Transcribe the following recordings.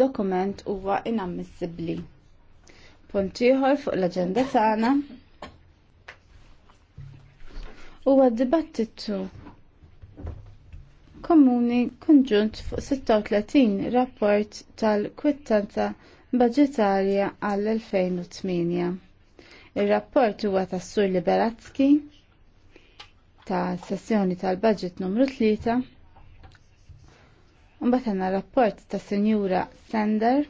dokument huwa inammissibbli. Punt ieħor fuq l-aġenda tagħna huwa dibattitu komuni konġunt fuq 36 rapport tal-kwittanza budgetarja għall-2008. Ir-rapport huwa tas-Sur Liberatski ta' sessjoni tal-budget numru 3 Mbagħad għandna rapport ta' senjura Sender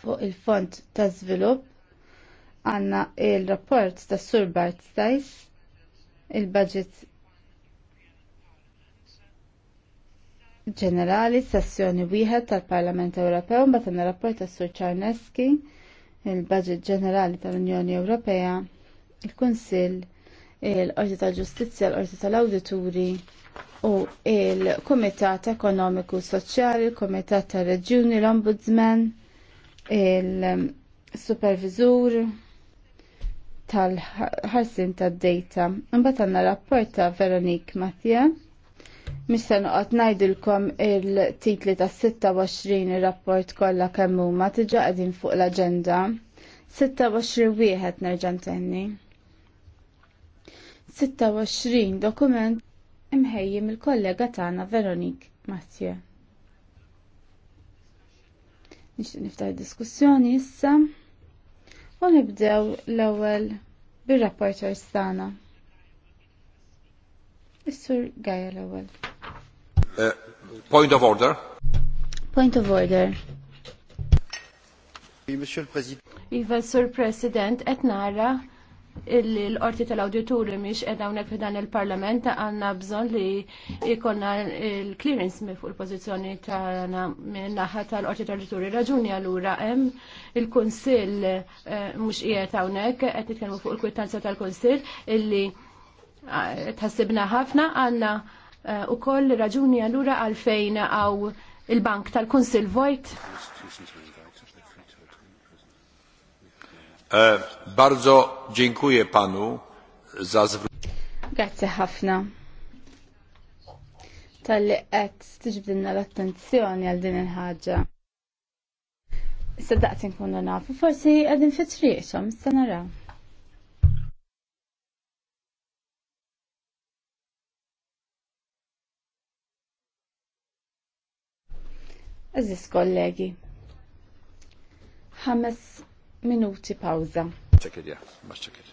fuq il-Fond ta' Żvilupp għandna il-rapport ta' Sur Bart Stajs il-budget ġenerali sessjoni wieħed tal-Parlament Ewropew mbagħad għandna rapport ta' Sur Czarneski il-budget ġenerali tal-Unjoni Ewropea il-Kunsill il-Qorti tal-Ġustizzja l-Qorti tal-Awdituri u il-Komitat Ekonomiku Soċjali, il-Komitat ta' Reġjuni, l-Ombudsman, il-Supervizur tal-ħarsin tad-data. Mbagħad għandna rapport ta' Veronique Mattia. Mis se noqgħod ngħidilkom il-titli ta' 26 ir-rapport kollha kemm huma tiġà qegħdin fuq l-aġenda. 26 wieħed nerġa' ntenni. 26 dokument imħejjim il-kollega tagħna Veronik Mathieu. Nixtieq niftaħ diskussjoni issa u nibdew l-ewwel bir-rapporter tagħna. Is-sur Gaja l-ewwel. Uh, point of order. Point of order. Iva, Sur President, qed nara l-orti tal-awdituri miex edha unek f'dan il-parlament għanna bżon li jikonna il-clearance fuq il-pozizjoni tagħna naħa tal-orti tal-awdituri. Raġuni għallura hemm il-Kunsill eh, mhux qiegħed hawnhekk qed nitkellmu fuq il-kwittanza tal-Kunsill illi eh, tħassibna ħafna għandna eh, ukoll raġuni għallura għalfejn għaw il-bank tal-Kunsill Vojt. E, bardzo dziękuję panu za Grazie ħafna. Tal-li qed tiġbdilna l-attenzjoni għal din il-ħaġa. Issa daqs nkunu nafu, forsi qegħdin fitriqxom, s-sanara. naraw. Aziz kollegi, ħames minuti pawza. Ċekid, ja, ma ċekid.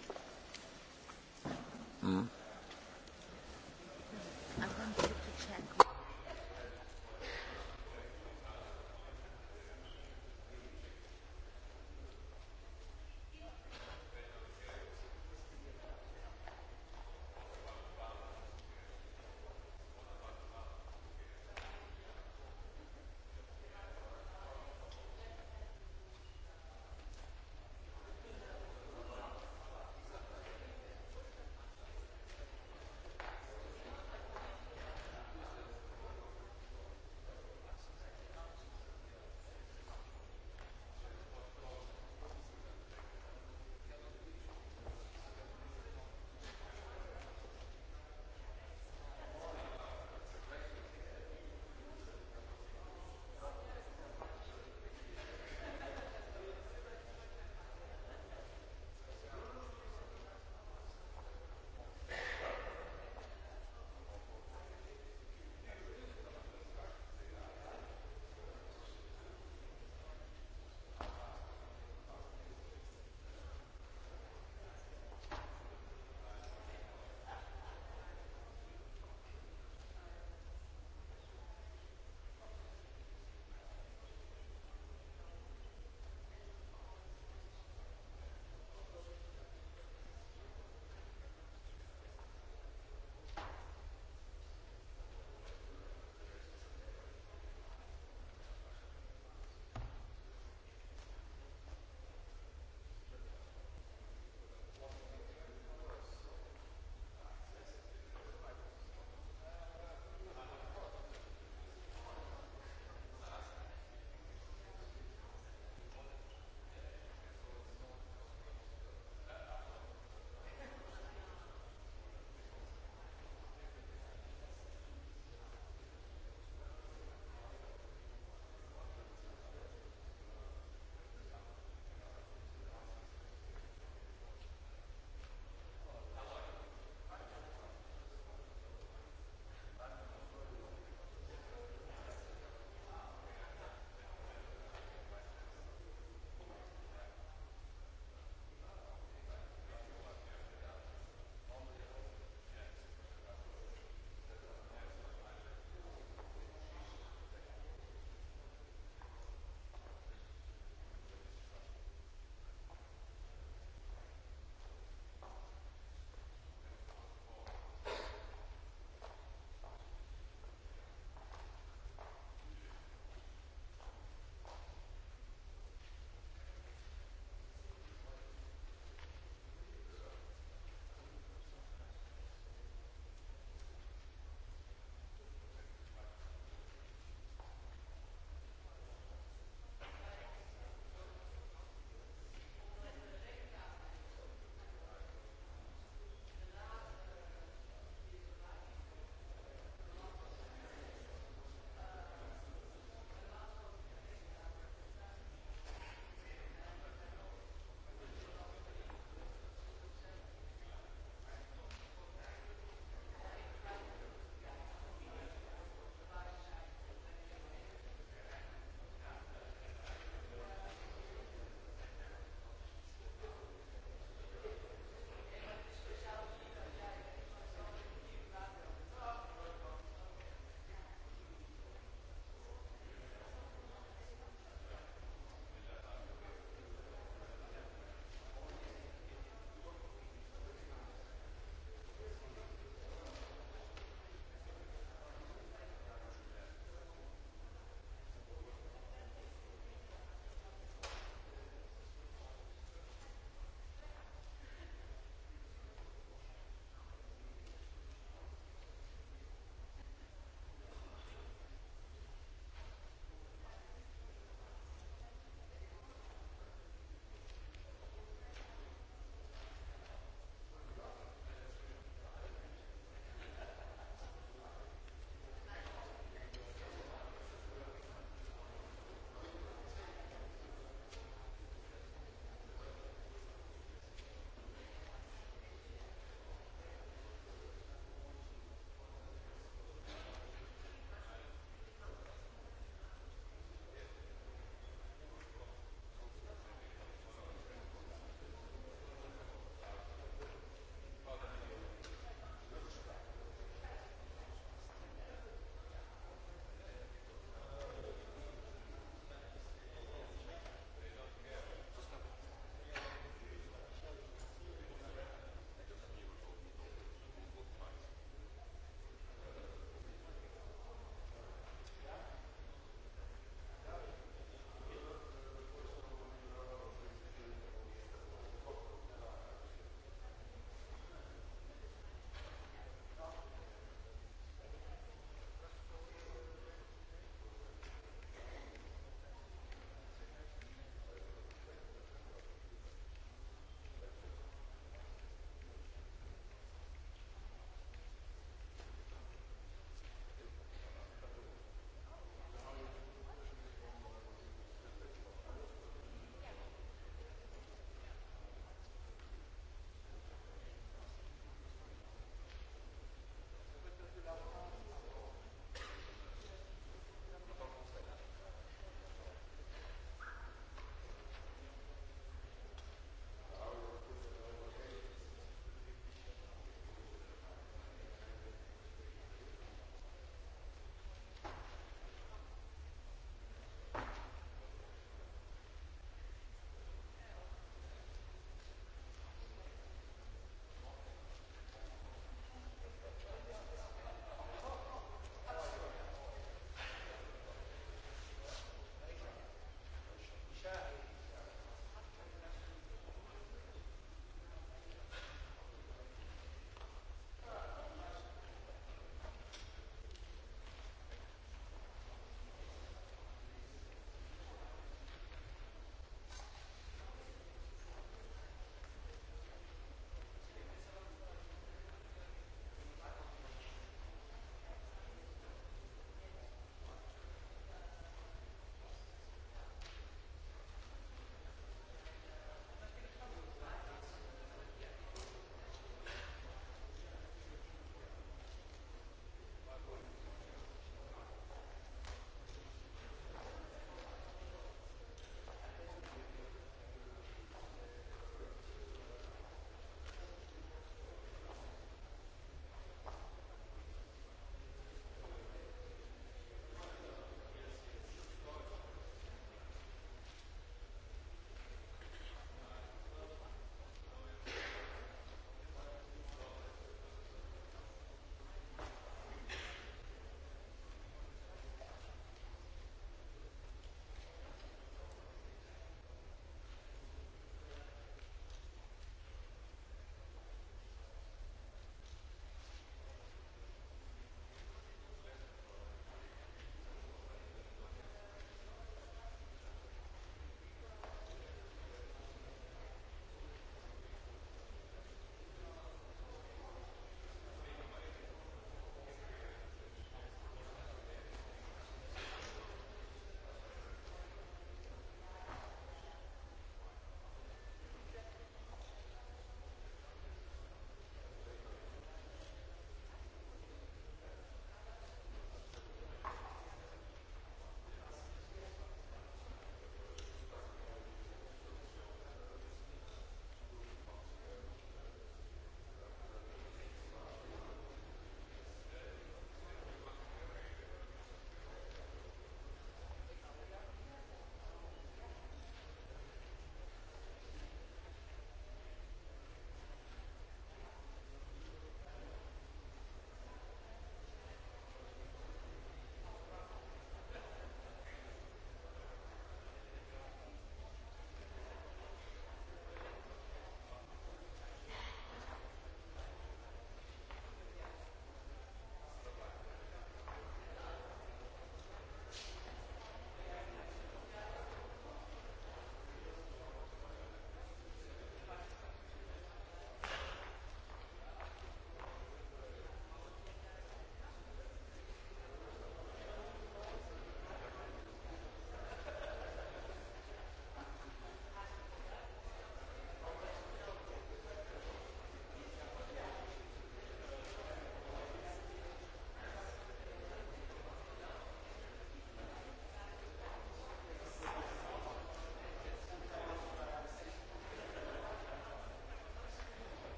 Mm.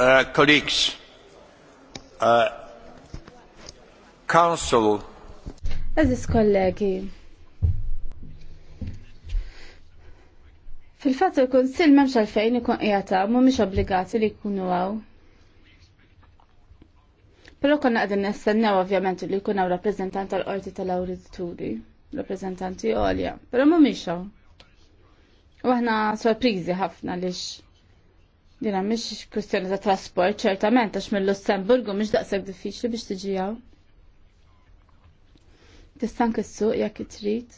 Uh, colleagues, uh, Council. Aziz kollegi, fil-fat il-Konsil memx għalfejn ikun qiegħata mhumiex obbligati li jkunu għaw. Però konna qegħdin nistennew ovvjament li jkun hawn rappreżentant tal-qorti tal-awrituri, rappreżentanti għolja, però mhumiex hawn. U aħna sorpriżi ħafna lix Dina mish kustjoni ta' trasport, ċertament għax mill-Lussemburgu mish daqshekk diffiċli biex tiġijaw. Tista' jak jekk trid.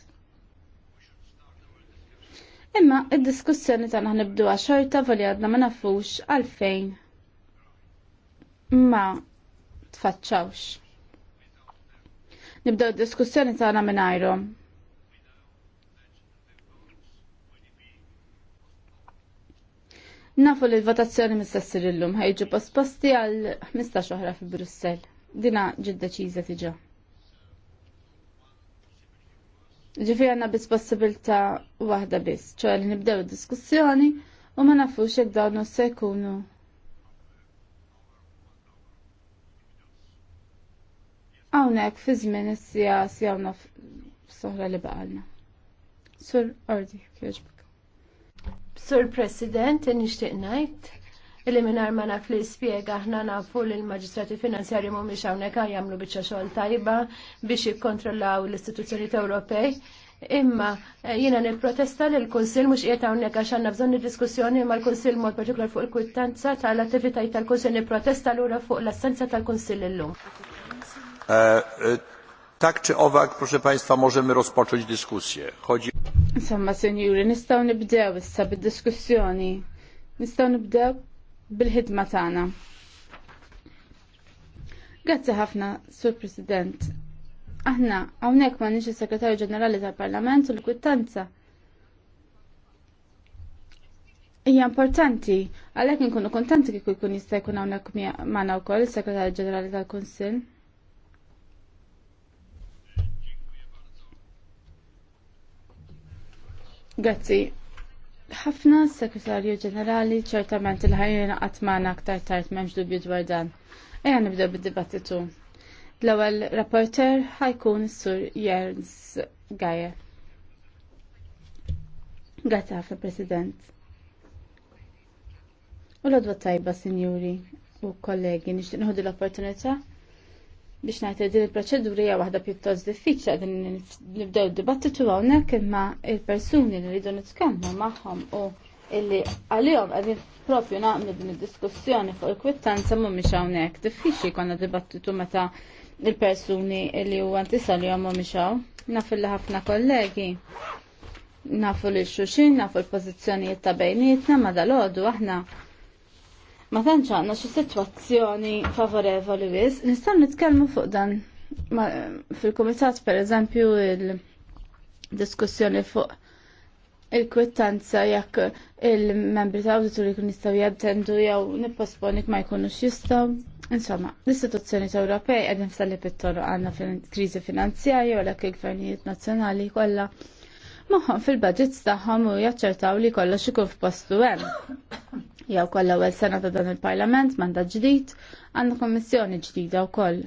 Imma id-diskussjoni tagħna ħnibduha xorta voli għadna ma nafux għalfejn ma tfaċċawx. Nibdew id-diskussjoni tagħna minn Nafu li l-votazzjoni mistessir illum ħajġu posposti għal 15 oħra fi Brussel. Dina ċiza tiġa. Ġifi għanna bis possibilta wahda bis, ċoħ li nibdew diskussjoni u ma nafux xed dawnu se jkunu għawnek fi żmien is-sija sija soħra li baqalna. Sur ordi, kħieġbu. Sur President, nixtieq ngħid illi minar ma naf li spiega ħna nafu li l-magistrati finanzjari mhumiex hawnhekk għal jagħmlu biċċa xogħol tajba biex jikkontrollaw l-istituzzjonijiet Ewropej. Imma eh, jiena nipprotesta li l-Kunsill mhux qiegħed hawnhekk għax għandna bżonn diskussjoni ma l-Kunsill mod partikolar fuq il-kwittanza tal-attivitajiet tal-Kunsill nipprotesta lura fuq l-assenza tal-Kunsill illum. Eh, eh, tak czy owak, proszę Państwa, możemy rozpocząć dyskusję. Chodzi Insomma, senjuri, nistaw nibdew issa bid-diskussjoni. Nistaw nibdew bil-ħidma tagħna. Grazzi ħafna, Sur President. Aħna hawnhekk ma nix is-Segretarju Ġenerali tal-Parlament u l-kwittanza. Hija importanti, għalhekk inkunu kontenti kieku jkun jista' jkun hawnhekk magħna wkoll is-Segretarju Ġenerali tal-Kunsill. Grazzi. Ħafna s-Sekretarju Ġenerali ċertament il-ħajjina għatmana aktar tard memx dubju dwar dan. Eja nibdew bid-dibattitu. L-ewwel rapporter ħajkun sur Jens Gajer. Grazzi ħafna President. U l-odwa tajba, sinjuri u kollegi, nixtieq l-opportunità biex ngħid din il proċeduri hija waħda pjuttost diffiċla din nibdew dibattitu hawnhekk imma il-persuni li rridu nitkellmu magħhom u illi għalihom qegħdin propju naqmlu din id-diskussjoni fuq il-kwittanza mhumiex hawnhekk. Diffiċli jkollna dibattitu meta il-persuni li huwa ntisalihom mhumiex hawn. Naf li ħafna kollegi nafu li xuxin nafu l pożizzjonijiet ta' bejnietna, ma dal aħna ma tantx għandna xi sitwazzjoni favorevoli wis, nistan nitkellmu fuq dan fil-kumitat pereżempju il-diskussjoni fuq il-kwittanza jekk il-membri ta' auditor jkun jistgħu jattendu jew nipposponik ma jkunux jistgħu. Insomma, l-istituzzjoni Ewropej għedin f'salli pittoru għanna fil-krizi finanzjarja u l il-gvernijiet nazjonali kolla maħħom fil-budgets taħħom u jaċċertaw li kolla xikun f'postu għem jew koll ewwel sena ta' dan il-Parlament mandat ġdid għandna kommissjoni ġdida wkoll.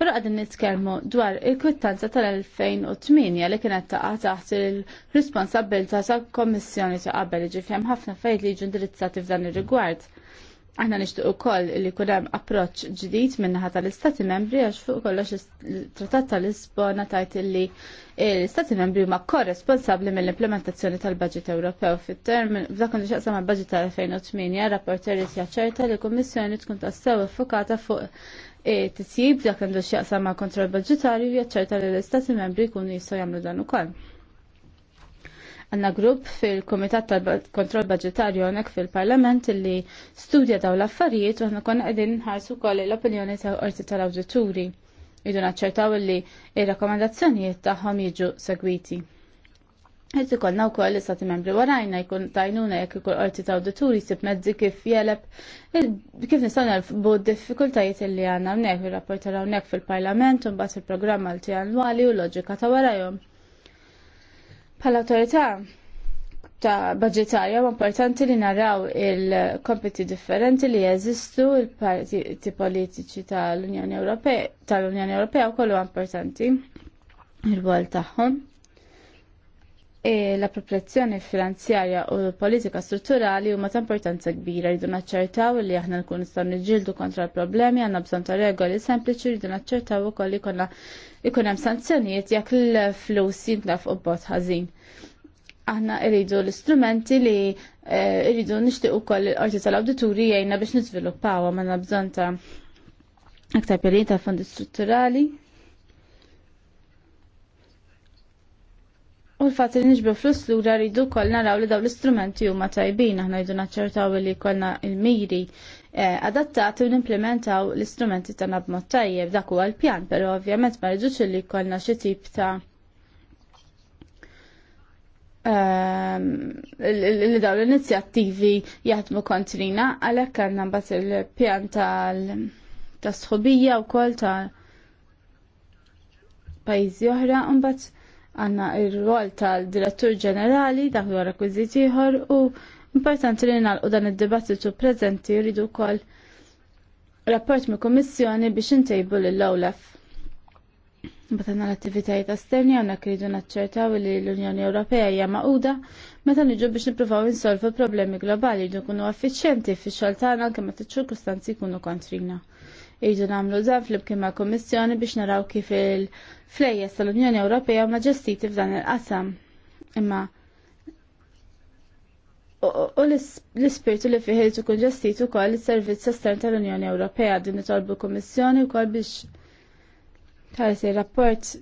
Però qegħdin nitkellmu dwar il-kwittanza tal-2008 li kienet taqa' taħt il responsabilta ta' kommissjoni ta' qabel ġifjem ħafna fejt li jiġu indirizzati f'dan ir-rigward. Aħna nixtieq ukoll li jkun hemm approċċ ġdid min-naħa tal-Istati Membri għax fuq kollox trattat tal-Lisbona tajt li l-Istati Membri huma korresponsabbli mill-implementazzjoni tal-Baġit Ewropew fit-term f'dak li xaqsam il-Baġit tal-2008 rapporter jaċċerta li l-Kummissjoni tkun tassew iffukata fuq e, tisjib dak għandu x'jaqsam ma' kontroll budġetarju jaċċerta li l-Istati Membri jkunu jistgħu jagħmlu dan ukoll. Għanna grupp fil-Komitat tal-Kontroll Budgetarju għonek fil-Parlament li studja daw l-affarijiet u għanna konna għedin nħarsu koll l-opinjoni ta' orti tal-Awdituri. Idu naċċertaw li il-rakkomandazzjonijiet tagħhom jiġu segwiti. Għed ikollna u koll l-istati membri warajna jkun tajnuna jekk ikun orti ta' awdituri sib mezzi kif jeleb kif l nerbu diffikultajiet li għanna unnek, il-rapport unnek fil-parlament, un bat il-programma l l-wali u loġika ta' warajom. Pal autorità ta' budgetarja ma' importanti li naraw il-kompeti differenti li jeżistu il-partiti politiċi tal-Unjoni Ewropea tal-Unjoni Ewropea u kollu importanti il-wol tagħhom. E l-appropriazzjoni finanzjarja u l-politika strutturali huma ta' importanza kbira rridu naċċertaw li aħna nkun nistgħu niġġieldu kontra l-problemi għandna bżonn ta' regoli sempliċi rridu naċċertaw ukoll ikolna ikun hemm sanzjonijiet jekk il-flus jintnaf u bot ħażin. Aħna rridu l-istrumenti li e, rridu nixtieq ukoll l-qorti tal-awdituri jgħinna biex niżviluppawha għandna bżonn ta' aktar ta' fondi strutturali U l-fat li nġbu flus l rridu kolna raw li daw l-istrumenti huma tajbin, aħna jdu naċċertaw li kolna il-miri eh, adattati u nimplementaw l-istrumenti ta' nabmot tajjeb dak huwa l-pjan, però ovvjament ma rridux li kolna xi tip ta' ehm, li daw l-inizjattivi jaħdmu kontrina għalhekk għandna mbagħad il-pjan sħobija sħubija wkoll ta' pajjiżi oħra u għanna il-rol tal-direttur ġenerali dak huwa rekwiżit ieħor u importanti li nagħlqu dan id-dibattitu prezenti jridu wkoll rapport mill kummissjoni biex intejbu lil olaf Meta l-attivitajiet esterni għandna rridu naċċertaw li l-Unjoni Ewropea hija maquda meta niġu biex nippruvaw insolvu problemi globali li jkunu effiċjenti fix-xogħol tagħna kemm meta ċirkustanzi jkunu kontrina. Irridu nagħmlu dan flimkien mal kummissjoni biex naraw kif il-flejjes tal-Unjoni Ewropea ma ġestiti f'dan il-qasam. Imma u l-ispirtu li fih irid ikun ġestit ukoll is-servizz estern tal-Unjoni Ewropea din itolbu kummissjoni wkoll biex ir rapport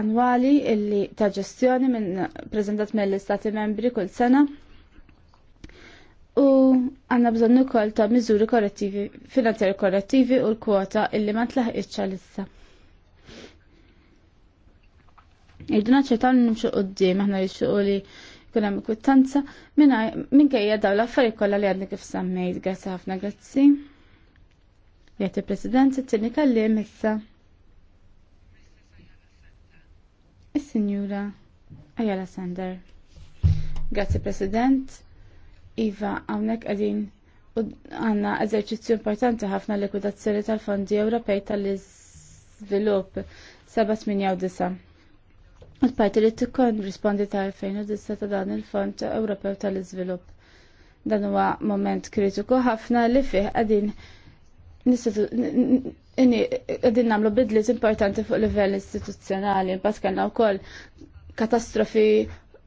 annwali illi ta' ġestjoni minn preżentat mill-Istati Membri kull sena U għanna bżonnu kol ta' miżuri korrettivi, finanzjari korrettivi u l-kwota illi ma tlaħqitx lissa. Irduna ċertan nimxu qoddim, aħna li xuqu li kuna mikwittanza, minn kajja daw l-affarijiet kollha li għandna kif semmejt, grazzi ħafna grazzi. Jgħati Presidenza t-tini kalli missa. Is-Sinjura Ajala Sander. Grazzi President. Iva, għamnek għadin għanna eżerċizzju importanti ħafna likwidazzjoni tal-Fondi Ewropej tal-Iżvilupp 7-8 Il-parti li tikkon rispondi ta' 2009 ta' dan il-Fond Ewropew tal-Iżvilupp. Dan huwa moment kritiku ħafna li fih qegħdin qegħdin nagħmlu bidliet importanti fuq livell istituzzjonali, mbagħad kellna wkoll katastrofi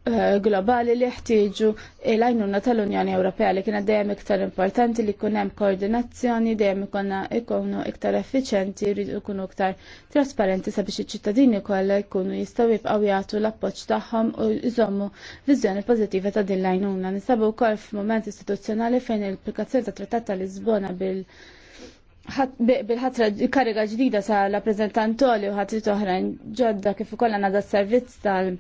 Eh, globali li jeħtieġu l-għajnuna tal-Unjoni Ewropea li kienet dejjem iktar importanti li jkun hemm koordinazzjoni, dejjem ikonna ikunu iktar effiċenti, jridu ikunu iktar trasparenti sabiex iċ-ċittadini kollha jkunu jistgħu jibqgħu jagħtu l-appoġġ tagħhom u jżommu viżjoni pożittiva ta' din l-għajnuna. Nisabu wkoll f'mument istituzzjonali fejn il-applikazzjoni ta' Trattat tal Lisbona bil- bil-ħatra kariga ġdida sa' la prezentantoli u ħatrit oħrajn ġodda kif ukoll għandha s-servizz tal-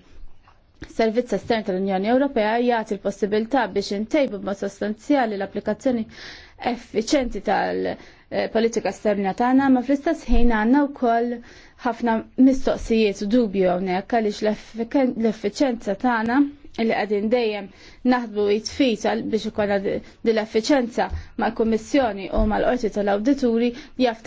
servizz estern tal-Unjoni Ewropea jagħti l-possibilità biex intejbu b'mod sostanzjali l-applikazzjoni effiċenti tal-politika esterna tagħna, ma fl-istess ħin għandna wkoll ħafna mistoqsijiet u dubju hawnhekk għaliex l-effiċenza tagħna li għadin dejjem naħdbu jitfit biex din dil-effiċenza mal kummissjoni u mal-qorti tal-awdituri jaf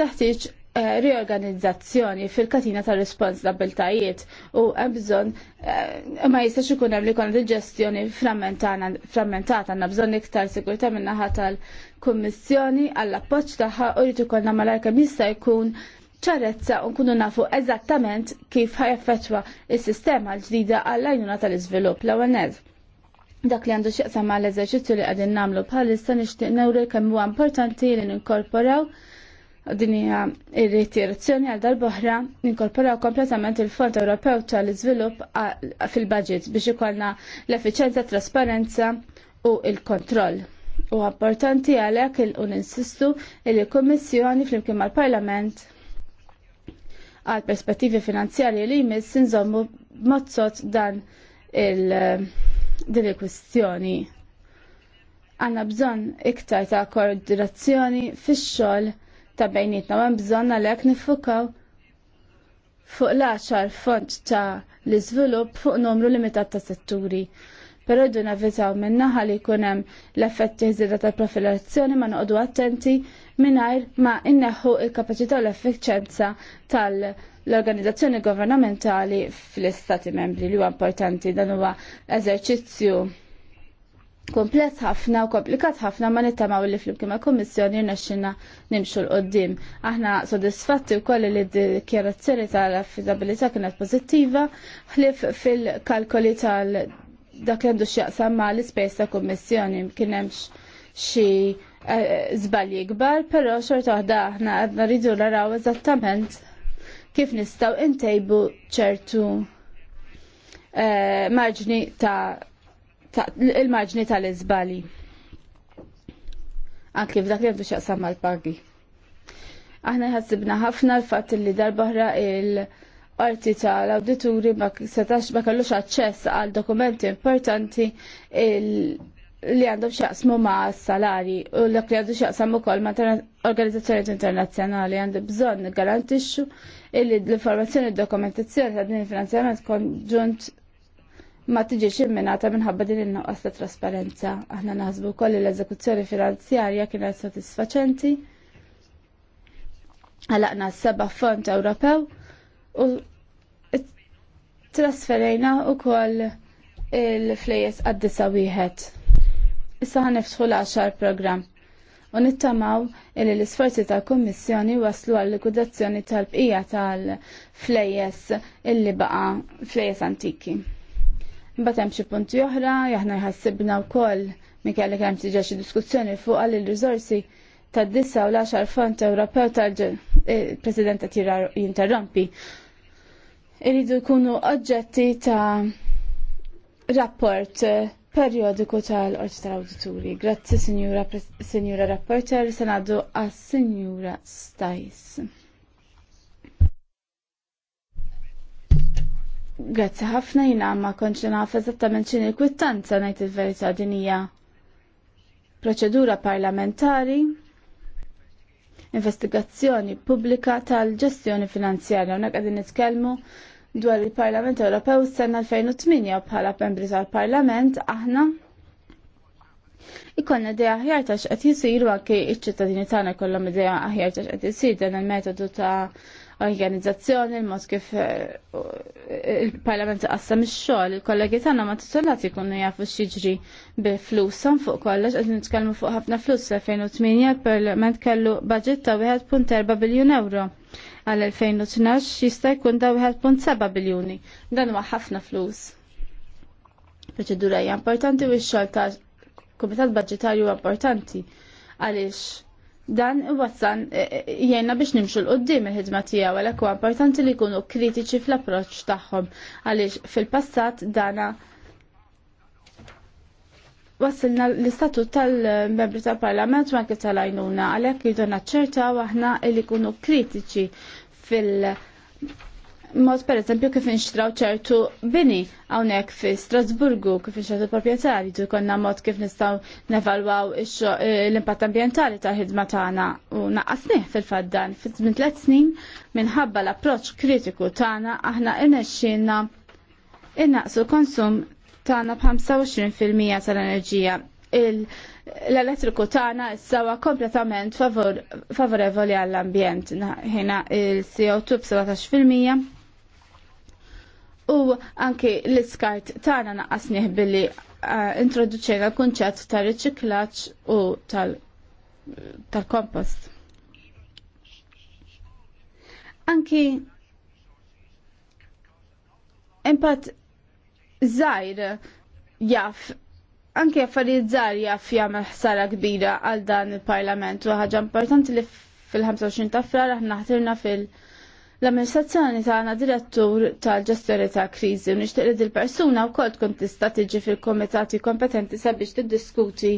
Eh, riorganizzazzjoni fil-katina ta' responsabiltajiet u bżonn eh, ma jistax ikun hemm li kon ġestjoni frammentata għandna bżonn iktar sigurtà min-naħa tal-Kummissjoni għall appoġġ tagħha u jrid ikollna malar kemm jista' jkun ċarezza u nkunu nafu eżattament kif ħajaffettwa is-sistema l-ġdida għall-għajnuna tal-iżvilupp l-ewwel Dak li għandu ma l eżerċizzju li għadin namlu bħalissa nixtieq newri kemm huwa importanti li ninkorporaw din hija ir-retirazzjoni għal dal-boħra inkorporaw kompletament il-Fond Ewropew tal-Iżvilupp fil-budget biex ikollna l-effiċenza, trasparenza u l-kontroll. U importanti għalhekk il ninsistu il kummissjoni flimkien mal-Parlament għal perspettivi finanzjarji li jmiss inżommu mozzot dan il- din il-kwistjoni. Għanna bżonn iktar ta' koordinazzjoni fix-xogħol ta' bejnietna ma' bżonna għalhekk nifukaw fuq l-10 font ta' l-iżvilupp fuq numru limitat ta' setturi. Però id navvitaw minnaħa li jkun hemm l-effetti ħżieda ta' profilazzjoni ma' noqogħdu attenti mingħajr ma' inneħħu il-kapaċità u l-effiċenza tal- l-organizzazzjoni governamentali fl-istati membri li huwa importanti dan huwa eżerċizzju kompless ħafna u komplikat ħafna ma nittamaw li flimkien ma' kommissjoni naxxina nimxu l-qoddim. Aħna sodisfatti u koll li d-dikjerazzjoni tal-affidabilità kienet pozittiva, ħlif fil-kalkoli tal- dak għandu xieqsam ma' l-ispejs ta' kommissjoni kienemx xi zbalji eh, kbar, però xorta waħda aħna għadna rridu naraw eżattament kif nistgħu intejbu ċertu eh, marġni ta' il-marġni tal-izbali. Anki f'dak li għandu xaqsam mal-pagi. Aħna ħassibna ħafna l fat li darbaħra il arti tal-awdituri ma setax ma kellux aċċess għal dokumenti importanti li għandhom xaqsmu ma' salari u l li għandu xaqsam ukoll ma' organizzazzjoni internazzjonali għandu bżonn garantixxu illi l-informazzjoni u dokumentazzjoni ta' din il-finanzjament konġunt ma tiġix imminata minħabba din il-noqqas ta' trasparenza. Aħna naħsbu koll l-eżekuzzjoni finanzjarja kienet satisfaċenti. Għalaqna s-seba fond Ewropew u trasferejna u koll il-flejes għaddisa wieħed. Issa ħanifsħu l-10 program u nittamaw li l-isforzi tal kommissjoni waslu għal likudazzjoni tal-bqija tal-flejes il-li baqa flejes antiki. Mbagħad hemm xi punti oħra aħna jħassibna wkoll minn kellek hemm tiġa xi diskussjoni fuq għal il-riżorsi tad-disa u l għaxar Fond Ewropew tal il-Presidenta eh, tira jinterrompi. Iridu jkunu oġġetti ta' rapport eh, periodiku tal-Qorti tal-Awdituri. Grazzi, Sinjura Rapporter, sanadu għas-Sinjura Stajs. Grazzi ħafna jina ma konċi naf eżattament x'inhi l-kwittanza ngħid il-verità din hija proċedura parlamentari investigazzjoni pubblika tal-ġestjoni finanzjarja u qegħdin nitkellmu dwar il-Parlament Ewropew s-sena 2008 bħala membri tal-Parlament aħna Ikonna idea aħjar ta' x'qed jisiru anke iċ-ċittadini tagħna kollhom idea aħjar ta' x'qed isir dan il-metodu ta' organizzazzjoni, il-mod kif eh, il-parlament għassam ix-xogħol, il-kollegi tagħna ma titolati jkunu jafu xieġri bil flussan fuq kollox qed nitkellmu fuq ħafna flus 2008 il-parlament kellu budget ta' 1.4 biljon euro għal 2012 jista' jkun da 1.7 biljuni. Dan huwa ħafna flus. Proċedura hija importanti u x-xogħol ta' kumitat budġetarju importanti għaliex dan wassan e, e, jgħinna biex nimxu l-qoddim il-ħidma tiegħu għalhekk huwa importanti li jkunu kritiċi fl-approċċ tagħhom għaliex fil-passat dana wassilna l-istatut tal-membri tal-parlament ma kif tal-għajnuna għalhekk jidonna naċċertaw aħna li jkunu kritiċi fil- mod per eżempju kif inxtraw ċertu bini hawnhekk fi Strasburgu kif inxtraw il propietari tu konna mod kif nistgħu nevalwaw eh, l-impatt ambjentali ta' ħidma tagħna u naqqasnih fil faddan fi żmien tliet snin minħabba l-approċċ kritiku tagħna aħna irnexxielna innaqsu konsum tagħna b'25% tal-enerġija l-elettriku tagħna issawa kompletament favorevoli għall-ambjent. Ħina il-CO2 b'17%, u anke l-iskart tagħna naqqasnih billi uh, introduċejna kunċett ta' riċiklaġġ u tal-kompost. Anki impatt żgħir jaf anke affarijiet żgħar jaf jagħmel ħsara kbira għal dan il-Parlament u ħaġa importanti li fil-25 ta' frar aħna ħatirna fil-, -fil L-amministrazzjoni tagħna direttur tal-ġestjoni ta' kriżi u nixtieq li dil-persuna wkoll tkun tista' tiġi fil-komitati kompetenti sabiex tiddiskuti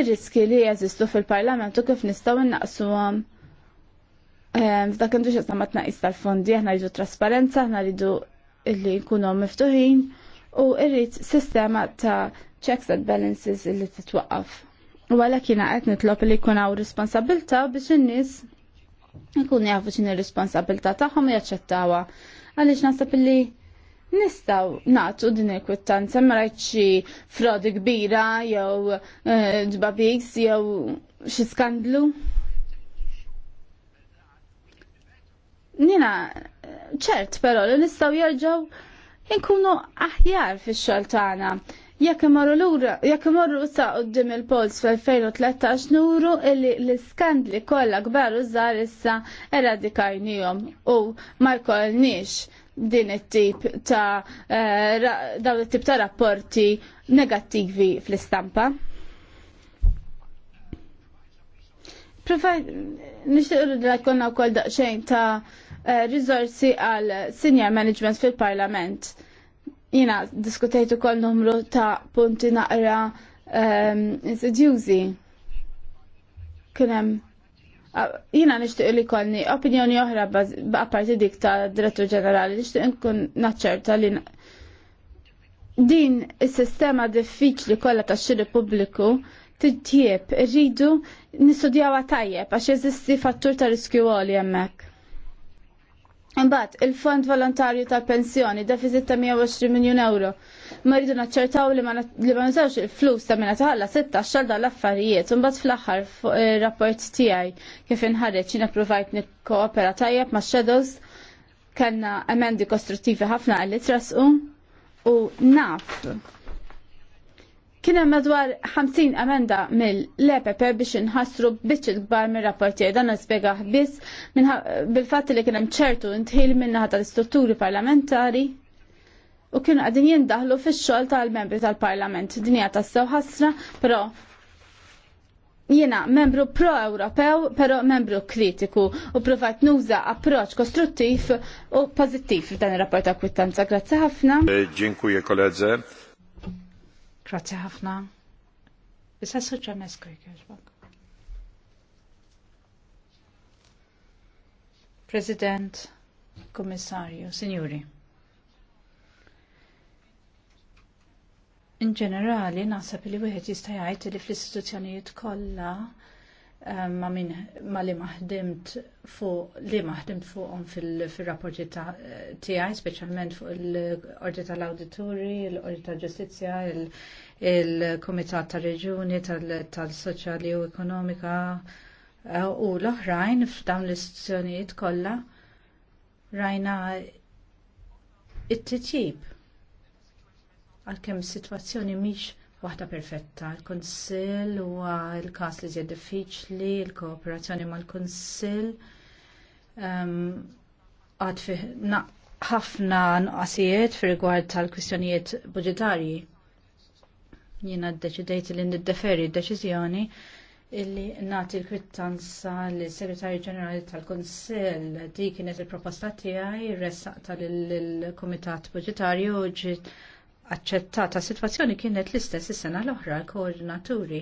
ir-riski li jeżistu fil-Parlament u kif nistgħu innaqsuhom. Ehm, f'dak indux qed ma tnaqis tal-fondi, aħna rridu trasparenza, aħna rridu illi jkunu miftuħin u rrid sistema ta' checks and balances illi titwaqqaf. U għalhekk jiena qed nitlob li jkun hawn responsabilta biex in-nies nkun jafu x'in il responsabilità tagħhom u jaċċettawha. Għaliex naħseb illi nistaw nagħtu din il-kwittanza ma frodi kbira jew eh, ġbabiks jew xi skandlu. Nina ċert però li nistgħu jerġgħu nkunu aħjar fix-xogħol tagħna Jekk imorru lura, jekk imorru sa qudiem il-Pols fl-2013 nuru illi l-iskandli kollha kbar użar issa eradikajnihom u ma jkollniex din it-tip ta' eh, dawn it-tip ta' rapporti negattivi fl-istampa. Provajt, nixtiqru li konna u kol daqxejn ta' eh, rizorsi għal senior management fil-parlament. Jina diskutajtu kol numru ta' punti naqra ehm, insidjuzi. Kienem jina nishtiq li kolni opinjoni oħra parti dik ta' direttur ġenerali, nishtiq nkun naċċerta li din is-sistema diffiċli kollha tax-xiri pubbliku titjieb irridu nistudjawha tajjeb għax jeżisti fattur ta' riskju għoli hemmhekk. Imbagħad il-Fond Volontarju tal-Pensjoni deficit ta' 120 miljun euro. Ma rridu naċċertaw li ma nużawx il-flus ta' minna taħalla sitta xar dan l-affarijiet. Imbagħad fl-aħħar rapport tiegħi kif inħareġ jiena provajt nikkoopera tajjeb ma' shadows kellna emendi kostruttivi ħafna għalli trasqu u naf Kien hemm madwar 50 emenda mill-EPP biex inħassru biċċ il-kbar mir-rapportier dan nispjega biss bil-fatt li kien hemm ċertu ntħil minnaħa tal-istrutturi parlamentari u kienu qegħdin jindaħlu fix-xogħol tal-membri tal-Parlament. Dinja tassew ħasra, però jiena membru pro-Ewropew, pero membru kritiku u provajt nuża approċ kostruttiv u pozittiv f'dan il rapport ta' kwittanza. Grazzi ħafna. Eh, dziękuję koledze. Grazzi ħafna. Issa suċċanesku jkieġbak. President, Kommissarju, Signori. In ġenerali, naħseb li wieħed jista' jgħid li fl-istituzzjonijiet kollha Ehm, ma min ma li maħdimt fuq li maħdimt fuqhom fil-rapporti tiegħi, speċjalment fuq il-Ordi tal-Awdituri, l-Ordi tal-Ġustizzja, il-Kumitat tar-Reġuni tal-Soċjali u Ekonomika eh, u l-oħrajn f'dawn l-istituzzjonijiet kollha rajna it-titjib għalkemm kem sitwazzjoni mhix waħda perfetta. Il-Konsil huwa l-każ li żjed diffiċli, il-kooperazzjoni mal-Konsil ehm, għad um, ħafna nqasijiet fir rigward tal-kwistjonijiet budġetarji. Jiena ddeċidejt li niddeferi d-deċiżjoni illi nagħti l-kwittanza lis segretarju ġenerali tal-Kunsill dik kienet il-proposta tiegħi ressaqta lill-Kumitat Budġetarju ġiet aċċettata situazzjoni kienet l-istess is-sena l-oħra l-koordinaturi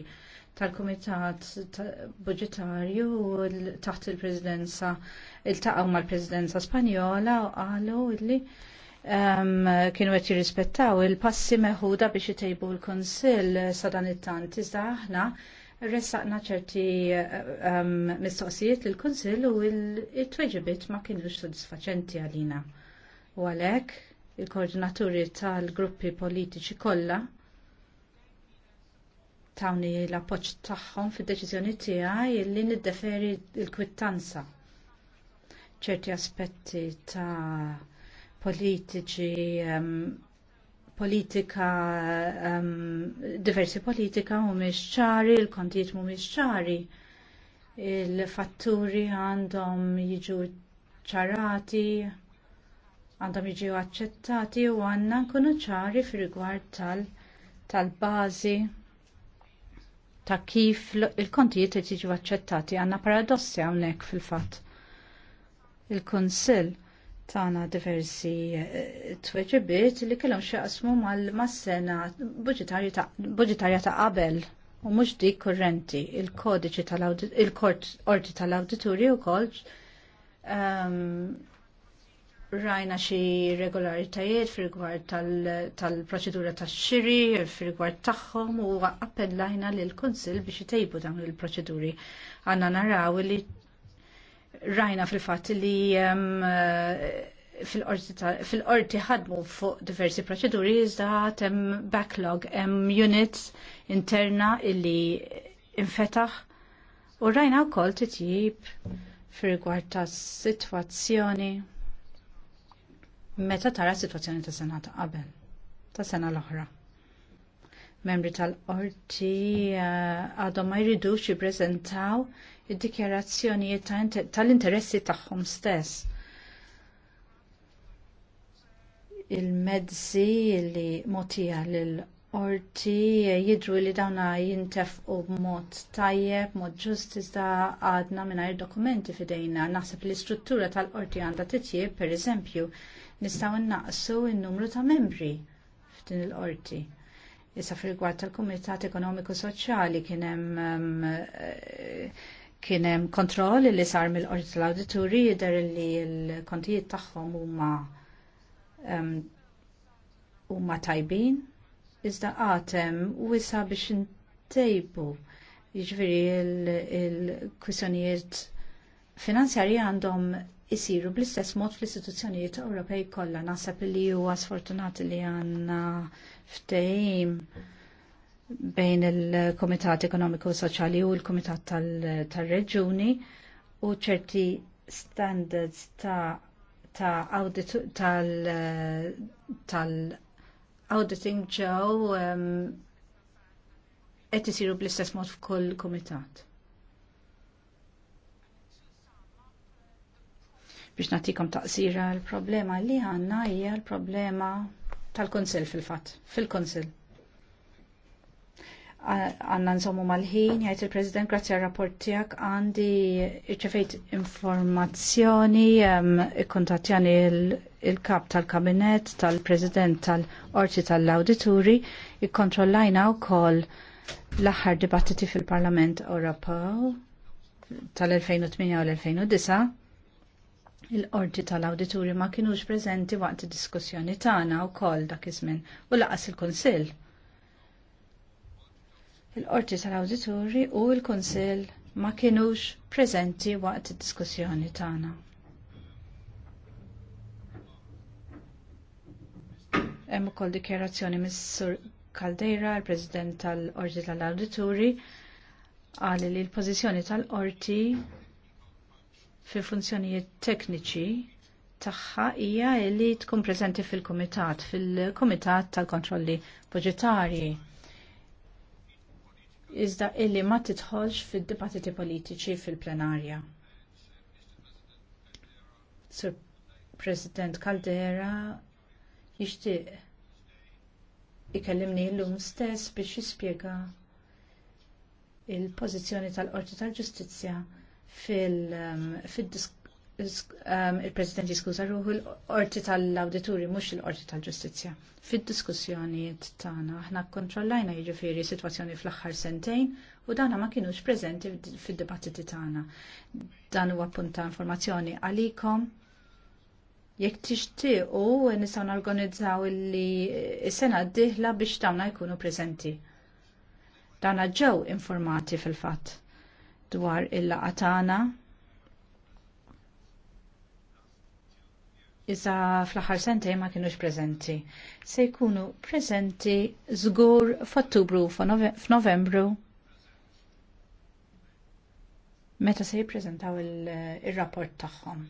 tal-Kumitat Budġetarju taħt il-Presidenza l-taqgħu mal-Presidenza Spanjola u qalu li um, ehm, kienu qed jirrispettaw il-passi meħuda biex itejbu l-Kunsill sa dan it-tant iżda aħna ressaqna ċerti um, mistoqsijiet lill kunsill u il-tweġibiet ma kienux sodisfaċenti għalina. U għalhekk il-koordinaturi tal-gruppi politiċi kollha tawni l-appoċ tagħhom fid-deċiżjoni tiegħi li niddeferi l-kwittanza. ċerti aspetti ta' politiċi um, politika um, diversi politika mhumiex ċari, il-kontijiet mhumiex ċari. Il-fatturi għandhom jiġu ċarati, għandhom jiġu aċċettati u għandna nkunu ċari fir-rigward tal-bażi ta' kif il-kontijiet qed jiġu aċċettati għandna paradossi hawnhekk fil-fatt. Il-Kunsill tagħna diversi eh, tweġibiet li kellhom xaqsmu mal-massena budġetarja ta' qabel u mhux dik kurrenti il-kodiċi tal kort tal-awditurju wkoll ehm, rajna xi regolaritajiet fil-gwart tal-proċedura tal tax-xiri, fil-gwart tagħhom u appellajna lil kunsill biex itejbu dawn il-proċeduri. Għanna naraw li rajna fil-fatt li fil-qorti ħadmu fuq diversi proċeduri iżda hemm backlog, hemm units interna illi infetaħ u rajna wkoll titjib fil rigward tas-sitwazzjoni meta tara situazzjoni ta' sena ta' qabel, ta' sena l-oħra. Membri tal-qorti eh, għadhom uh, ma jridux jippreżentaw id-dikjarazzjonijiet tal-interessi tagħhom stess. Il-mezzi li motija lil qorti jidru li dawna jintefqu b'mod tajjeb, mod ġustiz da għadna mingħajr dokumenti fidejna. Naħseb li l-istruttura tal qorti għandha titjib, pereżempju, nistgħu innaqsu n-numru ta' membri f'din il-qorti. Issa fil gwart tal-Kumitat Ekonomiku Soċjali um, eh, kien hemm kontroll li sar mill-qorti tal-awdituri jidher li l-kontijiet tagħhom huma um, huma tajbin iżda għatem u issa biex ntejbu jiġveri il-kwissjonijiet finanzjarji għandhom isiru bl-istess mod fl-istituzzjonijiet Ewropej kollha naħseb li huwa sfortunati li għandna ftehim bejn il-Komitat Ekonomiku u Soċjali u l-Komitat tal-Reġuni u ċerti standards ta' tal auditing ġew qed isiru bl-istess mod f'kull kumitat. biex natikom taqsira l-problema li għanna hija l-problema tal-konsil fil-fat, fil-konsil. Għanna nżommu mal-ħin, jgħajt il-President, grazzi għal rapport għandi irċefejt informazzjoni, kontattjani il-kap tal-kabinet, tal-President, tal-orti tal-auditori, ikkontrollajna u kol l-axar dibattiti fil-Parlament Ewropew tal-2008 u l-2009 Il-qorti tal-awdituri ma kienux preżenti waqt id-diskussjoni tagħna wkoll dak iż-żmien u laqas il-Kunsill. Il-qorti tal-awdituri u l-Kunsill ma kienux preżenti waqt id-diskussjoni tagħna. Hemm ukoll dikjarazzjoni mis-Sur Caldeira, il-President tal-Qorti tal-Awdituri, qal li l-pożizzjoni tal-Qorti fi funzjonijiet tekniċi tagħha hija li tkun preżenti fil-kumitat, fil-kumitat tal-kontrolli Budgetarji. Iżda illi ma titħolx fid-dibattiti politiċi fil-plenarja. Sir President Caldera jixtieq ikellimni llum stess biex jispjega il-pożizzjoni tal-Qorti tal-Ġustizzja fil um, um, presidenti jiskuza ruħu l-orti tal-auditori, mux l-orti tal-ġustizja. Fil-diskussjonijiet tagħna aħna kontrollajna jġifiri situazzjoni fl-aħħar sentejn u dana ma kienux preżenti fid-dibattiti tagħna. Dan huwa punta informazzjoni għalikom jekk tixtiequ nistgħu norganizzaw li s-sena d-dieħla biex dawna jkunu preżenti. Dana ġew informati fil-fatt dwar il-laqatana. Iza fl-aħħar sentej ma kienux prezenti. Se jkunu prezenti żgur f'Ottubru f'Novembru. Meta se jippreżentaw il-rapport il tagħhom.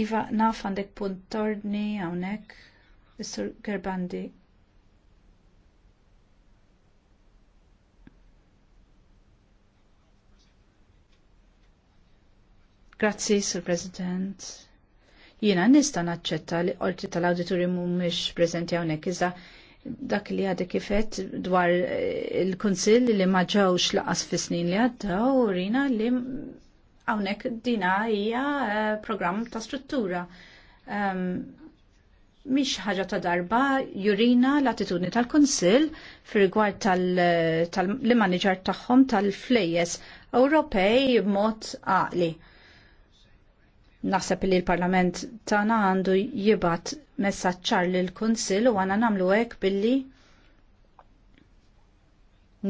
Iva, naf għandek punt torni għawnek, Mr. Gerbandi, Grazzi, Sir President. Jiena nista naċċetta li qorti tal auditori mhumiex preżenti hawnhekk iżda dak li għadek kifet dwar eh, il konsil li ma ġewx laqas fi snin li għaddaw, rina li hawnhekk dina hija eh, programm ta' struttura. Um, Mhix ħaġa ta' darba jurina l-attitudni tal-Konsil fir-rigward tal-manager tal, tal tagħhom tal-flejjes Ewropej b'mod għaqli. Naħseb li l-Parlament tagħna għandu jibat messaċċar l kunsill u għana nagħmlu hekk billi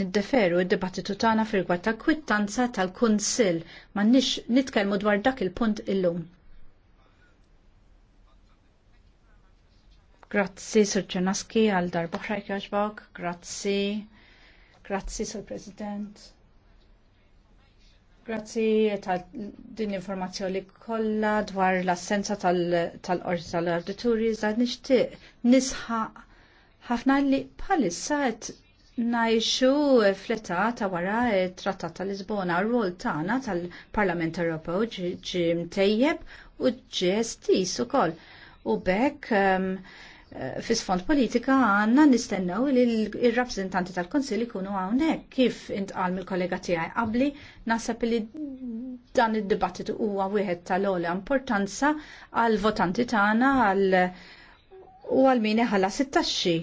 niddeferu id-dibattitu tagħna firgwa ta' kwittanza tal-Kunsill m'għandniex nitkellmu dwar dak il-punt illum. Grazzi Sir Ġenaski għal darba ħrajk grazzi, grazzi Sir President. Grazzi tal din informazzjoni kollha dwar l-assenza tal-qorti tal-arditturi iżda nixtieq nisħa ħafna li bħalissa qed ngħixu fl-età ta' wara trattat tal-Lisbona r-rol tagħna tal-Parlament Ewropew ġie mtejjeb u ġie stis ukoll. U bekk ehm, Eh, fis sfond politika għanna nistennew li il-rappresentanti tal-Konsil ikunu hawnhekk kif intqal mill-kollega tiegħi qabli naħseb li dan id-dibattitu huwa wieħed tal-ogħla importanza għal votanti tagħna għal u għal min ħala sittaxxi.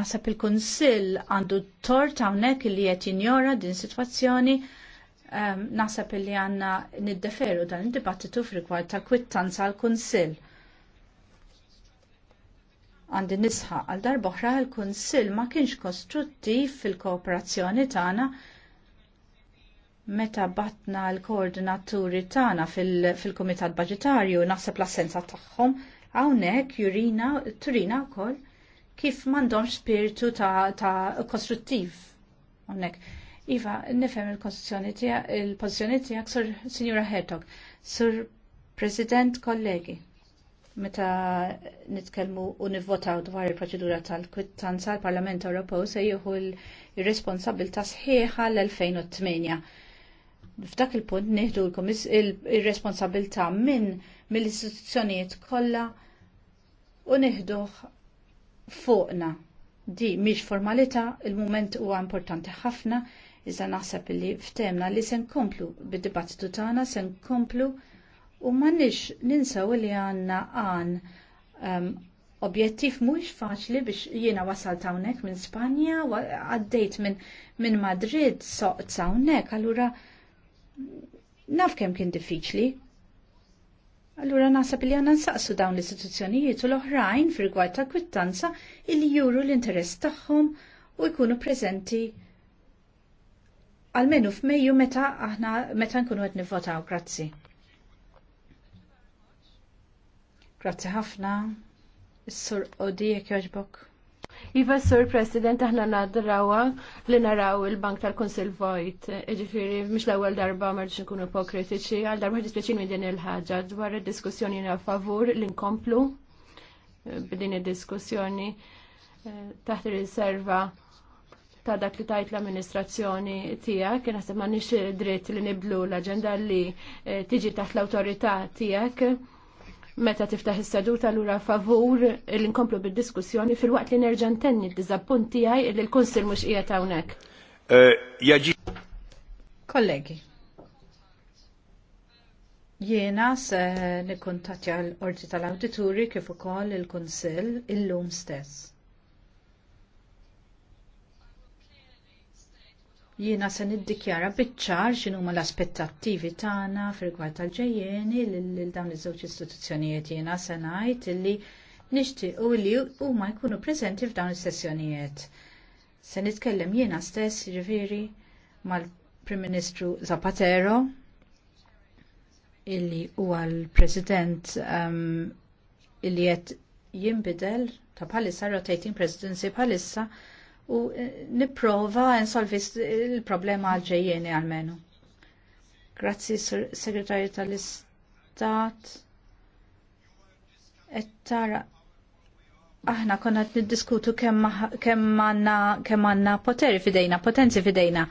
Nasab il-Kunsill għandu tort hawnhekk li qed jinjora din sitwazzjoni um, nasab li għanna niddeferu dan id-dibattitu frikward ta' kwittanza għal-Kunsill għandi nisħaq għal oħra l-Kunsill ma kienx kostruttiv fil-kooperazzjoni tagħna meta batna l-koordinaturi tagħna fil-Kumitat Baġitarju naħseb l-assenza tagħhom hawnhekk jurina turina wkoll kif m'għandhomx spiritu ta', kostruttiv hawnhekk. Iva, nifhem il-pożizzjoni tiegħek, il-pożizzjoni tiegħek, Sinjura Hertog, Sur President, kollegi Meta nitkellmu u nivvotaw dwar il-proċedura tal-kwittanza l-Parlament Ewropew se jieħu l-responsabilità sħiħa l-2008. F'dak il-punt nieħdu l-responsabilità minn mill-istituzzjonijiet kollha u nieħduh fuqna. Di mhix formalità, il-mument huwa importanti ħafna, iżda naħseb li ftemna li se nkomplu bid-dibattitu tagħna, se nkomplu U mannix ninsaw li għanna għan um, objettiv mux faċli biex jiena wasal tawnek minn Spanja, għaddejt minn min Madrid, soqt tawnek, allura naf kem kien diffiċli. Allura nasab li għanna nsaqsu dawn l-istituzzjonijiet u l-oħrajn fil ta' kwittanza illi juru l-interess tagħhom u jkunu prezenti għalmenu f'Mejju meta aħna meta nkunu qed nivvotaw, grazzi. Grazzi ħafna. Is-sur Odi jek jogħġbok. Iva Sur President aħna nadrawa li naraw il-Bank tal-Konsil Vojt. Ġifiri, mux l-ewwel darba marġi nkunu ipokritiċi, għal darba ħdispjaċin minn din il-ħaġa dwar id-diskussjoni na favur li nkomplu b'din id-diskussjoni eh, taħt ir serva ta' dak li tajt l-amministrazzjoni tijak, se ma' nix dritt li niblu l-agenda li eh, tiġi taħt l autorita tijak meta tiftaħ is-seduta lura favur li nkomplu bid-diskussjoni fil-waqt li nerġa' ntenni d-diżappunt tiegħi li l-Kunsil mhux qiegħed hawnhekk. Eh, Kollegi. Jiena se nikkuntattja l qorti tal-Awdituri kif ukoll il-Kunsill illum stess. jiena se niddikjara biċċar ċar x'inhuma l-aspettattivi tagħna fir-rigward tal-ġejjeni lil dawn iż-żewġ istituzzjonijiet jiena se ngħid illi nixtiequ li huma jkunu preżenti f'dawn is-sessjonijiet. Se nitkellem jiena stess jiġifieri mal-Prim Ministru Zapatero illi huwa l-President um, illi qed jinbidel ta' palissa rotating presidency bħalissa u eh, niprova nsolvi eh, il-problema għalġejjeni għalmenu. Grazzi segretarju tal-Istat. Ettara, tara aħna konna niddiskutu kemm għandna poteri fidejna, potenzi fidejna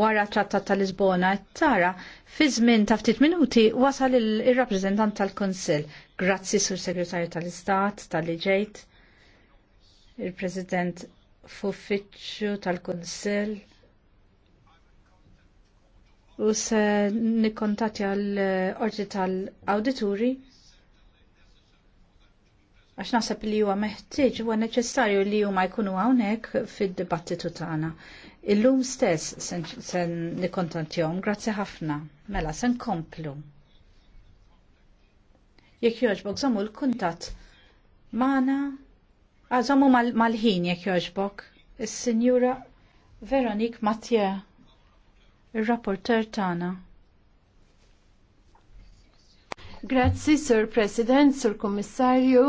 wara trattat tal-Lisbona tara fi żmien ta' ftit minuti wasal il-rappreżentant tal konsil Grazzi sur Segretarju tal-Istat tal-Liġejt, il-President f'uffiċċju tal-Kunsill u se nikkontattja l-Qorti tal-awdituri għax naħseb li huwa meħtieġ huwa neċessarju li huma jkunu hawnhekk fid-dibattitu tagħna. Illum stess se nikkontattjahom grazzi ħafna. Mela se nkomplu. Jekk jogħġbok żommu l-kuntatt magħna Għazomu mal-ħin jek joġbok. il signora Veronik Matje, il-rapporter tana. Grazzi, Sur President, Sur Kommissarju,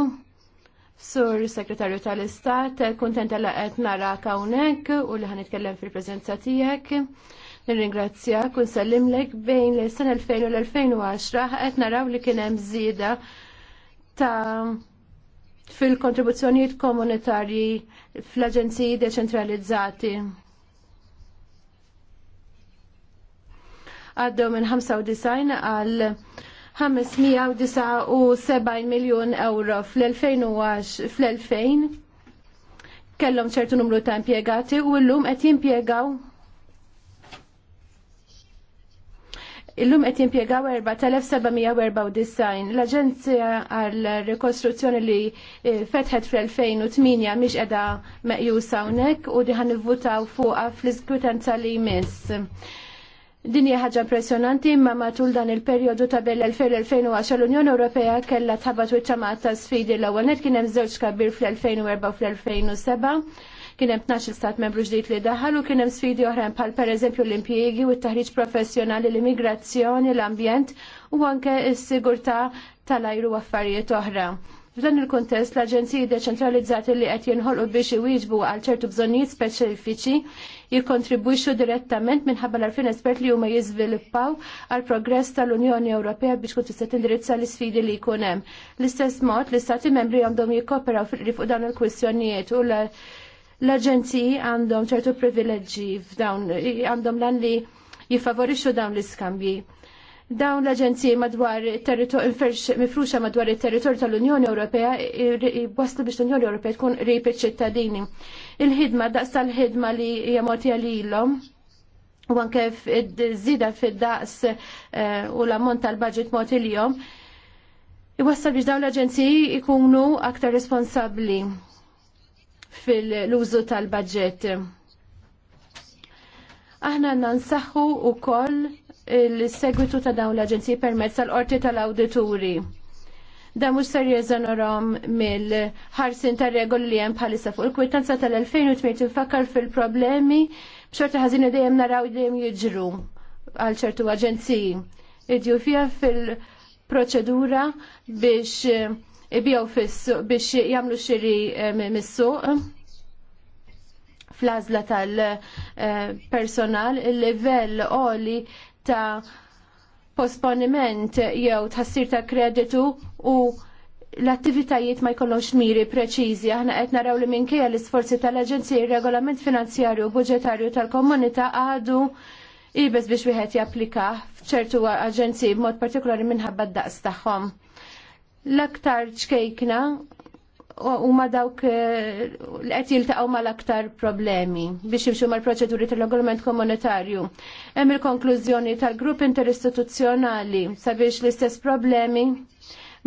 Sur Segretarju tal-Istat, kontenta li qed nara hawnhekk u li ħanitkellem fil prezenza tiegħek. Nirringrazzjak u nsellimlek bejn l sen 2000 u l-2010 qed naraw li kien hemm żieda ta' fil-kontribuzzjonijiet komunitarji fl-aġenziji deċentralizzati. Għaddew minn 95 għal 579 miljon euro fl-2010 fl-2000 kellhom ċertu numru ta' impjegati u llum qed jimpjegaw Illum qed jimpjegaw 4794 l-Aġenzija għal Rikostruzzjoni li eh, fetħet fl-2008 mhix qiegħda meqjusa hawnhekk u diħan nivvutaw fuqha fl-iskrutanza li jmiss. Din hija ħaġa impressjonanti imma matul dan il-perjodu ta' bel 2010 l-Unjoni Ewropea kellha tħabbat wiċċa ta' sfidi l-ewwel net kien hemm żewġ kabir fl-2004 u fl-2007 Kien hemm 12 stat membru ġdid li daħal u kien hemm sfidi oħrajn bħal pereżempju l-impjiegi u t-taħriġ professjonali, l-immigrazzjoni, l-ambjent u anke s-sigurtà tal-ajru affarijiet oħra. F'dan il-kontest l-Aġenziji deċentralizzati li qed jinħolqu biex iwieġbu għal ċertu bżonnijiet speċifiċi jikkontribwixxu direttament minħabba l-arfin espert li huma jiżviluppaw għal progress tal-Unjoni Ewropea biex tkun tista' tindirizza l-isfidi li jkun hemm. L-istess mod l-istati membri għandhom jikkoperaw fuq dan il-kwistjonijiet u l L-aġenziji għandhom ċertu privileġġi f'dawn, għandhom lan li jifavorixxu dawn l-iskambji. Dawn l-aġenziji madwar mifruxa madwar il-territorju tal-Unjoni Ewropea jibwaslu biex l-Unjoni Ewropea tkun qrib iċ-ċittadini. Il-ħidma daqs tal-ħidma li hija mogħtija lilhom u anke żida fid-daqs eh, u l-ammont tal-budget mod il-jom. Iwassal biex dawn l-aġenziji ikunu aktar responsabbli fil-użu tal-budget. Aħna nansaħu u koll il-segwitu ta' dawn l-Aġenziji permezz tal-Qorti tal-Awdituri. Da mux ser jeżonorom mill-ħarsin ta' regoli li hemm bħalissa fuq il-kwitanza tal-2008 fakkar fil-problemi b'xorta ħażina dejjem naraw dejjem jiġru għal ċertu aġenziji. Idju fija fil-proċedura biex ibijaw fissu biex jagħmlu xiri eh, mis-suq fl-azla tal-personal, il-level oli ta' posponiment jew tħassir ta' kreditu u l-attivitajiet ma jkollhomx miri preċiżi. Aħna qed naraw li minkejja l-isforzi tal-Aġenzija ir-regolament finanzjarju u budġetarju tal-komunità għadu ibes biex wieħed japplika f'ċertu aġenziji b'mod partikolari minħabba d-daqs tagħhom. L-aktar ċkejkna u ma dawk eh, l-qed jiltaqgħu mal-aktar problemi biex jimxu mal-proċeduri tal-regolament komunitarju. Hemm il-konklużjoni tal-grupp interistituzzjonali sabiex l-istess problemi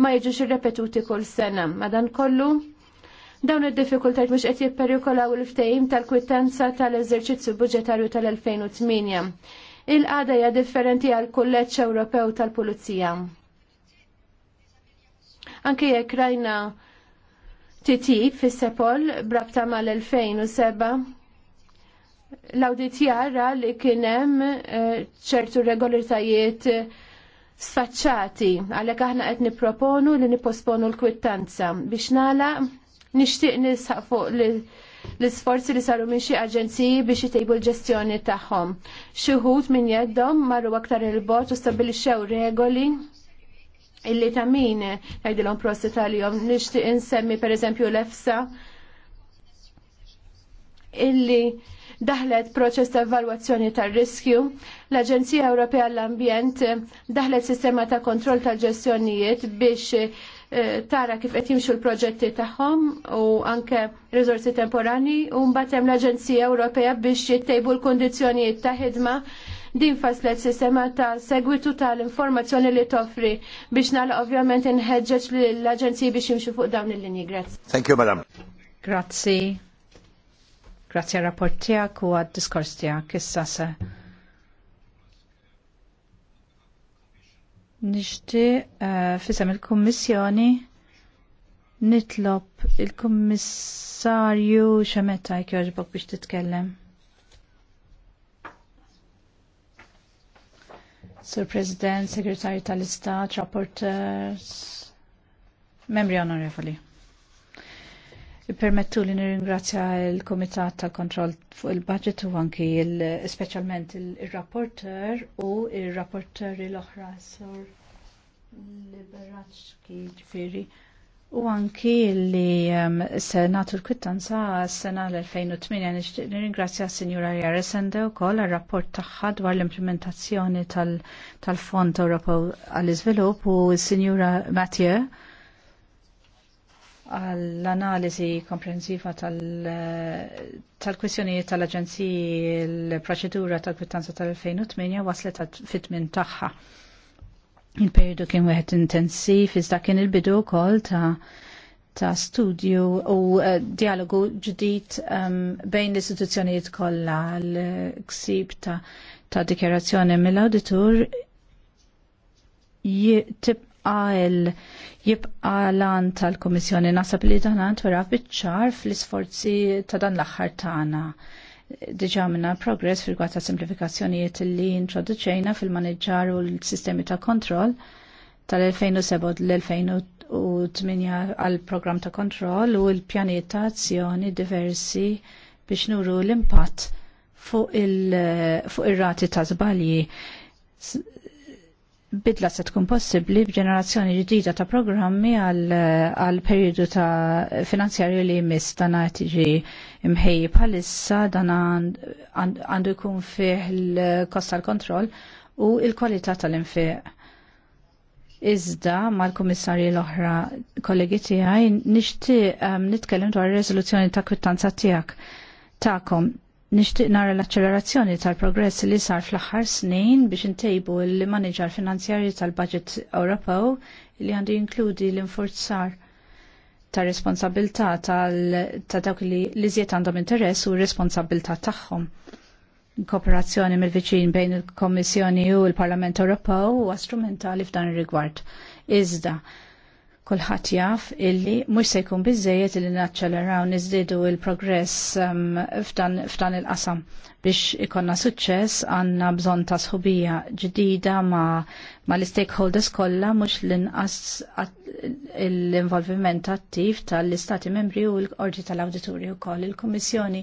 ma jiġux irrepetuti kull sena. Madan kollu, dawn id-diffikultajt mhux qed jipperikolaw il-ftehim tal-kwittanza tal-eżerċizzju budġetarju tal-2008. Il-qada hija differenti għal kulleċċ Ewropew tal-Pulizija. Anke jekk rajna titib fis-sepol brabta mal-2007 l-awdit jara li kienem eh, ċertu regolaritajiet sfaċċati għalhekk aħna qed nipproponu li nipposponu l-kwittanza biex nala nixtieq nisħaq fuq li l-isforzi li saru minn xi aġenziji biex jtejbu l-ġestjoni tagħhom. Xi wħud minn jeddhom marru aktar il-bot u stabbilixxew regoli illi ta' min tajdilom prosti tal-jom nishti insemmi per eżempju l-EFSA illi daħlet proċess ta' evalwazzjoni tar riskju l-Aġenzija Ewropea l-Ambjent daħlet sistema ta' kontroll tal ġestjonijiet biex Eh, tara kif qed jimxu l-proġetti tagħhom u anke riżorsi temporani u mbagħad hemm l-Aġenzija Ewropea biex jittejbu l-kondizzjonijiet ta' ħidma din faslet sistema ta' segwitu tal-informazzjoni li toffri biex nagħlaq ovvjament inħeġġeġ l-Aġenziji biex jimxu fuq dawn il-linji. Grazzi. Thank you, madam. Grazzi. Grazzi għal rapport tiegħek u għad diskors tiegħek. Issa se nixti eh, fisem il-Kommissjoni nitlob il-Kommissarju xemetta jkjoġbok biex titkellem. Sir President, Segretarju tal-Istat, Rapporteurs, Membri Onorevoli. Permettu li nirringrazzja il-Komitat tal-Kontroll fuq il-Budget u anki specialment il-Rapporter u il-Rapporter l-oħra Sor Liberaċki ġifiri u anki li um, senatu l-kwittanza s-sena l-2008 nirringrazzja s-Sinjura Jaresende u koll rapport taħħa dwar l-implementazzjoni tal-Fond tal Ewropew għall-Iżvilupp u s-Sinjura Mathieu għall-analizi komprensiva tal-kwissjonijiet tal kwissjonijiet tal l-proċedura tal-kwittanza tal-2008 waslet fit fitmin tagħha. Il-periodu kien wieħed intensiv iżda kien il-bidu wkoll ta' ta' studju u eh, dialogu ġdid ehm, bejn l-istituzzjonijiet kollha l-ksib ta' ta' dikjerazzjoni mill-auditur għal jibqa lan tal-Komissjoni nasab li dan għant wara bitċar fl-isforzi ta' dan l-axħar tagħna. Diġa minna progress fil ta' simplifikazzjonijiet li introduċejna fil-maneġġar u l-sistemi ta' kontroll tal-2007 l-2008 għal program ta' kontroll u l-pjaniet ta' azzjoni diversi biex nuru l-impatt fuq il-rati ta' zbalji bidla se tkun possibbli b'ġenerazzjoni ġdida ta' programmi għal periodu ta' finanzjarju li jmiss dan tiġi imħejji bħalissa dan għandu jkun fih il-kost tal-kontroll u il-kwalità tal-infiq. Iżda mal-kummissarji l-oħra kollegi tiegħi nixtieq um, nitkellem dwar ir-reżoluzzjoni ta' kwittanza tiegħek tagħkom Nixtieq nara l-accelerazzjoni tal-progress li sar fl-aħħar snin biex intejbu l-manager finanzjarji tal-budget Ewropew li għandu jinkludi l-infurzar ta' responsabilità ta' dawk li liżiet għandhom interess u responsabilità tagħhom. Kooperazzjoni mill-viċin bejn il-Kommissjoni u l-Parlament Ewropew huwa strumentali f'dan ir-rigward. Iżda, Kulħadd jaf illi mhux se jkun biżejjed illi naċċeleraw niżdiedu il-progress um, f'dan il-qasam biex ikonna suċċess għandna bżonn ta' sħubija ġdida ma' mal-stakeholders kollha mhux l-inqas l-involviment attiv tal-Istati membri u l-Qorti tal u wkoll il-Kummissjoni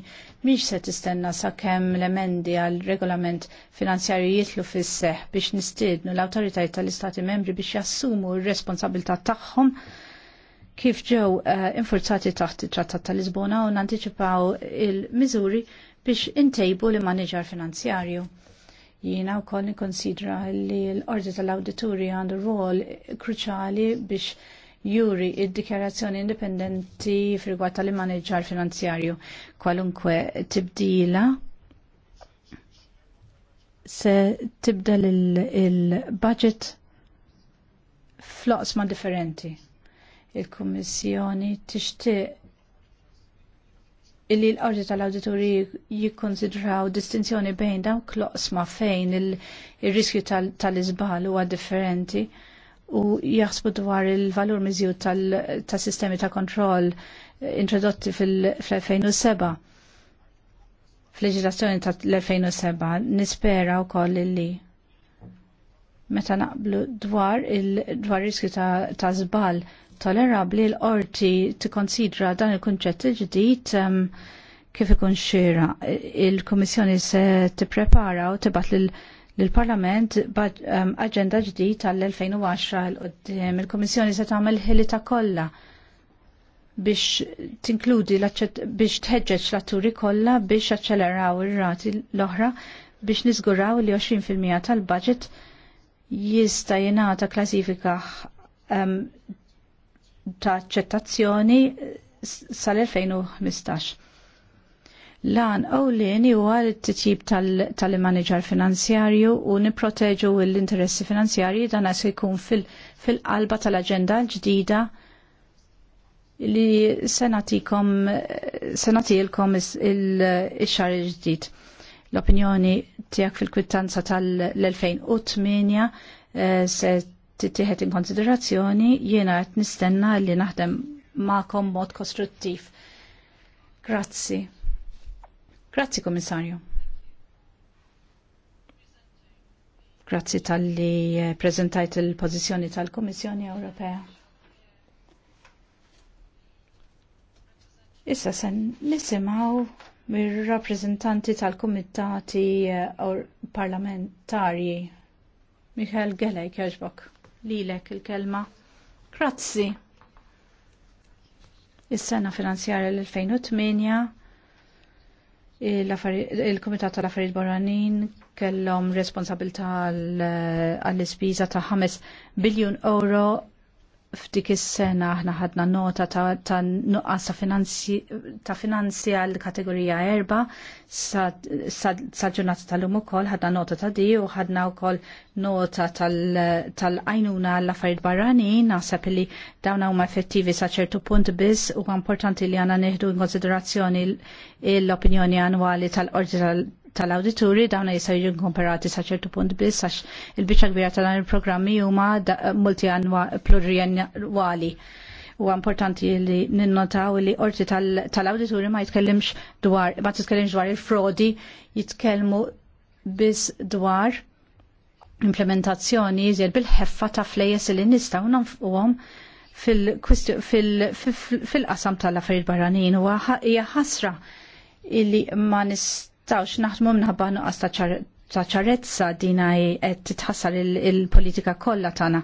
miex se tistenna sakemm l-emendi għal regolament finanzjarju jitlu fis-seħ biex nistiednu l-awtoritajiet tal-Istati membri biex jassumu r-responsabilità tagħhom kif ġew eh, infurzati taħt it-Trattat tal-Lisbona u nantiċipaw il-miżuri biex intejbu l-maniġar finanzjarju Jiena wkoll nikkonsidra li l-Ordi tal-Awdituri għandu rwol kruċali biex juri id-dikjarazzjoni indipendenti fil tal-manager finanzjarju kwalunkwe tibdila se tibdel il-budget il ma differenti. Il-Kummissjoni tixtieq illi l-qorti tal auditori jikkonsidraw distinzjoni bejn dawk l ma fejn il-riskju tal-izbal huwa differenti u jaħsbu dwar il-valur miżju tal-sistemi ta' kontroll eh, introdotti fil-2007 fl ta' tal-2007 nispera u koll illi meta naqblu dwar il-riskju ta' zbal tolerabli l-qorti tikkonsidra dan il-kunċett il-ġdid um, kif ikun xira. Il-Komissjoni se tipprepara u tibat l-Parlament um, ehm, agenda ġdid għall-2010 l-qoddim. Il-Komissjoni se tagħmel ħilita kollha biex tinkludi biex tħeġġeġ l-atturi kollha biex aċċeleraw ir-rati l-oħra biex niżguraw li 20% tal-budget jista' jingħata klasifika um, ehm, ta' ċettazzjoni sal-2015. Lan ewlieni huwa t-tip tal-manager tal finanzjarju u niproteġu l-interessi finanzjarji dan se jkun fil-qalba fil tal-aġenda l-ġdida li senatikom senatilkom il-xar il ġdid. L-opinjoni tiegħek fil-kwittanza tal-2008 eh, se tittieħed in konsiderazzjoni jiena qed nistenna li naħdem magħkom mod kostruttiv. Grazzi. Grazzi, Komissarju. Grazzi tal-li eh, prezentajt il-pozizjoni tal-Komissjoni Ewropea. Issa sen nisimaw mir-rappresentanti tal-komitati eh, parlamentari. Michael Gelej, kħeġbok lilek il-kelma. Grazzi. Is-sena finanzjarja l-2008 il-Komitat tal-Affarijiet Barranin kellhom responsabilità għall-ispiża ta' 5 biljun euro f'dik is-sena aħna ħadna nota ta' nuqqas ta' finanzi għal kategorija erba sa' ġurnata tal-lum ukoll ħadna nota ta' di u ħadna wkoll nota tal-għajnuna għall affarijiet barranin naħseb li dawn huma effettivi sa' ċertu punt biss u importanti li għandna neħdu in konsiderazzjoni l-opinjoni annwali tal-Qorti tal-awdituri dawna jisaw jiġu komparati sa'ċertu punt biss għax il-biċċa kbira tal dan il-programmi huma multi plurianwali. U importanti li ninnotaw li orti tal-awdituri ma jitkellimx dwar, ma jitkellimx dwar il-frodi, jitkellmu biss dwar implementazzjoni jizjed bil-ħeffa ta' flejes li nistaw nonfquhom fil-qasam tal-affarijiet barranin u hija ħasra illi ma nist nistawx naħdmu minħabba nuqqas ta' ċarezza dina qed titħassal il-politika kollha tagħna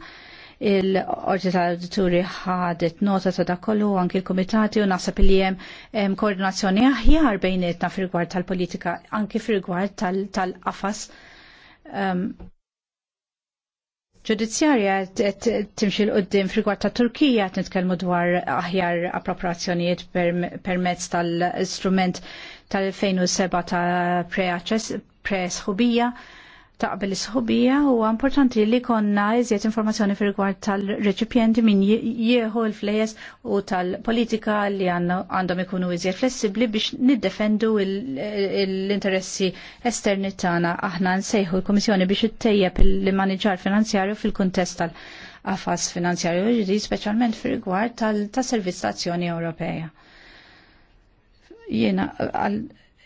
il-orti tal-auditori ħadet nota ta' dakollu anki l-komitati u nasab li hemm koordinazzjoni aħjar bejnietna fil-gwar tal-politika anki fil-gwar tal-qafas um, ġudizzjarja timxil qoddim frigwar ta' Turkija nitkellmu dwar aħjar appropriazzjonijiet permezz tal strument tal-2007 ta' pre-sħubija ta' qabel sħubija u importanti li konna iżjed informazzjoni fir rigward tal-reċipjenti min jieħu l-flejes u tal-politika li għandhom ikunu iżjed flessibli biex niddefendu l-interessi esterni tagħna aħna nsejħu l-Kummissjoni biex ittejjeb il-maniġar finanzjarju fil-kuntest tal-qafas finanzjarju ġdid speċjalment fir rigward tal-servizzazzjoni Ewropea Jiena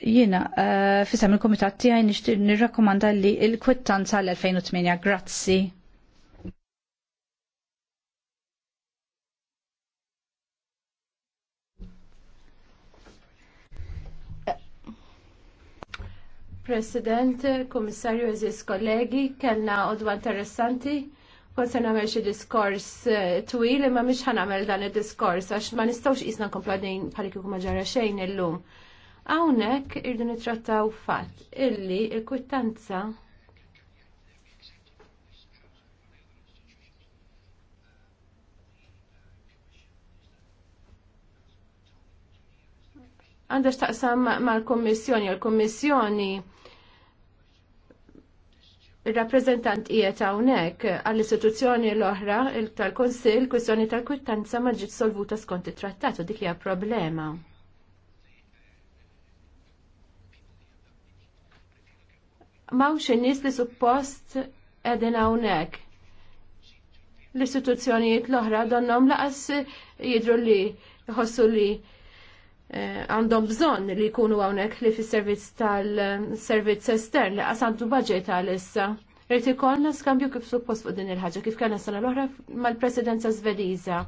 jiena eh, fisem il-komitat tiegħi nixtieq nirrakkomanda li l-kwittanza l-2008 grazzi. President, Komissarju, Eżis, kollegi, kellna odwa interessanti Kont se nagħmel xi diskors eh, twil imma mhix ħanamel dan id-diskors għax ma nistgħux qisna nkomplu għadejn bħal kieku ma ġara xejn illum. Hawnhekk irdu nittrattaw fat, illi l-kwittanza għandax taqsam mal-kommissjoni, l-kommissjoni il-rappresentant qiegħed hawnhekk għall-istituzzjoni l-oħra tal-Kunsill kwistjoni tal-kwittanza ma ġiet solvuta skont it-trattat u dik hija problema. Mawx in-nies li suppost qegħdin hawnhekk. L-istituzzjonijiet l-oħra donnhom laqas jidru li jħossu li Eh, għandhom bżonn li jkunu hawnhekk li fis-servizz tal-servizz estern li qasantu budget issa. Rriti ikollna skambju kif suppost fuq din il-ħaġa kif kellna sena l-oħra mal-Presidenza Svediża.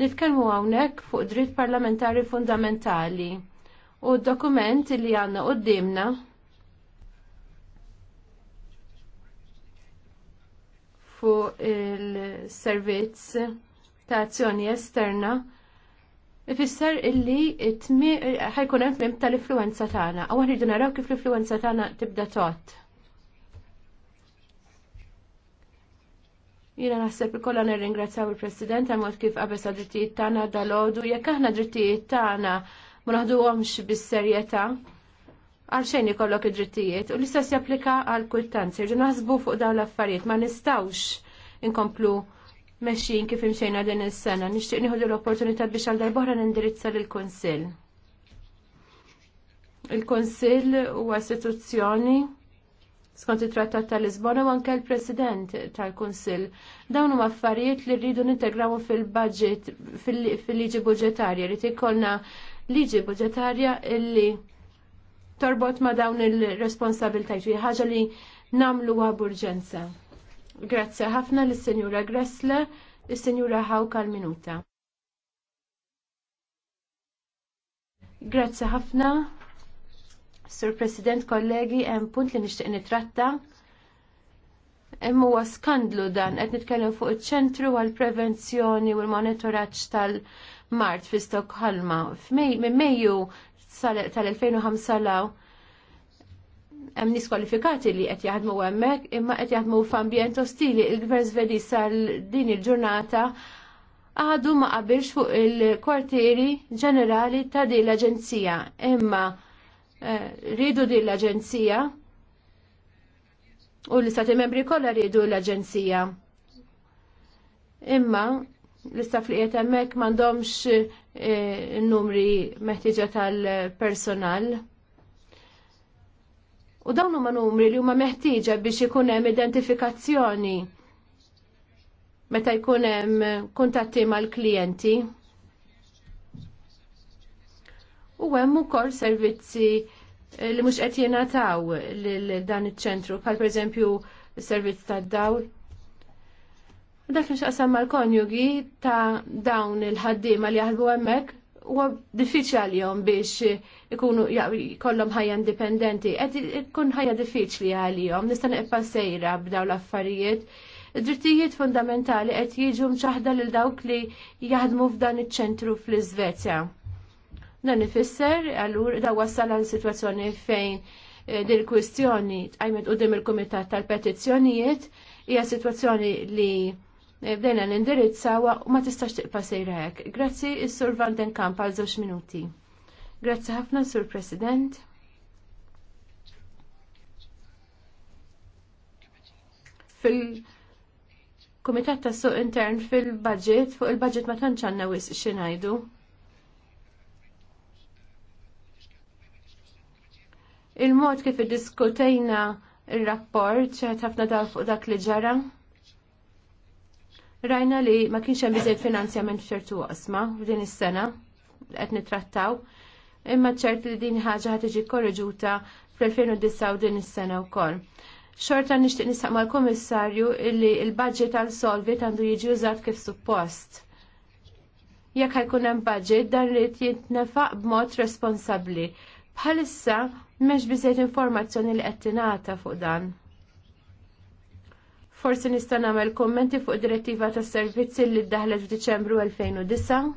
Nitkellmu hawnhekk fuq dritt parlamentari fundamentali u d-dokument li għandna dimna fuq il-servizz ta' azzjoni esterna ifisser illi t-tmi ħajkun hemm fim tal-influenza tagħna, aw rridu naraw kif l-influenza tagħna tibda tot. Jiena naħseb ikollha nirringrazzaw il-President għal mod kif qabeż drittijiet tagħna dalodu jekk aħna drittijiet tagħna ma naħduhomx bis-serjetà għal xejn ikollok id-drittijiet u l-istess japplika għal kwittanzi. Irġu naħsbu fuq dawn l-affarijiet ma nistgħux inkomplu meċin kif imxejna din is-sena. Nixtieq nieħu l-opportunità biex għal darbora nindirizza lill kunsill il kunsill huwa istituzzjoni skont it-Trattat ta' Lisbona u anke l-President tal-Kunsill. Dawn huma affarijiet li rridu nintegrawhom fil-budget fil-liġi budġetarja li ikollna liġi budġetarja illi torbot ma' dawn il-responsabiltajt ħaġa li namlu għab urġenza. Grazzi ħafna lis-Sinjura Gressle, is-Sinjura Hawka l-minuta. Grazzi ħafna. Sur President, kollegi, hemm punt li nixtieq nitratta Hemm huwa skandlu dan qed nitkellem fuq iċ-ċentru għall prevenzjoni u l-monitoraġġ tal-Mart fi Stokħolma. F'Mejju Mejju tal-2005 law hemm nies kwalifikati li qed jaħdmu hemmhekk imma qed jaħdmu f'ambjent ostili. Il-Gvern Svediż sal din il-ġurnata għadu ma qabilx fuq il-kwartieri ġenerali ta' din l-Aġenzija. Imma eh, rridu din l-Aġenzija u l-istati membri kollha rridu l-Aġenzija. Imma l-istaf li qed hemmhekk m'għandhomx eh, n-numri meħtieġa tal-personal. U dawn huma numri li huma meħtieġa biex ikun hemm identifikazzjoni meta jkun hemm kuntatti mal-klijenti. U hemm ukoll servizzi eh, li mhux qed jingħataw lil dan iċ-ċentru, bħal pereżempju s-servizz tad-dawl. Dak nixqasam mal-konjugi ta' dawn il-ħaddiema li jaħdmu hemmhekk huwa diffiċli għalihom biex ikunu jkollhom ħajja indipendenti, qed ikun ħajja diffiċli għalihom, nista' neqpa' sejra b'dawn l-affarijiet. Drittijiet fundamentali qed jiġu mċaħda lil dawk li jaħdmu f'dan iċ-ċentru fl-Iżvezja. Dan ifisser għallur, da wassal għal sitwazzjoni fejn eh, din il-kwistjoni u dim il-Kumitat tal-Petizzjonijiet hija sitwazzjoni li bdejna nindirizzawa u ma tistax tiqpa sejra hekk. Grazzi s sur Vanden Kamp għal żewġ minuti. Grazzi ħafna Sur President. fil- Kumitat ta' suq intern fil-budget, fuq il-budget ma tantx għandna wisq xi ngħidu. Il-mod kif iddiskutejna il rapport xi ħafna dal fuq dak li ġara. Rajna li ma kienx hemm biżejjed finanzjament f'ċertu qosma din is-sena qed nittrattaw, imma ċert li din ħaġa ħad tiġi korreġuta fl-2009 din is-sena wkoll. Xorta nixtieq nisaq mal-Kummissarju illi l-budget tal solvit għandu jiġi użat kif suppost jekk ħajkun hemm budget dan li jitnefaq b'mod responsabbli. Bħalissa m'hemmx biżejjed informazzjoni li qed tingħata fuq dan. Forsi nista' nagħmel kommenti fuq direttiva tas servizzi li ddaħlet f'Diċembru 2009.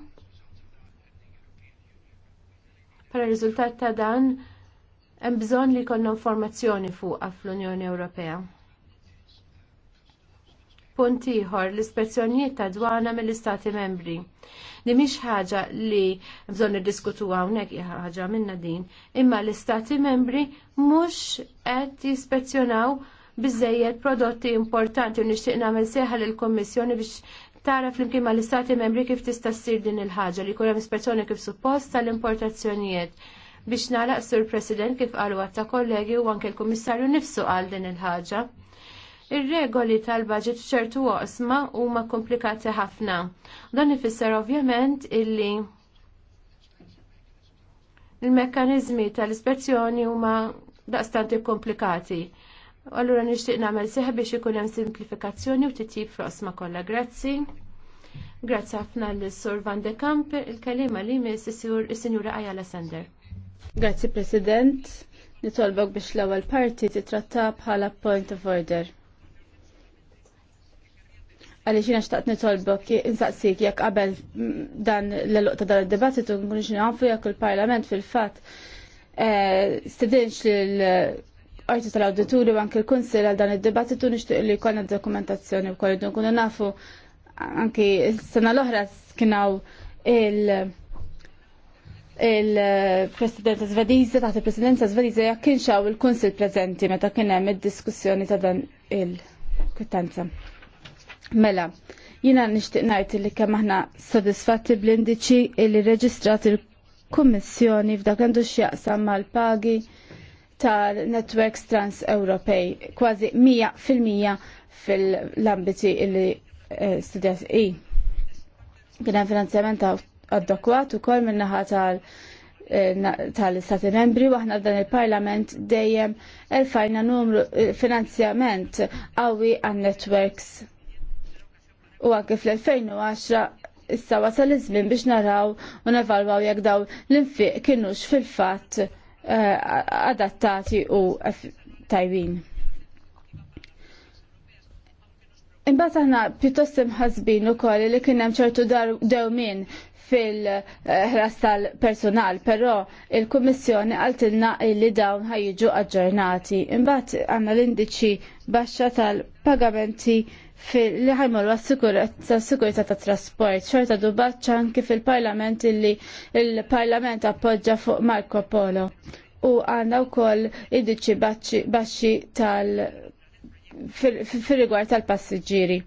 Para riżultat ta' dan, hemm bżonn li jkollna informazzjoni fuqha fl-Unjoni Ewropea. Punt ieħor l-ispezzjonijiet ta' dwana mill-Istati membri. Li mhix ħaġa li bżonn niddiskutu hawnhekk hija ħaġa minna din, imma l-Istati membri mhux qed jispezzjonaw biżejjed prodotti importanti u nixtieq nagħmel seħħa lill-Kummissjoni biex tara flimkien mal istati membri kif tista' ssir din il-ħaġa li jkun hemm ispezzjoni kif suppost tal-importazzjonijiet biex nagħlaq sur President kif qalu ta' kollegi u anke l-Kummissarju nifsu qal din il-ħaġa. Ir-regoli tal-budget ċertu waqsma huma komplikati ħafna. Dan ifisser ovvjament illi il-mekkaniżmi tal-ispezzjoni huma daqstanti komplikati. Allura nixtieq nagħmel seħ biex ikun hemm simplifikazzjoni u titjib fl kollha. Grazzi. Grazzi ħafna lis-Sur Van de Kamp, il-kelima li miss is-Sinjura Ajala Sender. Grazzi President, nitolbok biex l-ewwel parti titratta bħala point of order. Għaliex jiena xtaqt nitolbok insaqsik jekk qabel dan l-luqta dan id-dibattitu nkunu xi nafu jekk il-Parlament fil-fatt eh, stedinx lil l tal-Awdituri u anke l kunsil għal dan id-dibattitu nixtieq li jkollna dokumentazzjoni wkoll idu nkunu nafu anki s-sena l-oħra kienaw il- il-presidenza taħt il-presidenza jekk jak kienxaw il-kunsil prezenti meta kien hemm id-diskussjoni ta' dan il-kwittanza. Mela, jina nixtieq ngħid li kemm aħna sodisfatti bl-indiċi li reġistrat il-Kummissjoni f'dak għandu x'jaqsam mal-pagi tal-networks trans-Ewropej, kważi 100% fil-ambiti illi eh, studjat i. Kien hemm finanzjament adekwat ukoll min-naħa tal- eh, tal-Istati Membri waħna dan il-Parlament dejjem il-fajna numru eh, finanzjament qawwi għan networks U anke fl-2010 issa wasal iż-żmien biex naraw u nevalwaw jekk daw l-infiq kienux fil-fatt Eh, adattati u tajbin. Imbagħad aħna pjuttost imħasbin ukoll li kien hemm ċertu dewmien fil-ħras tal-personal, però il-Kummissjoni għaltilna li dawn ħajġu aġġornati. Imbagħad għandna l-indiċi baxxa tal-pagamenti fil-li ħajmorru għas-sikurezza ta' trasport, xorta dubaċċa anki fil-parlament illi il-parlament appoġġa fuq Marco Polo u għandna wkoll id baxxi tal fil-rigward tal-passiġġieri.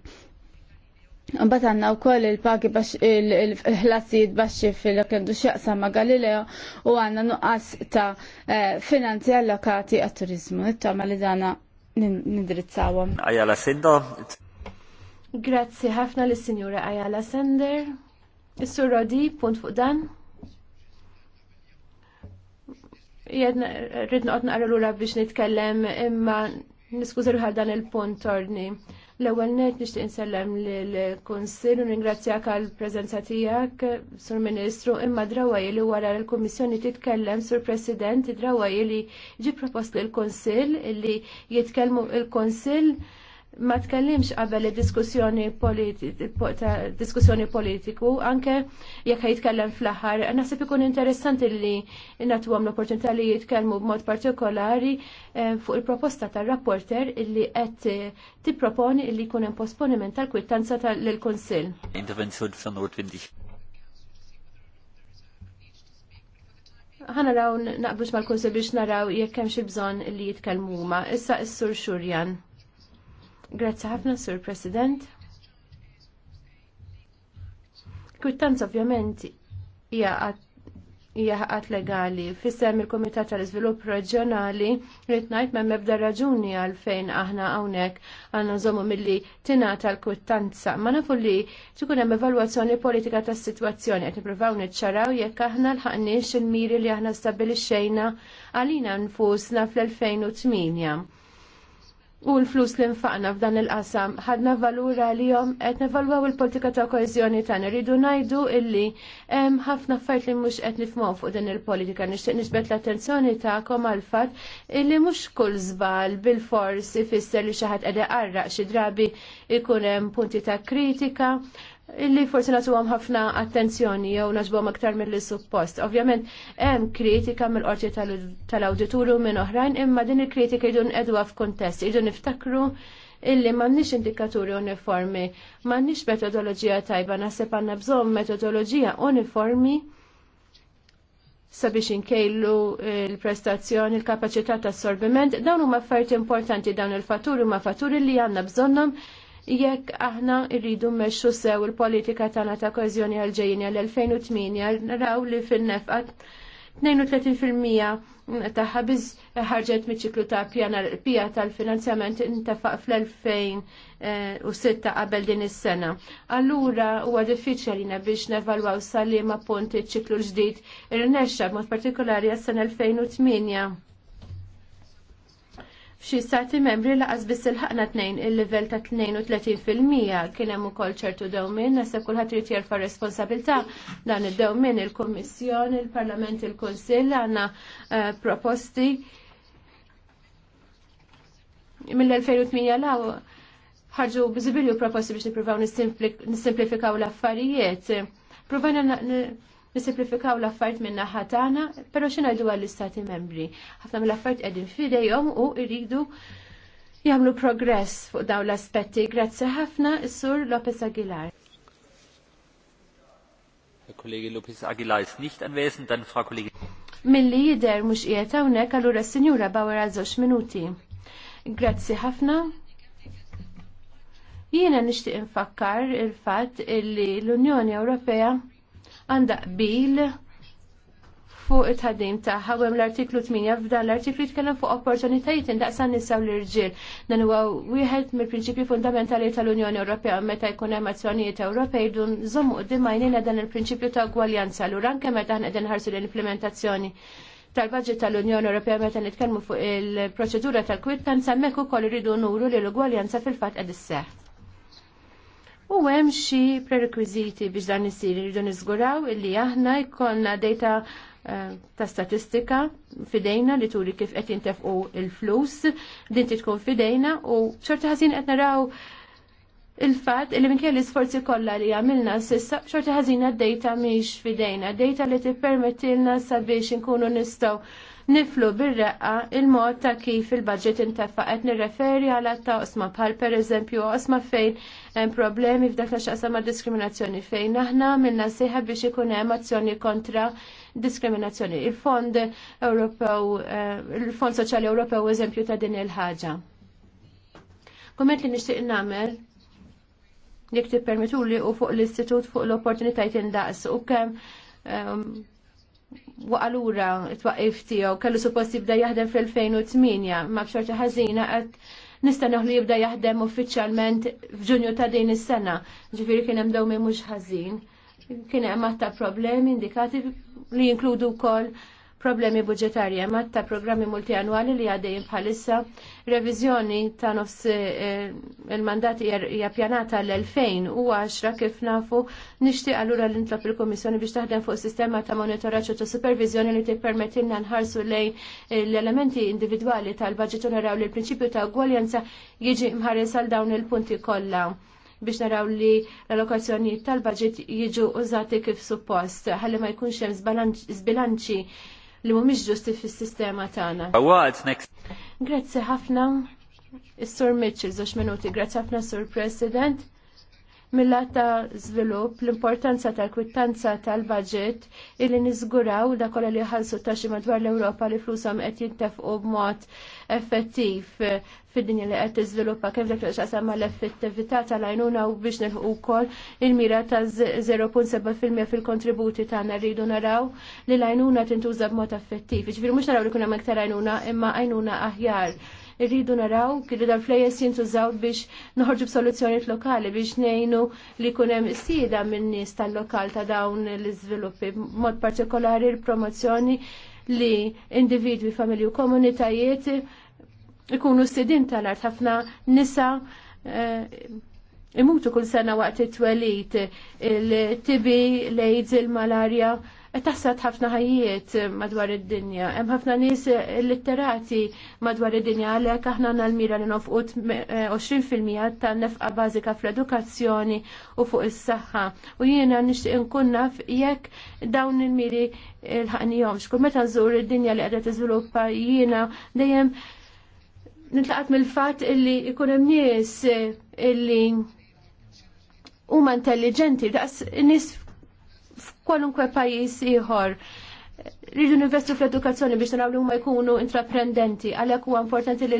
Imbagħad għandna wkoll il-pagi il-ħlasijiet baxxi fil-kendu x'jaqsa ma' Galileo u għandna nuqqas ta' eh, finanzi allokati għat-turizmu. Nittama li dana nindirizzawhom. Ajja la sidda. Grazzi ħafna l sinjura Ayala Sender. Is-sur Rodi, punt fuq dan. Jedna rrid noqgħod naqra lura biex nitkellem imma niskuża ruħal dan il-punt torni. L-ewwel net nixtieq insellem lill-Kunsill u ningrazzjak għall preżenza tiegħek, Sur Ministru, imma drawaj li wara l komissjoni titkellem sur President, drawaj li ġi propost lill-Kunsill li jitkellmu il-Kunsill ma tkellimx qabel id-diskussjoni diskussjoni politiku, anke jekk jitkellem fl-aħħar, naħseb ikun interessanti li nagħtuhom l-opportunità li jitkellmu b'mod partikolari eh, fuq il-proposta tar-rapporter illi qed eh, tipproponi li jkun hemm posponiment tal-kwittanza tal-Kunsill. Intervenzjoni Ħana raw naqbux mal-Kunsill biex naraw jekk hemm xi bżonn li jitkellmu huma. Issa s-Sur Xurjan. Grazzi ħafna, Sur President. Kwittanza ovvjament hija ħaqat legali. Fissem il-Komitat tal-Iżvilupp Reġjonali rrid ngħid m'hemm ebda raġuni għalfejn aħna hawnhekk għandna nżommu milli tingħata l-kwittanza. Ma nafu li tkun hemm evalwazzjoni politika tas-sitwazzjoni qed nippruvaw niċċaraw jekk aħna lħaqniex il-miri li aħna stabbilixxejna għalina nfusna fl-2008 u l-flus li nfaqna f'dan il-qasam ħadna valura li jom qed nevalwaw il-politika ta' koezjoni tagħna rridu ngħidu illi ħafna fajt li mhux qed nifhmhom fuq din il-politika nixtieq nisbet l-attenzjoni tagħkom għal fatt illi mhux kull zbal bil forsi ifisser li xi ħadd qed xidrabi xi drabi ikun hemm punti ta' kritika illi forsi nagħtuhom ħafna attenzjoni jew naġbuhom aktar mill suppost. Ovvjament hemm kritika mill-qorti tal-awdituru minn oħrajn, imma din il-kritika jdu nqedwa f'kuntest, idun niftakru illi m'għandniex indikaturi uniformi, m'għandniex metodoloġija tajba, naħseb għandna bżonn metodoloġija uniformi sabiex inkejlu il-prestazzjoni, il-kapacità ta' assorbiment, dawn huma affarijiet importanti dawn il-fatturi huma fatturi li għandna bżonnhom jekk aħna rridu mmexxu sew il-politika tagħna ta' koeżjoni għal ġejjin għal-2008 naraw li fil-nefqa 32% ta' ħabiz ħarġet miċ-ċiklu ta' pija tal-finanzjament intafaq fl-2006 qabel din is-sena. Allura huwa diffiċli biex nevalwaw sal-liema punti ċiklu ġdid irnexxa b'mod partikolari għas-sena 2008 F'xi stati membri laqas biss il-ħakna tnejn il-livell ta' 32% kien hemm ukoll ċertu dewmien nasa kulħadd irid jerfa' responsabilità dan id-dewmien il-Kummissjoni, il-Parlament, il-Kunsill għandna eh, proposti mill-2008 law ħarġu biżibilju proposti biex nippruvaw nissimplifikaw l-affarijiet. Provajna nisimplifikaw l affart minna naħa tagħna, però xi għall-istati membri. Ħafna mill-affarijiet qegħdin f'idejhom u jridu jagħmlu progress fuq dawn l-aspetti. Grazzi ħafna s sur Lopez Aguilar. Kollegi Lopez Aguilar ist nicht anwesend, dann Frau Min Milli jidher mhux qiegħed hawnhekk allura s-Sinjura Bawra żewġ minuti. Grazzi ħafna. Jiena nixtieq infakkar il-fatt li l-Unjoni Ewropea għandha qbil fuq it-ħaddim taħħa hemm l-artiklu 8 f'dan l-artiklu jitkellem fuq opportunitajiet indaqsan nisa u l-irġiel. Dan huwa wieħed mill-prinċipji fundamentali tal-Unjoni Ewropea meta jkun hemm azzjonijiet Ewropej dun żommu qudiem għajnina dan il-prinċipju ta' gwaljanza l anke meta aħna qegħdin ħarsu l-implementazzjoni tal-budget tal-Unjoni Ewropea meta nitkellmu fuq il-proċedura tal-kwittanza hemmhekk ukoll iridu nuru li l-ugwaljanza fil-fatt qed isseħħ. U hemm xi prerekwiżiti biex dan isir irridu niżguraw illi aħna jkollna data eh, ta' statistika fidejna li turi kif qed jintefqu l flus din tkun fidejna u xorta ħażin qed naraw il-fatt li minkejja l-isforzi kollha li għamilna s'issa xorta ħażina għad dejta mhix fidejna, dejta li tippermettilna sabiex inkunu nistgħu niflu bir-reqqa il-mod ta' kif il-budget intefa' qed nirreferi għal ta' osma bħal pereżempju osma fejn hemm problemi f'dak li xaqsam ma' diskriminazzjoni fejn aħna minna sieħa biex ikun hemm azzjoni kontra diskriminazzjoni. Il-Fond Ewropew, eh, il-Fond Soċjali Ewropew eżempju ta' din il-ħaġa. Komment li nixtieq nagħmel jekk tippermetuli u fuq l-istitut fuq l-opportunitajt indaqs u kemm ehm, waqalura t-waqif tiegħu kellu suppost jibda jaħdem fil 2008 ma b'xorta ħażina qed nista' noħli jibda jaħdem uffiċjalment f'Ġunju ta' din is-sena. Ġifieri kien hemm dewmi mhux ħażin. Kien hemm aktar problemi indikati li jinkludu wkoll problemi budġetarji hemm ta' programmi multianwali li għaddejjin bħalissa reviżjoni ta' nofs eh, il mandati er-, hija pjanata l-2010 kif nafu nixtieq allura l intlob il-Kummissjoni biex taħdem fuq sistema ta' monitoraġġ u ta' supervizjoni li tippermettilna nħarsu lejn eh, l-elementi individwali tal budget u naraw li l-prinċipju ta' gwaljanza jiġi mħares għal dawn il-punti kollha biex naraw li l-allokazzjonijiet tal-budget jiġu użati kif suppost, ħalli ma jkunx hemm zbilanċi li mhumiex ġusti fis-sistema tagħna. Uh, Grazzi ħafna. Is-Sur Mitchell, żewġ minuti, grazie ħafna Sur President. Mill-lat ta' żvilupp l-importanza tal-kwittanza tal-budget illi niżguraw da kollha li ħallsu taxxi madwar l-Ewropa li flushom qed jintefqu b'mod effettiv fid-dinja li qed tiżviluppa kif dak li l effettività tal-għajnuna u biex nilħu wkoll il-mira ta' 0.7% fil-kontributi tagħna rridu naraw li l-għajnuna tintuża b'mod effettiv. Ġifieri mhux naraw li kuna hemm iktar għajnuna imma għajnuna aħjar irridu naraw kif dal-flejes jintużaw biex noħorġu b'soluzzjonijiet lokali biex ngħinu li jkun hemm sida minn nies tal-lokal ta' dawn l-iżviluppi, mod partikolari l-promozzjoni li individwi, familji u komunitajiet ikunu sidin tal-art ħafna nisa eh, imutu kull sena waqt it-twelid il-tibi, l-AIDS, il-malarja. il tibi l aids il malarja il l aids il malarja tassat ħafna ħajiet madwar id-dinja. Hemm ħafna nies litterati madwar id-dinja għalhekk aħna nal-mira li nofqu 20% eh, tan-nefqa bażika fl-edukazzjoni u fuq is-saħħa. U jiena nixtieq inkun naf jekk dawn il-miri l-ħaqnihom. Xkun meta nżur id-dinja li qiegħda tiżviluppa jiena dejjem nitlaqat mill-fatt illi jkun hemm nies illi huma intelligenti, daqs nies f'kwalunkwe pajjiż ieħor rridu investu fl-edukazzjoni biex naraw huma jkunu intraprendenti, għalhekk huwa importanti li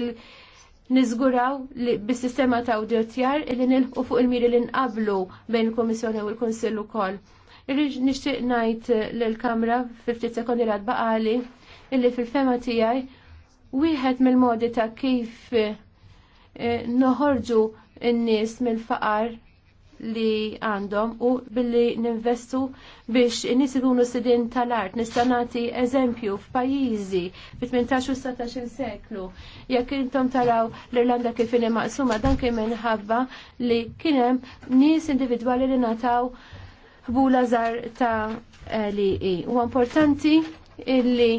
niżguraw li bis-sistema ta' awdjotjar li nilħu fuq il-miri li nqablu bejn il kummissjoni u l-Kunsill ukoll. Irrid nixtieq ngħid lill-Kamra fil-ftit sekondi li baqali illi fil-fema tiegħi wieħed mill-modi ta' kif eh, noħorġu n-nies mill-faqar li għandhom u billi ninvestu biex nis ikunu sidin tal-art. Nista' nagħti eżempju f'pajjiżi fit-18 u 19 seklu. Jekk intom taraw l-Irlanda kif inhi maqsuma dan kien minħabba li kien hemm nies individwali li nataw bula żar ta' li e e. U importanti illi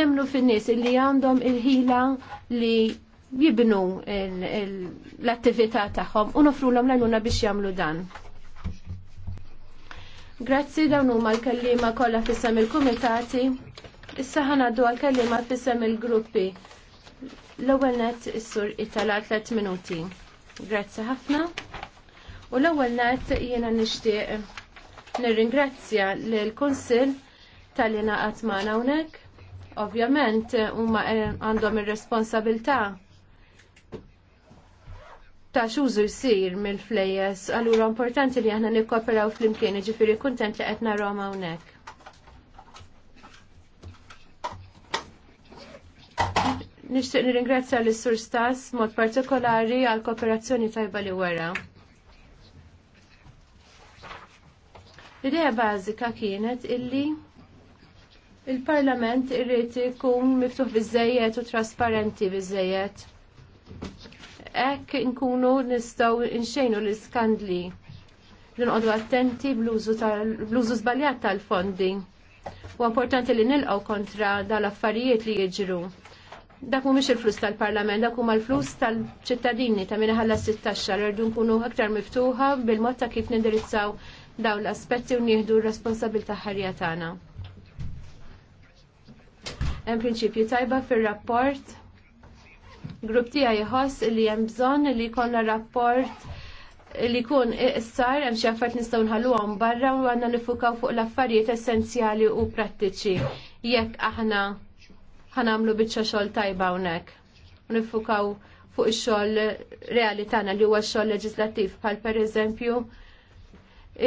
nemnu fin-nies illi għandhom il-ħila li jibnu l-attività tagħhom u nofru l għajnuna biex jagħmlu dan. Grazzi dawn huma l-kellima kollha fissem il-kumitati. Issa ħanaddu għal-kellima fissem il-gruppi. L-ewwel net is-sur itala tliet minuti. Grazzi ħafna. U l-ewwel net jiena nixtieq nirringrazzja lill-Kunsill tal-li naqat magħna hawnhekk ovvjament huma eh, għandhom ir-responsabilità taċ użu jisir mill-flejes, allura importanti li aħna nikkoperaw fl-imkien, ġifiri kuntent li qed narhom hawnhekk. Nixtieq nirringrazzja lis sur Stas mod partikolari għal kooperazzjoni tajba li wara. L-idea bażika kienet illi il-Parlament irriti kum miftuħ biżejjed u trasparenti biżejjed hekk nkunu nistgħu nxejnu l-iskandli. Nqogħdu attenti bl-użu żbaljat tal-fondi. U importanti li nilqgħu kontra dal-affarijiet li jiġru. Dak mhumiex il-flus tal-Parlament, dak huma l-flus tal-ċittadini ta' min ħalla 16 rridu nkunu aktar miftuħa bil-mod ta' kif nindirizzaw dawn l-aspetti u nieħdu r-responsabilità ħarja tagħna. Hemm prinċipju tajba fir-rapport Grupp tiegħi jħoss li hemm bżonn li jkollna rapport li kun iqsar hemm xi affarijiet nistgħu nħalluhom barra u għandna nifukaw fuq l-affarijiet essenzjali u prattiċi jekk aħna ħanamlu biċċa xogħol tajba hawnhekk. Nifukaw fuq ix-xogħol reali tagħna li huwa x-xogħol leġislattiv bħal pereżempju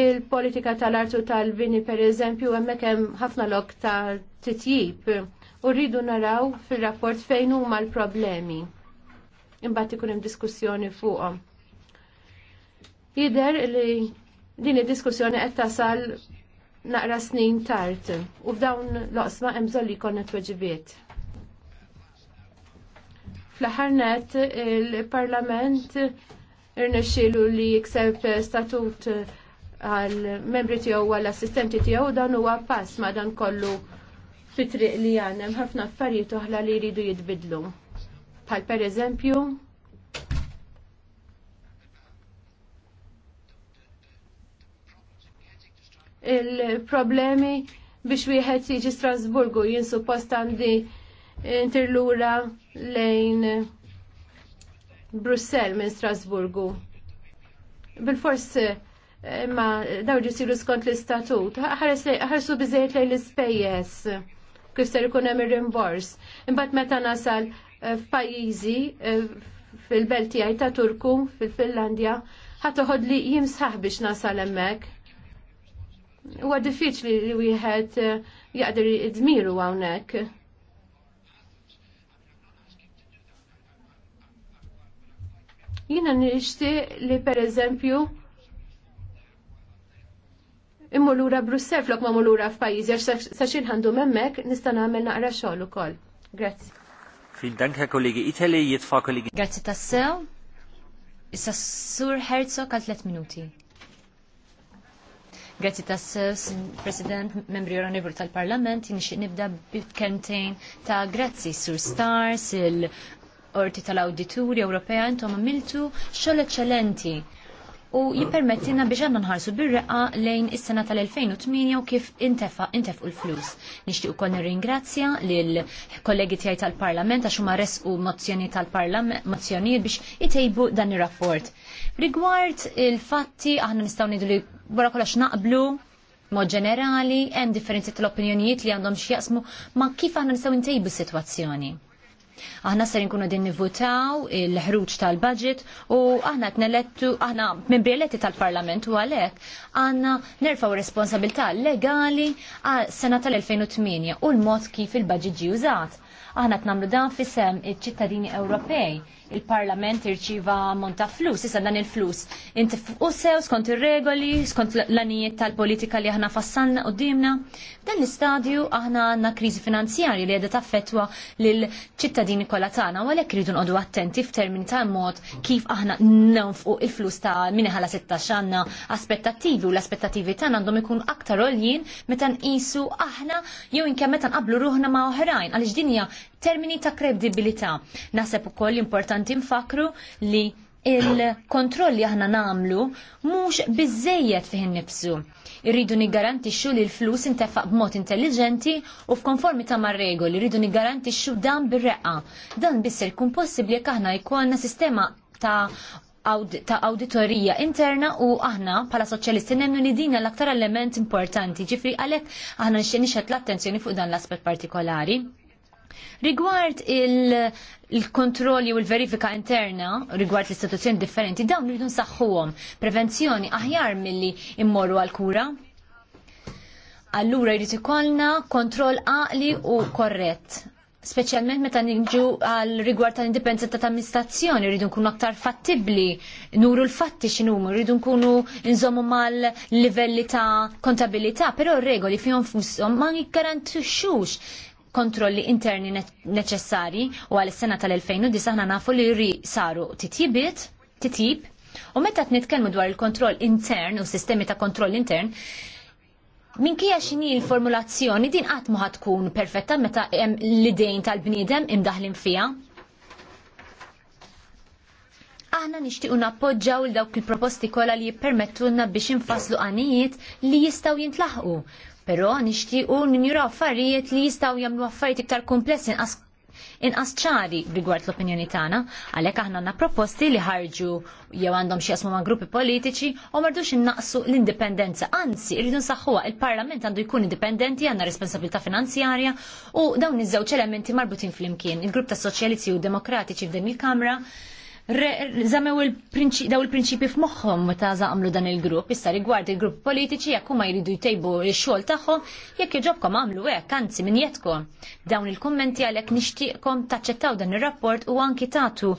il-politika tal artu tal tal-bini pereżempju hemmhekk hemm ħafna lok ta' titjib u rridu naraw fir-rapport fejn huma l-problemi imbagħad ikun hemm diskussjoni fuqhom. Jider li din id-diskussjoni qed tasal naqra snin tard u f'dawn l-oqsma hemm bżonn li jkollna tweġibiet. Fl-aħħar net il-Parlament irnexxielu li jikseb statut għal membri tiegħu għal assistenti tiegħu dan huwa pass ma dan kollu fitriq li għandhem ħafna affarijiet oħra li jridu jitbidlu. Pal per eżempju, il-problemi biex wieħed jiġi Strasburgu jinsu post għandi interlura lejn Brussell minn Strasburgu. Bil-fors ma daw ġisiru skont l-istatut. Ħarsu bizzejt lejn l-ispejjeż kif ser ikun hemm ir-rimbors. Imbagħad meta nasal Eh, f'pajjiżi eh, fil-belt tiegħi ta' Turku fil-Finlandja ħadd li jimsaħ biex nasal hemmhekk. Huwa diffiċli li wieħed eh, jaqdir idmiru hawnhekk. Jiena nixtieq li pereżempju immu lura Brussel flok ma mulura f'pajjiżi għax sa xi ħandu hemmhekk nista' nagħmel naqra xogħol ukoll. Grazzi. Fil dank kollegi. Grazie tassew. Issa Sur Herzog għal 3 minuti. Grazie tassew, President, membri onorevoli tal-Parlament, nixtieq nibda b'kentejn ta' grazzi Sur Stars, il-Orti tal-Awdituri Ewropea, intom għamiltu xogħol eċċellenti u jipermettina biex għanna nħarsu bir-reqqa lejn is-sena tal-2008 u kif intefa intefqu l-flus. Nixtieq ukoll nirringrazzja lil kollegi tiegħi tal-Parlament għax huma resqu mozzjoni tal-Parlament mozzjonijiet biex jitejbu dan ir-rapport. Rigward il-fatti aħna nistgħu nidu li wara kollox naqblu mod ġenerali hemm differenzi tal-opinjonijiet li għandhom x'jaqsmu ma kif aħna nistgħu ntejbu s-sitwazzjoni Aħna ser nkunu din nivvutaw il-ħruġ tal-budget u aħna t-nelettu, aħna membri eletti tal-parlament u għalek għanna nerfaw responsabilità legali għal sena tal-2008 u l-mod kif il-budget ġi użat. Aħna t-namlu dan fissem il-ċittadini Ewropej il-Parlament irċiva monta flus, issa dan il-flus. Inti u sew skont ir-regoli, skont l-anijiet tal-politika li aħna fassanna u dimna. Dan l-istadju aħna għandna kriżi finanzjarja li qiegħda taffettwa l ċittadini kollha tagħna, u għalhekk ridu nqogħdu attenti f'termini ta' mod kif aħna nonfqu il-flus ta' minħala 16 għandna aspettattivi u l-aspettattivi tagħna għandhom ikun aktar għoljien meta nqisu aħna jew inkemm meta nqablu ruħna ma' oħrajn għaliex dinja termini ta' kredibilità. Naħseb ukoll importanti nfakru li il-kontrolli aħna namlu mhux biżejjed fih innifsu. Irridu niggarantixxu li l-flus intefaq b'mod intelligenti u f'konformità mar-regoli, irridu niggarantixxu dan bir-reqqa. Dan biss jkun possibbli jekk aħna jkollna sistema ta' ta' auditorija interna u aħna pala soċjalisti nemnu li din l-aktar element importanti ġifri għalek aħna nxenixet l-attenzjoni fuq dan l-aspet partikolari. Rigward il-kontrolli u l-verifika interna, rigward l-istituzzjoni differenti, dawn rridu nsaħħuhom prevenzjoni aħjar milli immorru għal-kura. Allura jrid ikollna kontroll għaqli u korrett Speċjalment meta niġu għal rigward tal indipendenza ta' amministrazzjoni, rridu nkunu aktar fattibli, nuru l-fatti numru rridu nkunu nżommu mal-livelli ta' kontabilità, però regoli fihom fushom ma jgarantixxux kontrolli interni neċessari u għal sena tal-2009 disaħna nafu li jri saru titjibit, titjib, u meta t-nitkelmu dwar il-kontroll intern u sistemi ta' kontroll intern, kija xini l-formulazzjoni din qatt ma tkun perfetta meta l-idejn tal-bniedem imdaħlin fija. Aħna nixtiequ nappoġġaw l dawk il-proposti kollha li jippermettulna biex infaslu għanijiet li jistgħu jintlaħqu però nixtiequ ninjuraw affarijiet li jistgħu jagħmlu affarijiet iktar komplessi inqas inqas ċari rigward l-opinjoni tagħna, għalhekk aħna għandna proposti li ħarġu jew għandhom xi jasmu ma' gruppi politiċi u mardux innaqsu l-indipendenza. Anzi, irridu nsaħħuha il-Parlament għandu jkun indipendenti, għandna responsabilità finanzjarja u dawn iż-żewġ elementi marbutin flimkien. Il-grupp ta' Soċjalisti u Demokratiċi f'din il-Kamra żamew daw il-prinċipi f'moħħhom ta' zaqamlu dan il-grupp, issa rigward il-grupp politiċi jekk huma jridu jtejbu x-xogħol tagħhom, jekk jġobkom għamlu hekk anzi min jedkom. Dawn il-kummenti għalhekk nixtieqkom taċċettaw dan ir-rapport u anki tagħtu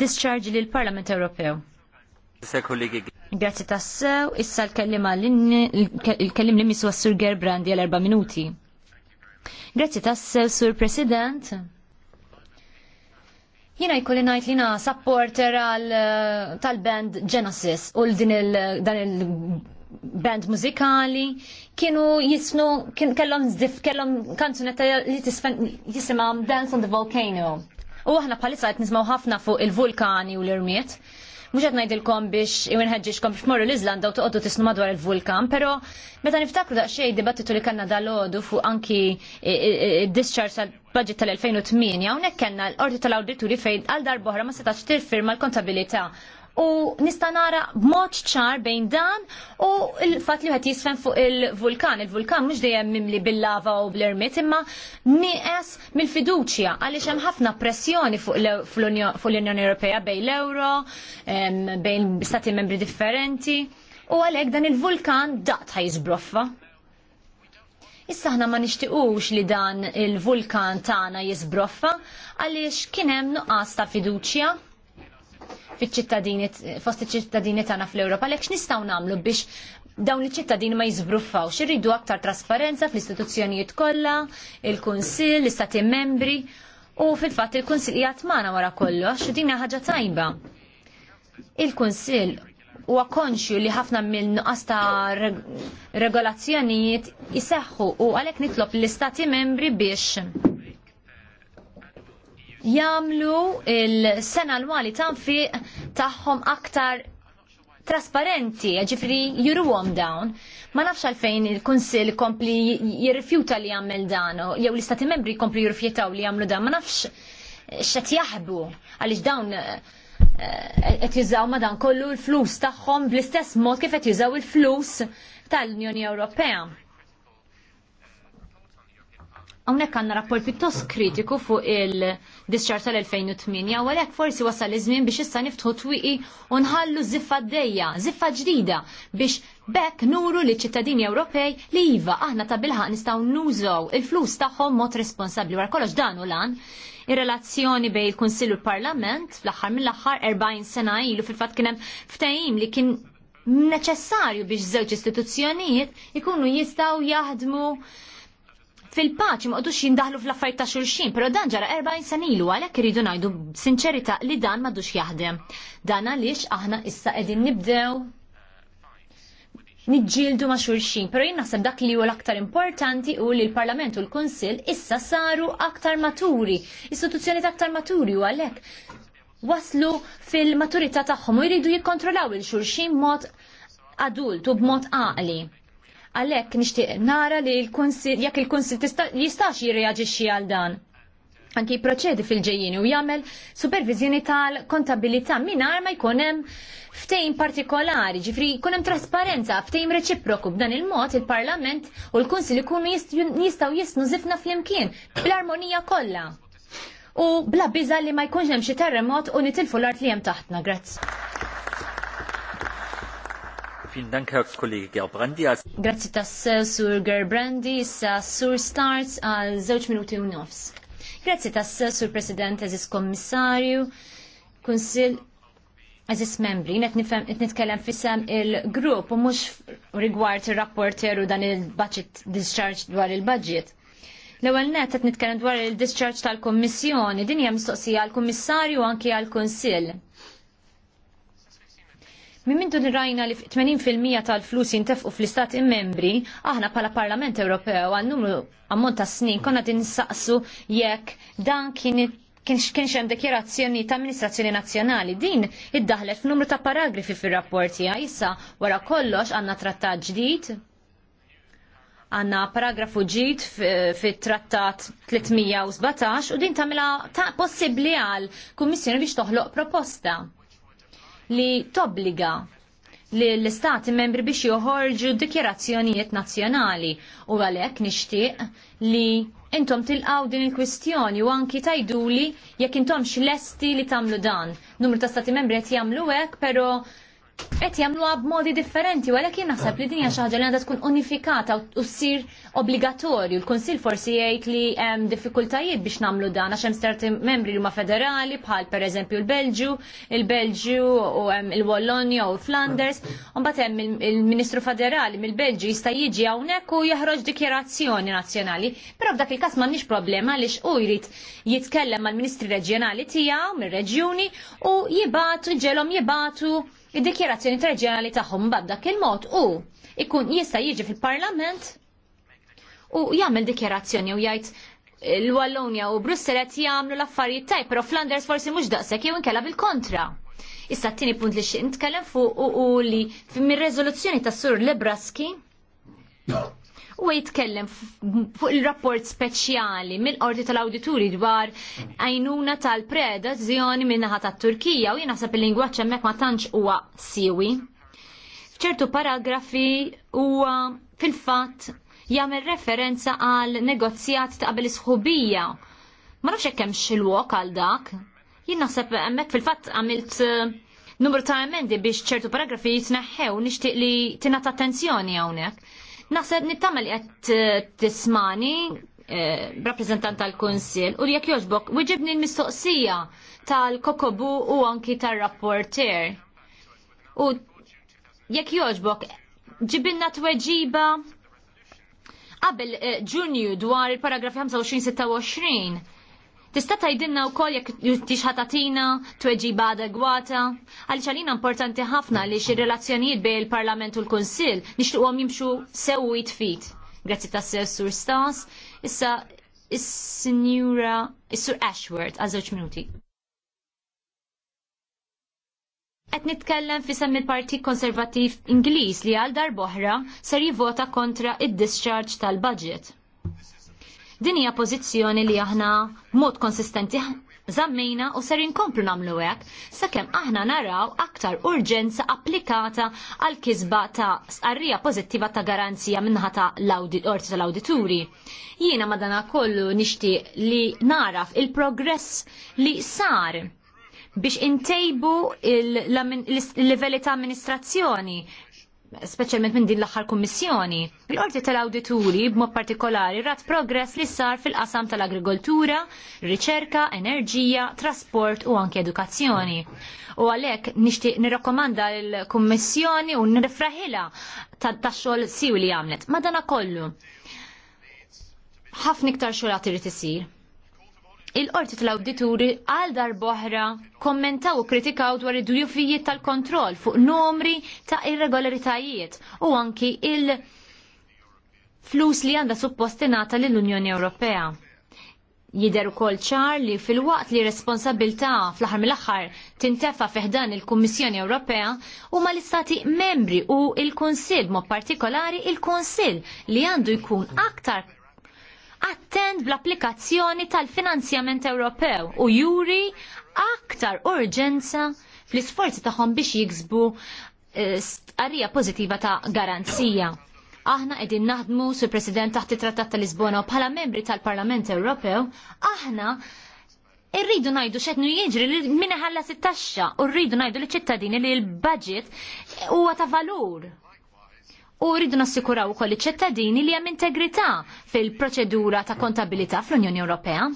discharge lill parlament Ewropew. Grazzi tassew, issa l-kellim l-kellim li miswa Sur Gerbrandi għal erba' minuti. Grazzi tassew, Sur President. Jina jkolli najt lina na supporter eh, tal-band Genesis u din il-dan il-band mużikali kienu jisnu kellom kellhom zdif kellhom kanzunetta li jisimam Dance on the Volcano. U aħna bħalissa nismaw ħafna fuq il-vulkani u l-irmiet. Mhux qed ngħidilkom biex iwinħeġġixkom biex morru l-Iżlanda u toqgħodu tisnu madwar il-vulkan, però meta niftakru daqsxejn dibattitu li kellna dal fuq anki e, e, e, discharge tal-budget tal-2008, hawnhekk kellna l-qorti tal-awdituri fejn għal darbohra ma setax tirfirma l-kontabilità u nista' nara b'mod ċar bejn dan u l-fatt li qed jisfen fuq il-vulkan. Il-vulkan mhux dejjem mimli bil-lava u bl-ermit imma nieqes mill-fiduċja għaliex hemm ħafna pressjoni fuq l-Unjoni Ewropea bejn l-euro, bejn stati membri differenti u għalhekk dan il-vulkan daqt ħajżbroffa. Issa ħna ma nixtiequx li dan il-vulkan tagħna jisbroffa għaliex kien hemm nuqqas ta' fiduċja fiċ-ċittadini fost iċ-ċittadini tagħna fl-Ewropa għalhekk x'nistgħu nagħmlu biex dawn iċ-ċittadini ma jiżbruffaw x'irridu aktar trasparenza fl-istituzzjonijiet kollha, il-Kunsill, l-Istati membri u fil-fatt il-Kunsill qiegħed magħna wara kollu għax din ħaġa tajba. Il-Kunsill huwa konxju li ħafna minn nuqqas ta' regolazzjonijiet iseħħu u għalhekk nitlob l-istati membri biex Jamlu il-sena l-wali fi tagħhom aktar trasparenti, ġifri juruhom dawn. Ma nafx għalfejn il-Kunsill kompli jirrifjuta li jagħmel dan, jew l-Istati Membri kompli jirrifjutaw li jagħmlu dan, ma nafx x'qed jahbu għaliex dawn eh, qed jużaw ma dan kollu l-flus tagħhom bl-istess mod kif qed jużaw il-flus tal-Unjoni Ewropea. Hawnhekk għandna rapport pjuttost kritiku fuq il-disċar tal-2008, u għalhekk forsi wasal iż-żmien biex issa niftħu twiqi u nħallu ziffa d-dejja, ziffa ġdida biex bekk nuru li ċittadini Ewropej li iva aħna ta' bilħan nistgħu nużaw il-flus tagħhom mod responsabbli wara kollox dan u lan. Ir-relazzjoni bejn il-Kunsill u l-Parlament fl-aħħar mill-aħħar 40 sena ilu fil-fatt kien hemm ftehim li kien neċessarju biex żewġ istituzzjonijiet ikunu jistgħu jaħdmu fil-paċi ma qdux jindaħlu fl-affarijiet ta' xulxin, però dan ġara 40 sen ilu għalhekk iridu ngħidu b'sinċerità li dan m'għadux jaħdem. Dan għaliex aħna issa qegħdin nibdew niġġieldu ma' xulxin, però jien naħseb dak li huwa l-aktar importanti u li l-Parlament u l-Kunsill issa saru aktar maturi, istituzzjoni aktar maturi u għalhekk waslu fil-maturità tagħhom u jridu jikkontrollaw il-xulxin mod adult u b'mod għaqli. Għalhekk nixtieq nara li l konsil jekk il konsil jistax jirreaġixxi għal dan anki proċedi fil-ġejjini u jagħmel supervizjoni tal-kontabilità mingħajr ma jkun hemm ftejn partikolari, ġifri jkun hemm trasparenza, ftejn reċiproku b'dan il-mod il-Parlament u l konsil jkunu jistgħu jisnu zifna flimkien bl-armonija kollha. U bla biża li ma jkunx hemm xi terremot u nitilfu l-art li hemm taħtna, grazzi. Grazzi tassew sur Gerbrandi, issa sur Starts għal żewġ minuti u nofs. Grazzi tassew sur President, eżis Kommissarju, Kunsil, eżis Membri, net nitkellem fissam il-grupp u mux rigward il u dan il-budget discharge dwar il-budget. L-ewwel net qed nitkellem dwar il-discharge tal-Kummissjoni, din hija mistoqsija għall-Kummissarju anki għall-Kunsill. Min dun rajna li 80% tal-flus jintefqu fl-istat immembri, aħna pala Parlament Ewropew għal numru ammont ta' snin konna din tinsaqsu jekk dan kien kien xem dekjerazzjoni ta' amministrazzjoni nazzjonali din id-daħlet f'numru ta' paragrafi fir-rapporti issa wara kollox għandna trattat ġdid għanna paragrafu ġid fit-trattat 317 u din tamila ta' possibli għal kummissjoni biex toħloq proposta li tobbliga li l-istati membri biex joħorġu dikjerazzjonijiet nazzjonali u għalhekk nixtieq li intom tilqaw din il-kwistjoni u anki tajduli jekk intom lesti li tagħmlu dan. Numru ta' stati membri qed jagħmlu hekk, pero qed jagħmluha b'modi differenti, għalhekk jien naħseb li din hija xi ħaġa li għandha tkun unifikata u ssir obbligatorju. Il-Kunsill forsi jgħid li hemm diffikultajiet biex nagħmlu dan għax hemm certi membri li huma federali bħal pereżempju l-Belġju, il-Belġju u hemm il-Wallonja u Flanders, u mbagħad hemm il-Ministru Federali mill-Belġju jista' jiġi hawnhekk u jeħroġ dikjerazzjoni nazzjonali. Però f'dak il-każ m'għandniex problema għaliex hu jrid jitkellem mal-Ministri Reġjonali tiegħu mir-reġjuni u jibatu ġelhom jibatu id-dikjerazzjoni reġjonali tagħhom b'dak il-mod u ikun jista' jiġi fil-Parlament u jagħmel dikjerazzjoni u jgħid l-Wallonja u Brussel qed jagħmlu l-affarijiet tajb, però Flanders forsi mhux daqshekk jew inkella bil-kontra. Issa t-tieni punt li xi nitkellem fuq u li mir-reżoluzzjoni tas Sur Lebraski u jitkellem fuq il-rapport speċjali mill-qorti tal-awdituri dwar għajnuna tal-preda zjoni minnaħa tat turkija u jinaħseb il-lingwaċ hemmhekk ma tantx huwa siwi. F'ċertu paragrafi huwa fil-fatt jagħmel referenza għal negozjat ta' qabel isħubija. Ma nafx hekk hemm xilwok għal dak. Jien naħseb hemmhekk fil-fatt għamilt uh, numru ta' emendi biex ċertu paragrafi jitneħħew nixtieq li tingħata attenzjoni hawnhekk Naħseb nittamel qed eh, tismani eh, rappresentant tal-Kunsil u jekk joġbok wieġibni l-mistoqsija tal-Kokobu u anki tal-rapporter. U jekk joġbok ġibinna tweġiba qabel eh, ġunju dwar il-paragrafi 25-26 Tista' tgħidilna wkoll jekk tixħatatina tweġiba adegwata għaliex għalina importanti ħafna li xir-relazzjonijiet bejn il-Parlament u l-Kunsill nixtieqhom jimxu sewu jitfit. Grazzi tas-sew Sur Stas. Issa is-Sinjura is-Sur Ashworth għal żewġ minuti. Qed nitkellem fi semmi partit konservativ Ingliż li għal darboħra ser jivvota kontra id-discharge tal-budget. Din hija pożizzjoni li aħna mod konsistenti żammejna u ser inkomplu nagħmlu hekk sakemm aħna naraw aktar urġenza applikata għal kisba ta' sqarrija pożittiva ta' garanzija minnaħa ta' l awdit tal-awdituri. Jiena madana kollu nixtieq li naraf il-progress li sar biex intejbu il-livelli ta' amministrazzjoni speċjalment minn din l-aħħar kummissjoni. l qorti tal-awdituri b'mod partikolari rat progress li sar fil-qasam tal-agrikoltura, riċerka, enerġija, trasport u anke edukazzjoni. U għalhekk nixtieq nirrakomanda l-Kummissjoni u nirfraħilha tax-xogħol siw li għamlet. Madana kollu, ħafna iktar xogħol għad irid isir il-qorti tal-awdituri għal darboħra kommentaw u kritikaw dwar id-dujufijiet tal-kontroll fuq numri ta' irregolaritajiet u anki il-flus li għanda suppostinata l-Unjoni Ewropea. Jider ukoll ċar li fil-waqt li responsabilta fl-aħħar mill-aħħar tintefa' fiħdan il-Kummissjoni Ewropea u ma l-Istati membri u il-Kunsill mod partikolari il-Kunsill li għandu jkun aktar Attend bl-applikazzjoni tal-finanzjament Ewropew u juri aktar urġenza fl-isforzi tagħhom biex jiksbu eh, stqarrija pożittiva ta' garanzija. Aħna qegħdin naħdmu sur President taħt it-Trattat tal Lisbona u bħala membri tal-Parlament Ewropew, aħna irridu najdu xetnu jiġri li minna ħalla taxxa u rridu najdu li ċittadini li l-budget huwa ta' valur u rridu nassikuraw ukoll iċ-ċittadini li hemm integrità fil-proċedura ta' kontabilità fl-Unjoni Ewropea.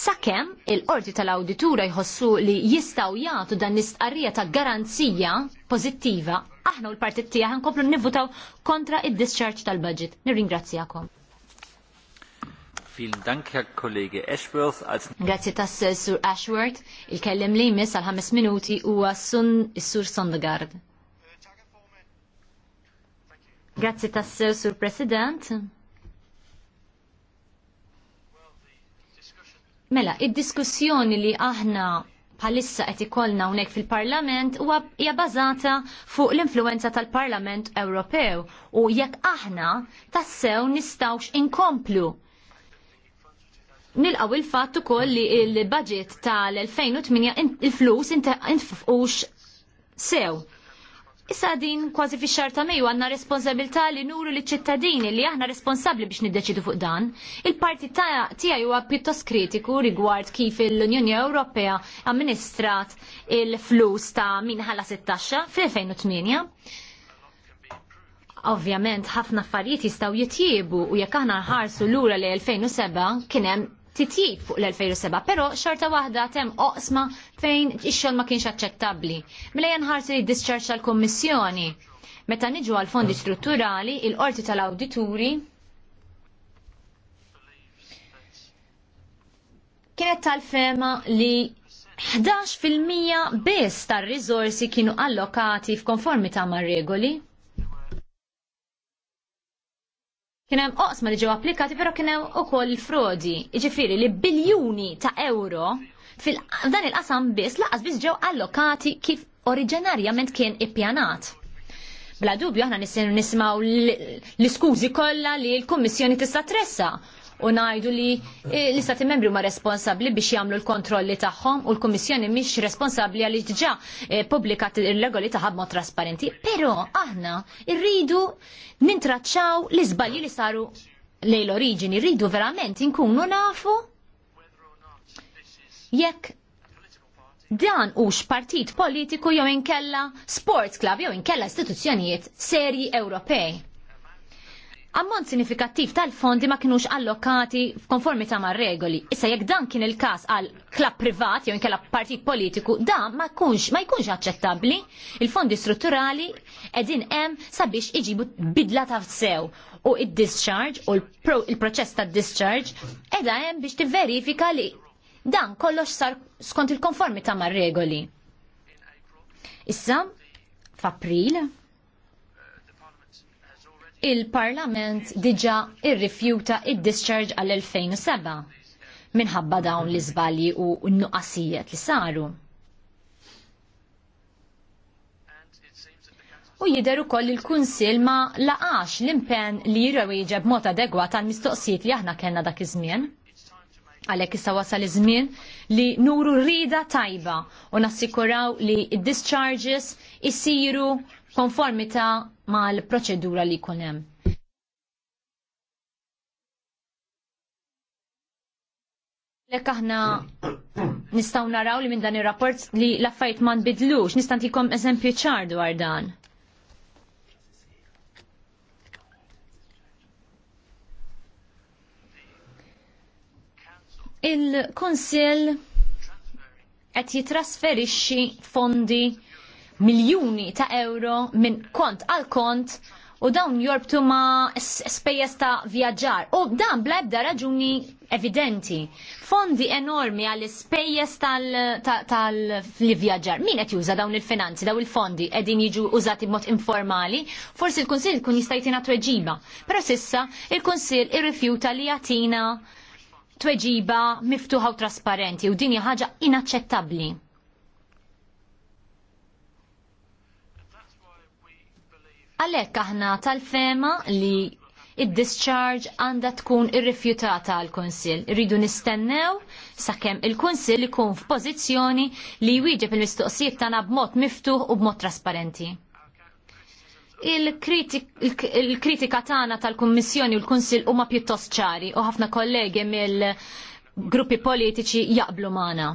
Sakemm il-qorti tal-awditura jħossu li jistgħu jagħtu dan l-istqarrija ta' garanzija pożittiva, aħna u l-partit tiegħek nkomplu nivvutaw kontra id-discharge tal-budget. Nirringrazzjakom. Grazie tasse, Sir Ashworth, il-kellem li jmiss għal ħames minuti huwa għassun, Sur Sondegard. Grazzi tassew, Sur President. Mela, id-diskussjoni li aħna bħalissa qed ikollna hawnhekk fil-Parlament huwa hija bażata fuq l-influenza tal-Parlament Ewropew u jekk aħna tassew nistgħux inkomplu Nilqaw il-fatt ukoll li l-budget tal-2008 il-flus intfqux sew Issa din kważi fi xar ta' meju għanna responsabilità li nuru li ċittadini li aħna responsabli biex niddeċidu fuq dan. Il-parti tiegħi huwa pjuttost kritiku rigward kif l-Unjoni Ewropea amministrat il-flus ta' min ħalla 16 fil-2008. Ovvjament ħafna affarijiet jistgħu jitjiebu u jekk aħna nħarsu lura li 2007 kien hemm titjib fuq l-2007, pero xorta waħda tem oqsma fejn ix-xogħol ma kienx aċċettabbli. Mela jenħarsi li discharge tal-Kommissjoni. Meta niġu għal fondi strutturali, il-qorti tal-awdituri kienet tal-fema li 11% biss tar-riżorsi kienu allokati f'konformità mar regoli Kien hemm oqsma li ġew applikati, però kien hemm ukoll frodi. Jiġifieri li biljuni ta' euro fil-dan il-qasam biss laqas biss ġew allokati kif oriġinarjament kien ippjanat. Bla dubju aħna nisimgħu l-iskużi kollha li l-Kummissjoni tista' tressa u ngħidu li eh, l-istati membri huma responsabbli biex jagħmlu l-kontrolli tagħhom u l-Kummissjoni mhix responsabbli għalli diġà eh, pubblikat ir-regoli tagħha b'mod trasparenti. Però aħna rridu nintraċċaw l-iżbalji li saru lejn l-oriġini, rridu verament inkunu nafu jekk dan hux partit politiku jew inkella sports club jew inkella istituzzjonijiet serji Ewropej ammont sinifikattiv tal-fondi ma kienux allokati ta' ma' regoli. Issa jekk dan kien il-każ għal klab privat jew inkella partit politiku, dan ma jkunx ma jkunx aċċettabbli. Il-fondi strutturali edin hemm sabiex iġibu bidla ta' sew u id-discharge u l-proċess ta' discharge edha hemm biex tivverifika li dan kollox sar skont il-konformità ma' regoli. Issa, f'April, il-Parlament diġa irrifjuta id-discharge għal-2007 minħabba dawn l-iżbalji u n-nuqqasijiet li saru. U jideru koll il-Kunsil ma laqax l-impen li jirweġa mod adegwat għal mistoqsijiet li aħna kellna dak iż-żmien. Għalhekk issa wasal iż-żmien li nuru rida tajba u nassikuraw li d-discharges isiru konformita mal-proċedura li kunem. Lekka aħna nistaw naraw li minn dan ir-rapport li l man ma nbidlux, nista' eżempju ċar dwar dan. Il-Konsil qed jitrasferixxi fondi miljuni ta' euro minn kont għal kont u dawn jorbtu ma' spejjeż ta' vjaġġar. U dan bl-ebda raġuni evidenti. Fondi enormi għall spejjeż tal-vjaġġar. Min qed juża dawn il-finanzi, dawn il-fondi qegħdin jiġu użati b'mod informali, forsi l-Kunsill kun jista' jtina tweġiba. Però sissa il-Kunsill irrifjuta li jagħtina tweġiba miftuħa u trasparenti u din hija ħaġa inaċċettabbli. Għalhekk aħna tal-fema li id-discharge għandha tkun irrifjutata għal konsil Rridu nistennew sakemm il-Kunsill ikun f'pożizzjoni li jwieġeb il-mistoqsijiet tagħna b'mod miftuħ u b'mod trasparenti. Il-kritika tagħna tal-Kummissjoni u l-Kunsill huma pjuttost ċari u ħafna kollegi mill-gruppi politiċi jaqblu magħna.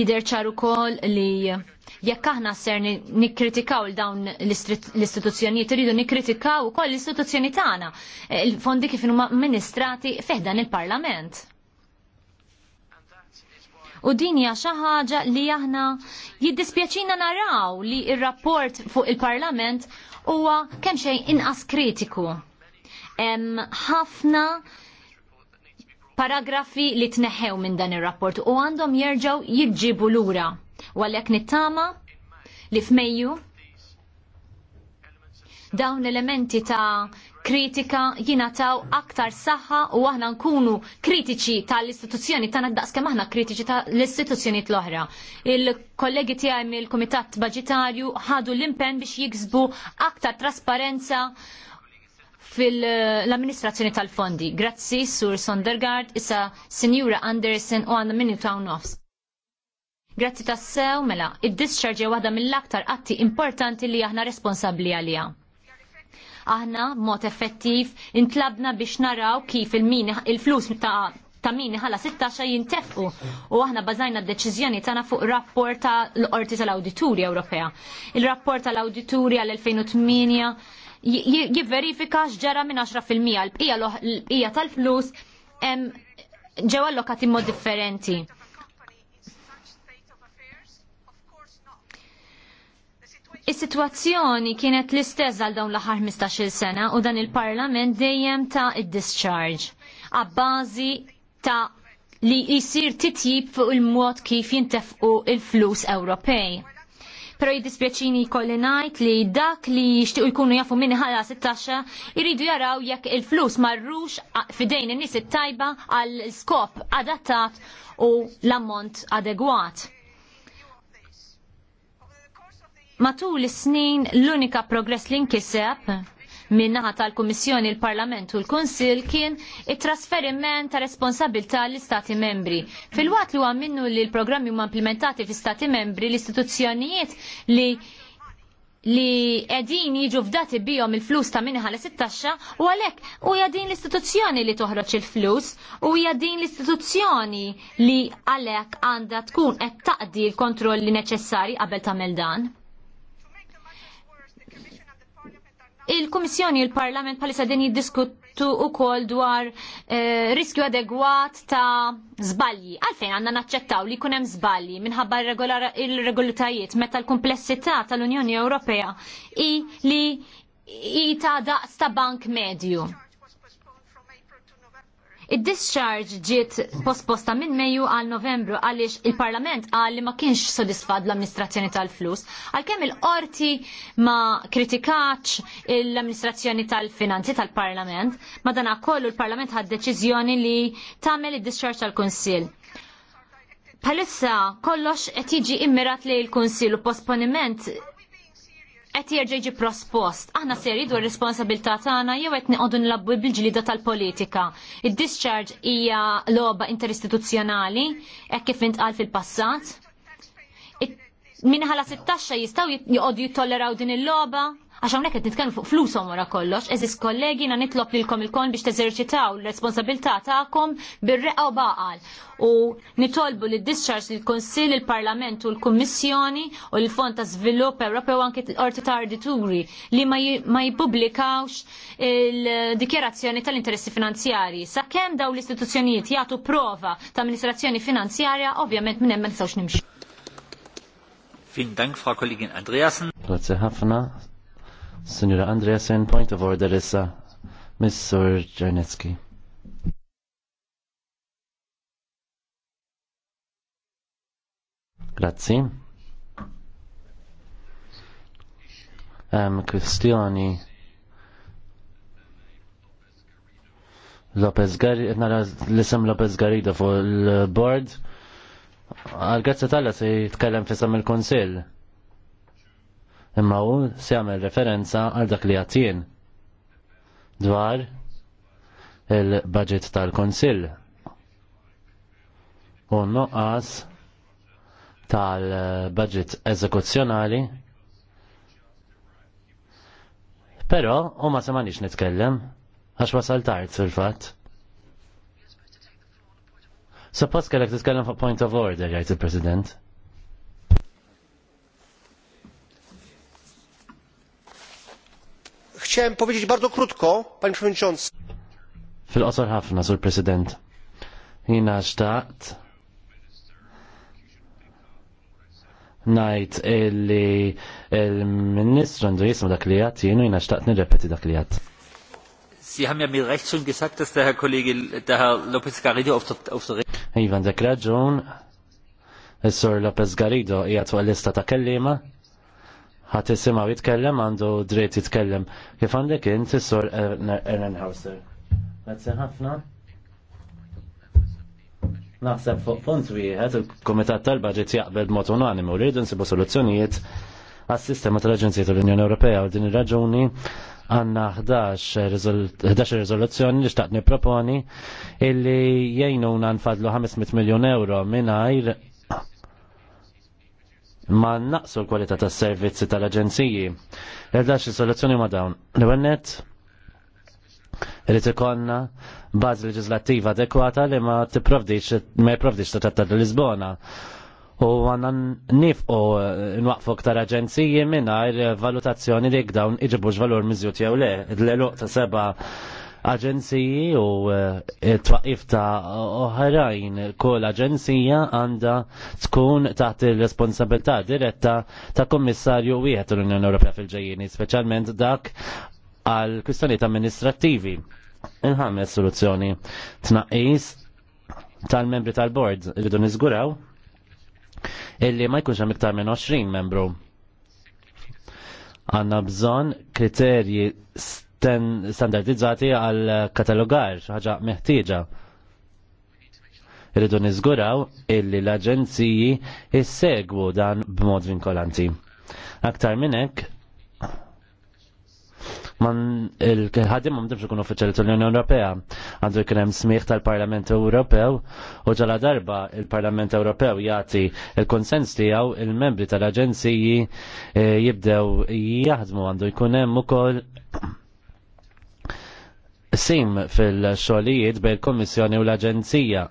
Jider ċar ukoll li Jekk aħna ser nikkritikaw il dawn l-istituzzjonijiet iridu nikkritikaw ukoll l-istituzzjoni tagħna eh, il-fondi kif huma amministrati dan il-Parlament. U din hija xi ħaġa li aħna jiddispjaċina naraw li ir-rapport fuq il-Parlament huwa kemm xejn inqas kritiku. Hemm ħafna paragrafi li tneħħew minn dan ir-rapport u għandhom jerġgħu jiġġibu lura. U għalhekk nittama li f'Mejju dawn l-elementi ta' kritika jingħataw aktar saħħa u aħna nkunu kritiċi tal-istituzzjoni tagħna kemm aħna kritiċi tal-istituzzjoni l-oħra. Il-kollegi tiegħi mill-Kumitat Baġitarju ħadu l-impenn biex jiksbu aktar trasparenza fil-amministrazzjoni tal-fondi. Grazzi, Sur Sondergaard, issa Sinjura Anderson u għandna minnu ta' Grazzi tassew, mela, id-discharge waħda mill-aktar atti importanti li aħna responsabli għalija. Aħna, mod effettiv, intlabna biex naraw kif il il-flus ta' ta' ħala 16 jintefqu u aħna bażajna d-deċiżjoni tagħna fuq rapport ta' l-Qorti tal auditurja Ewropea. Il-rapport tal auditurja l-2008 jivverifika x'ġara minn 10% l-bqija tal-flus l allokati mod differenti Is-sitwazzjoni kienet l-istess għal dawn l-aħħar 15-il sena u dan il-Parlament dejjem ta' id-discharge għabbażi ta' li jisir titjib fuq il-mod kif jintefqu il-flus Ewropej. Pero jiddispjaċini kolli najt li dak li jishtiqu jkunu jafu minni ħala 16 jiridu jaraw jekk il-flus marrux fidejn in-nies it-tajba għal skop adattat u l-ammont adegwat. Matul is-snin l-unika progress li nkiseb minnaħa tal-Kummissjoni, il-Parlament u l-Kunsil kien it-trasferiment ta' responsabilità l-Istati membri. Fil-wat li huwa minnu li l-programmi huma implementati fi Stati membri l-istituzzjonijiet li li edin jiġu fdati bijom il-flus ta' minni l it-taxxa u għalek u jadin l-istituzzjoni li toħroġ il-flus u jadin l-istituzzjoni li għalek għanda tkun qed taqdi l-kontrolli neċessari qabel tagħmel dan. Il-Kummissjoni il-Parlament palissa din jiddiskutu kol dwar eh, riskju adegwat ta' zbalji. Għalfejn għandna naċċettaw li jkun hemm żbalji minħabba il-regolitajiet meta l-komplessità tal-Unjoni Ewropea i li i ta' daqs ta' bank medju Id-discharge ġiet posposta minn Mejju għal Novembru għaliex il-Parlament għal li ma kienx sodisfad l-amministrazzjoni tal-flus, għalkemm il-qorti ma kritikax l-amministrazzjoni tal-finanzi tal-Parlament, ma dana kollu l-Parlament għad deċiżjoni li tagħmel id-discharge tal konsil Palissa kollox qed jiġi immirat li l-Kunsill u posponiment qed jerġa' prospost. Aħna ser jidu r-responsabilità tagħna jew qed niqogħdu nlabbu bil-ġlida tal-politika. Id-discharge hija logħba interistituzzjonali hekk kif intqal fil-passat. Minħala 16 jistgħu joqogħdu jittolleraw din il-logħba Għax hawnhekk qed nitkellmu fuq flushom wara kollox, eżis kollegi na nitlob lilkom il-kon biex teżerċitaw l-responsabilità tagħkom bir-reqa u baqal. U nitolbu li discharge lill konsil il-Parlament u l-Kummissjoni u l-Fond ta' Żvilupp Ewropew anke l-Qorti ta' Ardituri li ma jippubblikawx il-dikjerazzjoni tal-interessi finanzjarji. Sakemm daw l-istituzzjonijiet jagħtu prova ta' amministrazzjoni finanzjarja, ovvjament minn hemm ma nistgħux nimxu. Vielen Dank, Frau Kollegin Andreasen. Grazie ħafna, Signora Andreasen, point of order issa. Missur Czernecki. Grazzi. Um, kwestjoni Lopez Garrido, nara l-isem Lopez Garrido fuq il-board. Għal-gazza talla se jitkellem fissam il-konsil imma u se jagħmel referenza għal dak li għatien dwar il-budget tal konsil u noqqas tal-budget eżekuzzjonali Pero, u ma semanix nitkellem, għax wasal tard fil-fat. Suppost kellek titkellem fuq point of order, jgħid il-President. Chciałem powiedzieć bardzo krótko, panie przewodniczący. Fil-qosor ħafna, sur president. Jina xtaqt najt illi il-ministru għandu jismu dak li għat, jienu jina xtaqt nirrepeti dak li għat. Sie haben ja mir recht schon gesagt, dass der Herr Kollege, der Herr López Garrido auf der, auf der Ivan, dak raġun, il-sur Lopez Garrido jgħat u l-lista ta' kellima, ħat isimaw jitkellem għandu dritt jitkellem. Kif għandek inti sur Hauser. Għadse ħafna? Naħseb fuq punt wieħed il-Kumitat tal-Baġit jaqbel b'mod unanimu li rridu nsibu soluzzjonijiet għas-sistema tal-Aġenzija tal-Unjoni Ewropea u din ir-raġuni għanna 11 riżoluzzjoni li xtaqt proponi illi jgħinuna nfadlu 500 miljon euro mingħajr ma naqsu l-kwalità tas servizzi tal-aġenziji. Edda xi soluzzjoni ma dawn. l wennet Irid ikonna bażi leġislattiva adekwata li ma tipprovdix ma jipprovdix ta' l-Lisbona. U għanna nifqu nwaqfu ktar aġenziji minna valutazzjoni li għdawn iġibux valur mizjut jew le. Id-leluq ta' seba' aġenziji u eh, twaqif ta' oħrajn kull aġenzija għanda tkun taħt il-responsabilità diretta ta' kommissarju wieħed l-Unjoni Ewropea fil-ġejjini, speċjalment dak għal kwistjonijiet amministrattivi. Inħames soluzzjoni tnaqqis tal-membri tal-bord rridu niżguraw illi ma jkunx hemm iktar minn 20 membru. Għandna bżonn kriterji standardizzati għal katalogar, ħaġa meħtieġa. Irridu niżguraw illi l-aġenziji jissegwu dan b'mod vinkolanti. Aktar minn hekk, man il ħaddim ma mdibx ikun uffiċjali tal-Unjoni Ewropea. Għandu jkun hemm smieħ tal-Parlament Ewropew u ġala darba il-Parlament Ewropew jagħti il-konsens tiegħu il-membri tal-aġenziji eh, jibdew jaħdmu għandu jkun hemm ukoll sim fil-xogħlijiet il kummissjoni u l-Aġenzija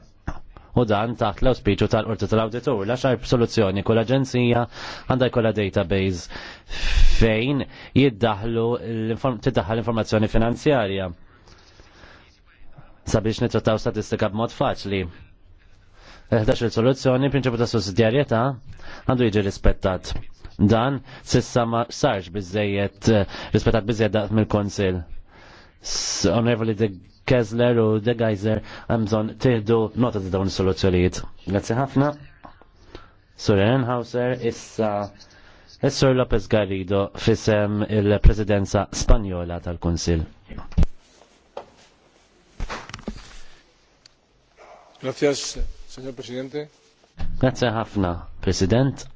u dan taħt l-auspiċu tal-qorti tal auditur La xar soluzzjoni kull aġenzija għandha jkollha database fejn jiddaħlu tiddaħħal informazzjoni finanzjarja. Sabiex nitrattaw statistika b'mod faċli. Eħdax il-soluzzjoni prinċipu ta' sussidjarjetà għandu jiġi rispettat. Dan sissa ma sarx biżejjed eh, rispettat biżejjed mill-Konsil Onorevoli de Kessler u the Geyser għamżon tiħdu nota ta' dawn is-soluzzjonijiet. Grazzi ħafna. Sur Enhauser issa Sur Lopez Garrido fisem il-Presidenza Spanjola tal konsil Grazie, signor Presidente. Grazie ħafna, President.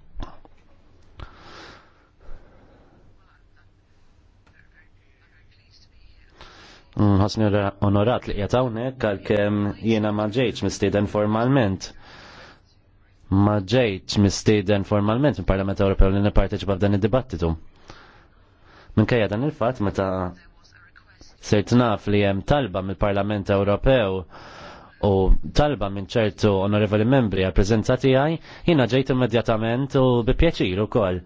Nħosni mm, onorat li qiegħed hawnhekk għalkemm jiena ma ġejtx mistieden formalment. Ma mistiden formalment minn parlament Ewropew li nipparteċipa f'dan id-dibattitu. Minkejja dan il-fatt meta sirt naf li hemm talba mill-Parlament Ewropew u talba minn ċertu onorevoli membri għal-prezentati għaj, jena ġejt immedjatament u bi pjaċir u koll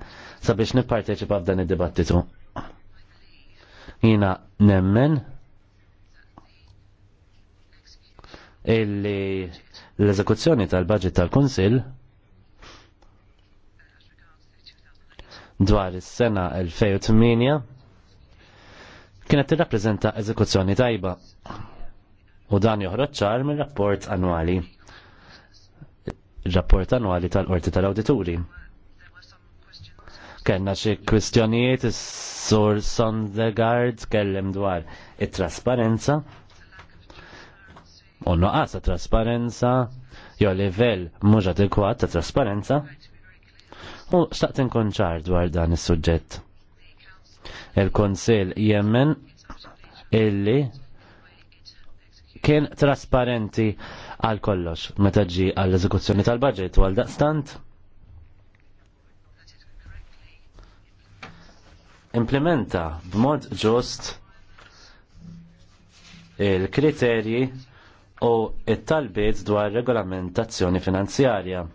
sabiex nipparteċipa f'dan id-dibattitu. Jena nemmen illi l-eżekuzzjoni tal-budget tal-Kunsill dwar is-sena 2008 kienet tirrappreżenta eżekuzzjoni tajba u dan joħroġ ċar mir-rapport annwali il-rapport annwali tal-Qorti tal-Awdituri. Kenna xi kwistjonijiet is-Sur Sondegard kellem dwar it-trasparenza u noqas ta' trasparenza jew livell mhux adekwat ta' trasparenza. U xtaqt inkun ċar dwar dan is-suġġett. Il-Konsil jemmen illi kien trasparenti għal kollox meta ġi għall eżekuzzjoni tal-budget u għal daqstant. Implementa b'mod ġust il-kriterji u it-talbiet dwar regolamentazzjoni finanzjarja.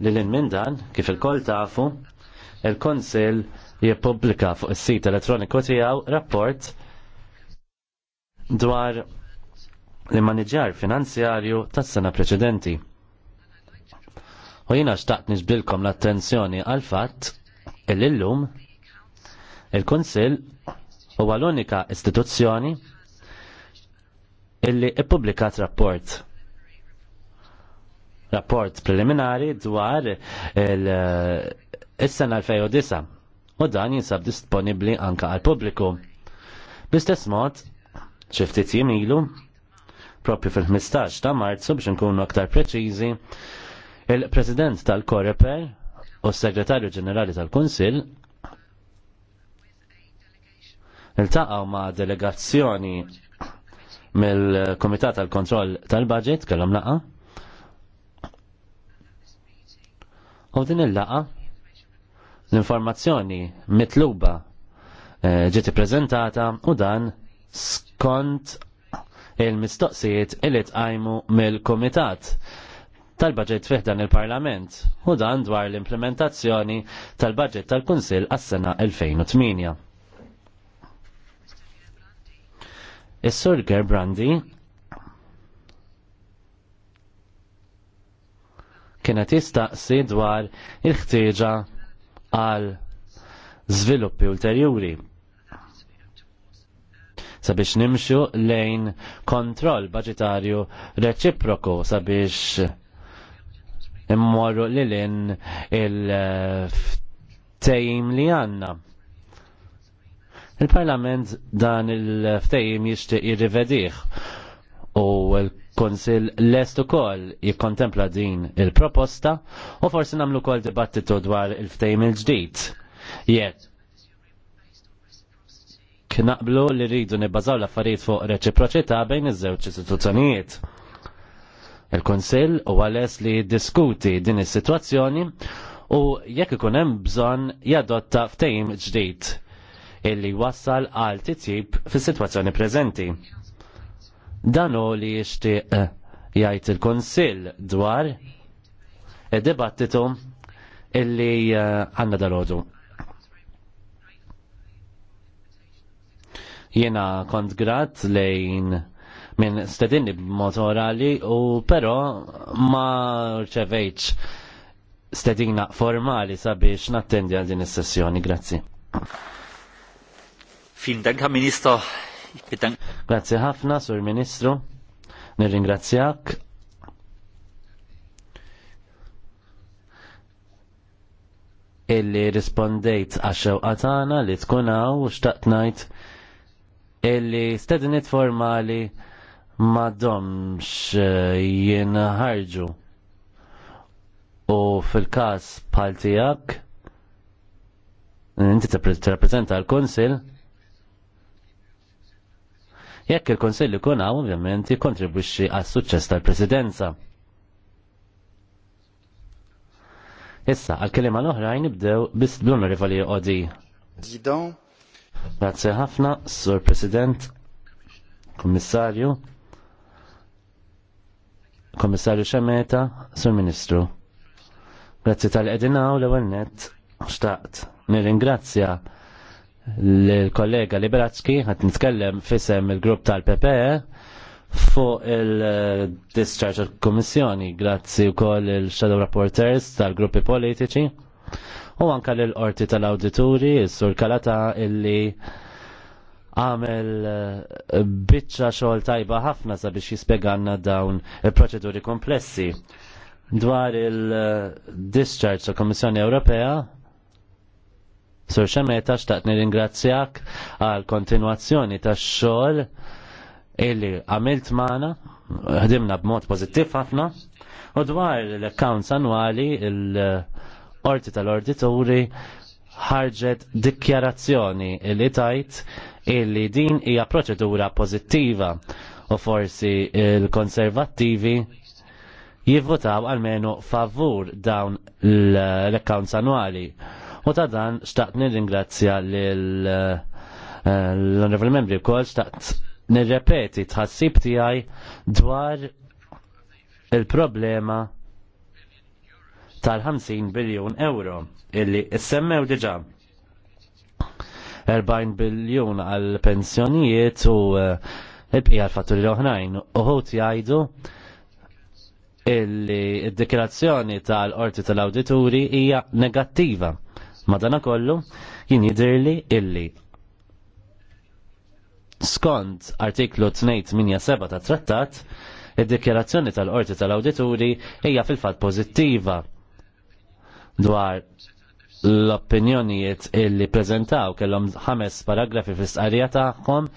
Lilin minn dan, kif il koll tafu, il-Konsil jippubblika fuq is-sit elettroniku tiegħu rapport dwar l-maniġjar finanzjarju tas-sena preċedenti. U jiena xtaqt nixbilkom l-attenzjoni għal fatt il-lum il-Konsil huwa l-unika istituzzjoni illi ippubblikat rapport rapport preliminari dwar il-sena l 2009 u dan jinsab disponibli anka għal pubbliku. Bistess mod, xiftit jimilu, propju fil-15 ta' marzu biex nkunu aktar preċiżi, il-President tal-Koreper u s-Segretarju Ġenerali tal-Kunsil il-taqaw ma' delegazzjoni mill-Komitat tal-Kontroll tal-Budget, kellhom laqa. U din il-laqa l-informazzjoni mitluba eh, ġiet ippreżentata u dan skont il-mistoqsijiet illi tqajmu mill-Komitat tal-budget fih dan il-Parlament u dan dwar l-implementazzjoni tal-budget tal-Kunsill għas-sena 2008. Is-Sur Gerbrandi kienet jistaqsi dwar il-ħtieġa għal żviluppi ulterjuri sabiex nimxu lejn kontroll budgetarju reċiproku sabiex immorru li l-in il-tejm li għanna. Il-Parlament dan il-ftejim jixtieq jirrivedih u l-Konsil lest ukoll jikkontempla din il-proposta u forsi nagħmlu wkoll dibattitu dwar il-ftejim il-ġdid. Jiet, naqblu li rridu nibbażaw l-affarijiet fuq reċiproċità bejn iż-żewġ istituzzjonijiet. Il-Kunsill huwa les li diskuti din is-sitwazzjoni u jekk ikun hemm bżonn jadotta ftehim ġdid illi wassal għal titjib fis situazzjoni preżenti. Dan u li jixtieq eh, jgħid il konsil dwar id-dibattitu illi eh, għandna dal-ħodu. Jena kont grat lejn minn stedinni b'mod orali u però ma rċevejċ stedina formali sabiex nattendi għal din is-sessjoni. Grazzi. Fin ministro. Grazie ħafna, sur ministru. Nirringrazzjak. Illi rispondejt għaxew għatana li tkunaw u xtaqt najt illi stednit formali ma domx jenħarġu. U fil-kas pal tijak, inti t reprezenta l-konsil, Jekk il-Konsilli kun hawn ovvjament jikkontribwixxi għas-suċċess tal-Presidenza. Issa, għal-kelima l-oħrajn nibdew bis bl-onorevoli Odi. Grazie ħafna, Sur President, Kommissarju, Kommissarju Xemeta, Sur Ministru. Grazie tal-edinaw l-ewel net, xtaqt. Nirringrazzja l-kollega Liberatski għat nitkellem fisem il-grupp tal-PPE fuq il-discharge tal-Kommissjoni grazzi u koll il-Shadow Rapporters tal-gruppi politiċi u anka l-orti tal-auditori, il-sur Kalata illi għamel eh, bitċa xogħol tajba ħafna sabiex jispjeganna dawn il-proċeduri komplessi dwar il-discharge eh, tal-Kommissjoni Ewropea Sur xemeta xtaqt nir-ingrazzjak għal kontinuazzjoni ta' xol illi għamilt maħna, ħdimna b'mod pozittif ħafna, u dwar l-accounts annuali l-orti tal-ordituri ħarġet dikjarazzjoni illi tajt illi din hija proċedura pozittiva u forsi il-konservattivi jivvotaw għalmenu favur dawn l-accounts annuali. U ta' dan xtaqt nirringrazzja eh, l-onorevoli membri wkoll nir nirrepeti tħassib tiegħi dwar il-problema tal-50 biljun euro illi s-semmew diġa 40 biljun għal pensjonijiet u eh, il-bqija l-fatturi l-oħrajn uħut jgħidu illi id-dikirazzjoni tal-orti tal-awdituri hija negattiva. Madana kollu, jien jidirli illi skont artiklu 287 ta' trattat, id-dikjerazzjoni tal-qorti tal-awdituri hija fil-fat pozittiva dwar l-opinjonijiet illi prezentaw kellhom ħames paragrafi fl sqarija tagħhom,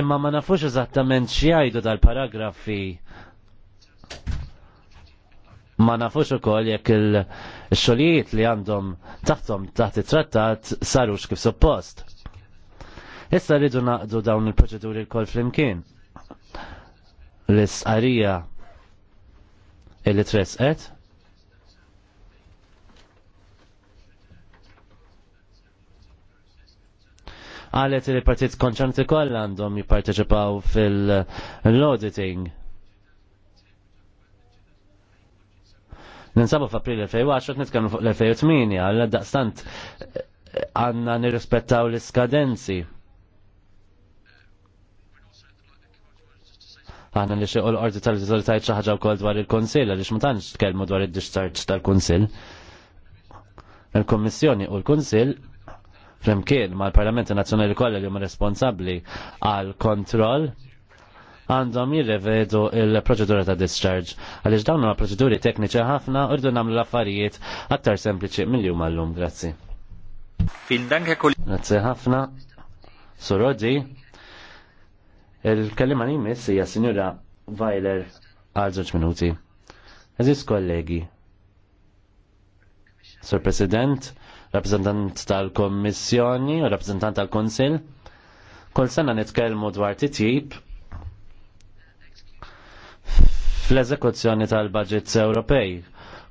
imma ma nafux eżattament x'jgħidu tal-paragrafi ma nafux ukoll jekk il- Ix-xogħlijiet li għandhom taħtom taħt it-trattat sarux kif suppost. Issa rridu naqdu dawn il-proċeduri l-kol flimkien. L-isqarija illi tresqet għalet il-partit konċanti koll għandhom jipparteċipaw fil-auditing Ninsabu f'April 2010, nitkellmu fuq l-2008, għalla daqstant għanna nirrispettaw l-iskadenzi. Għanna li xieqol l-ordi tal-rizultajt xaħġa u kol dwar il-konsil, għalix mutanx tkellmu dwar il-discharge tal-konsil. Il-Kommissjoni u l-Konsil flimkien ma l-Parlamenti Nazzjonali kollha li huma responsabbli għal kontroll għandhom jirrevedu il-proċedura ta' discharge għaliex dawn huma proċeduri tekniċi ħafna u namlu nagħmlu l-affarijiet aktar sempliċi mill-jum għallum. Grazzi. Grazzi ħafna. Sorodi, il-kellima li hija Signora Vajler għal żewġ minuti. Eżis kollegi. Sur President, rappresentant tal-Kommissjoni u rappresentant tal-Konsil, kol sena nitkellmu dwar titjib fl-eżekuzzjoni tal-budgets Ewropej.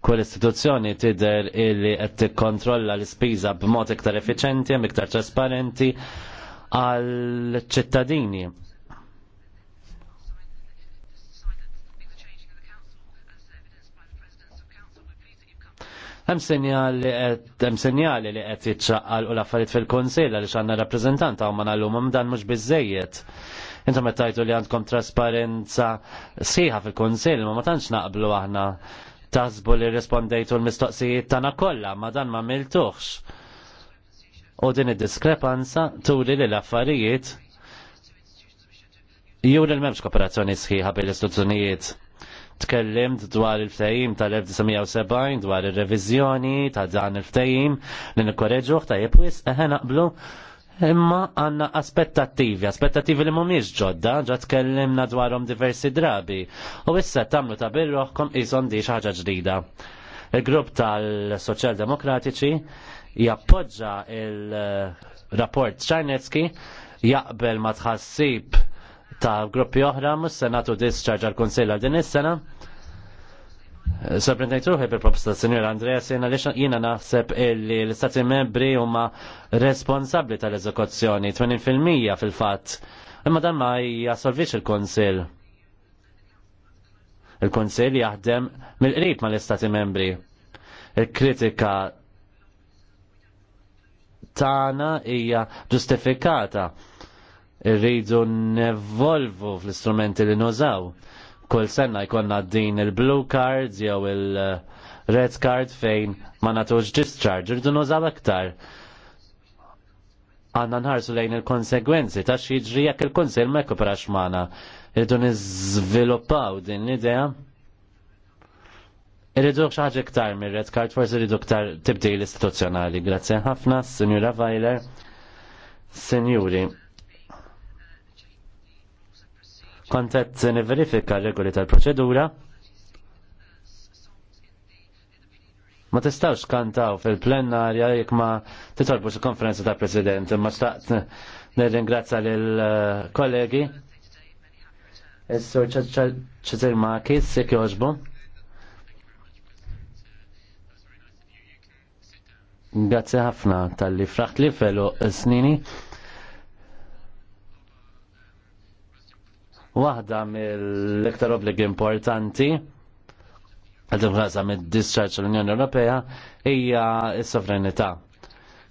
Kull istituzzjoni tidher illi qed tikkontrolla l-ispiża b'mod iktar effiċenti, iktar trasparenti għal ċittadini. Hemm sinjali hemm sinjali li qed jiċċaqal u l-affarijiet fil-Kunsill għaliex għandna rappreżentanta u ma nagħlumhom dan mhux biżejjed Inta qed tajtu li għandkom trasparenza sħiħa fil kunsil ma ma tantx naqblu aħna tazbu li rispondejtu l-mistoqsijiet tagħna kollha, ma dan ma miltuħx. U din id-diskrepanza turi li l-affarijiet Juli l memx kooperazzjoni sħiħa bil istituzzjonijiet tkellimt dwar il-ftajim tal-1970, dwar il-revizjoni ta' dan il-ftajim li nikkoreġuħ ta' jibwis eħen naqblu Imma għanna aspettattivi, aspettattivi li mumiex ġodda, ġa tkellimna dwarhom diversi drabi, u issa tamlu ta' birroħkom isom di ħaġa ġdida. Il-grupp tal-Soċjaldemokratiċi jappoġġa il-rapport Czarnecki jaqbel ma tħassib ta' gruppi oħra mus-senatu disċarġa l konsilla din is-sena Sorprendajt ruħi per proposta Senjor Andrea Sena li jina naħseb li l istati membri huma responsabli tal-eżekuzzjoni 20% fil-fatt. Imma dan ma jassolviċ il-Konsil. Il-Konsil jaħdem mill-qrib ma l istati membri. Il-kritika tana hija ġustifikata. Irridu nevolvu fl-istrumenti li nużaw kull senna jkonna din il-blue cards jew il-red card fejn ma natux discharge, irdu nużaw aktar. Għanna nħarsu lejn il-konsegwenzi ta' xieġri jekk il-konsil ma jkoprax xmana rridu nizviluppaw din l-idea. Rridu xaħġa ktar mir-red card, forse rridu ktar tibdil istituzzjonali. Grazie ħafna, Signora Vajler. Senjuri, kontet niverifika regoli tal-proċedura. Ma tistawx kantaw fil-plenarja jek ma titolbu xi konferenza ta' president, imma staqt nirringrazza lil eh, kollegi. Is-sur ċeżir Makis jekk jogħġbu. Grazie ħafna tal-li fraħt li felu snini. Waħda mill-iktar obbligi importanti għad-imħaza mid-discharge l-Unjoni Ewropea hija s-sovranità.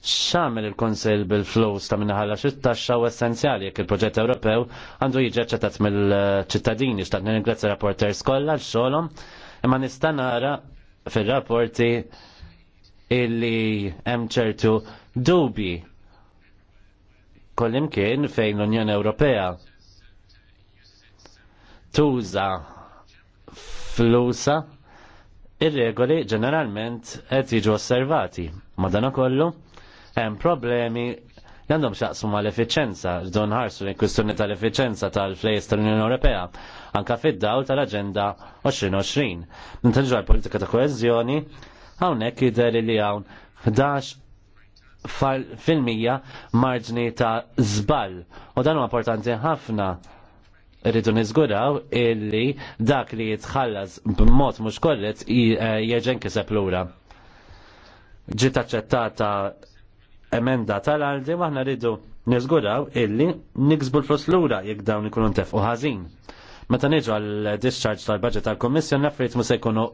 X'għamel il-Konsil bil-flus ta' minnaħalla xit-taxxa u essenzjali jekk il-proġett Ewropew għandu jiġi ċetat mill-ċittadini x'tat nirringrazzja rapporters kollha l-xogħolhom imma nista' nara fir-rapporti illi hemm ċertu dubi kollimkien fejn l-Unjoni Ewropea tuża flusa ir-regoli ġeneralment qed jiġu osservati. Madanakollu hemm problemi għandhom xaqsu ma l-efficienza, don ħarsu l kwistjoni tal-efficienza tal-flejs tal-Unjoni Ewropea, anka fid-dawl tal-Aġenda 2020. Nintenġu għal-politika ta' koezjoni, hawnhekk jidher li hawn 11 fil-mija marġni ta' żball. U dan huwa importanti ħafna rridu nizguraw illi dak li jitħallas b'mod mhux korrett eh, jeġen kiseb lura. Ġiet aċċettata emenda tal-għaldi waħna rridu nizguraw illi niksbu l-flus lura jekk dawn ikunu ntefqu ħażin. Meta niġu għal discharge tal-budget tal-Kommissjon naffrit ma se jkunu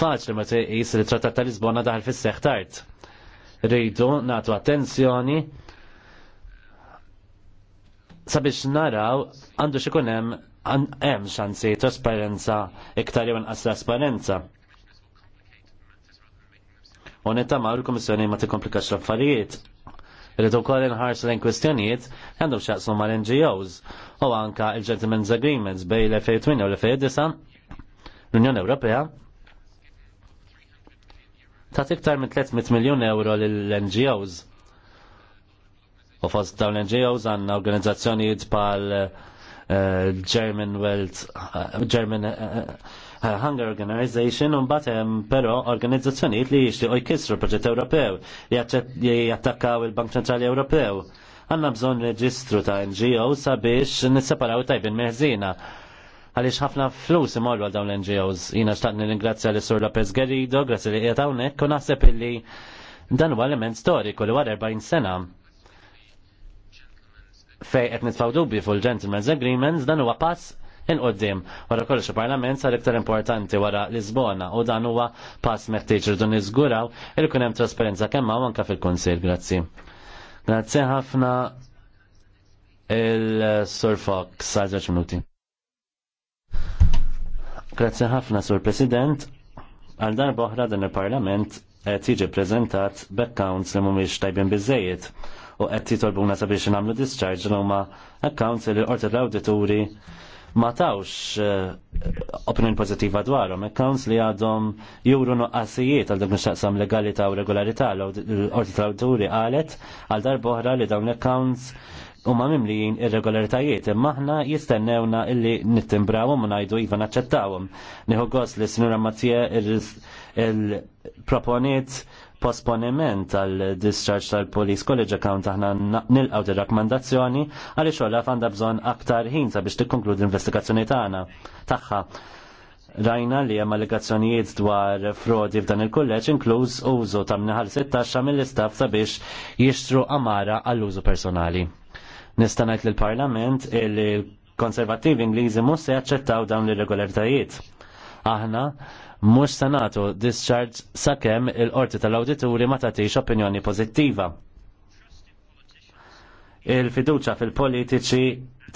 faċli ma tqis li trattat tal-Lisbona daħal fis seħħ tard. Rridu nagħtu attenzjoni sabiex naraw għandu xikun hemm hemm xanzi trasparenza iktar jew inqas trasparenza. U nittama l-Komissjoni ma tikkomplikax l-affarijiet. Rridu wkoll inħarsu lejn kwistjonijiet għandhom x'jaqsmu mal-NGOs u anka il-Gentlemen's Agreements bej l-2008 u l-2009 l-Unjoni Ewropea ta' iktar minn 300 miljun euro lill-NGOs U fost dawn NGOs għanna organizzazzjonijiet bħal eh, German World eh, German eh, Hunger Organization un batem pero organizzazzjonijiet li u jkissru proġett Ewropew li jattakkaw il-Bank Centrali Ewropew. Għanna bżon reġistru ta' NGO sabiex nisseparaw tajbin meħżina għalix ħafna flus imorru għal dawn l-NGOs. Jina xtaqni l-ingrazzja li Sur Lopez Gerido, grazzi li qiegħed hawnhekk u naħseb illi dan huwa element storiku li wara 40 sena fej qed nitfgħu dubbi fuq il gentlemens Agreements dan huwa pass inqoddim wara kollox il-Parlament sar iktar importanti wara Lisbona u dan huwa pass meħtieġ irdu niżguraw il kun hemm trasparenza kemm hawn anke fil-Kunsill, grazzi. Grazzi ħafna il-Sur Fox sar minuti. Grazzi ħafna, Sur President. Għal darba oħra dan il-Parlament qed tiġi ppreżentat backcounts li mhumiex tajbin biżejjed u qed jitolbuna sabiex nagħmlu discharge huma accounts li l-qorti l-awdituri ma tawx eh, opinjoni pozittiva dwarhom, accounts li għadhom juru nuqqasijiet għal dak nixtaqsam legalità u regolarità l-qorti tal-awdituri qalet għal darbohra li dawn accounts u ma mimlijin irregolaritajiet imma aħna jistennewna illi nittimbrawhom u ngħidu iva naċċettawhom. Nieħu gost li Sinura Mazzija il-proponiet posponiment tal-discharge tal-Police College account aħna nilqaw dir rakkomandazzjoni għaliex xogħla għandha bżonn aktar ħin sabiex tikkonkludi l-investigazzjoni tagħna tagħha. Rajna li hemm allegazzjonijiet dwar frodi f'dan il-kulleġġ inkluż użu ta' minħal 16 mill-istaff sabiex jixtru amara għall-użu personali. Nista' ngħid lill parlament l konservattivi Ingliżi mhux se jaċċettaw dawn l-irregolaritajiet. Aħna mhux se nagħtu discharge sakemm il-qorti tal-awdituri ma tagħtix opinjoni pożittiva. Il-fiduċa fil-politiċi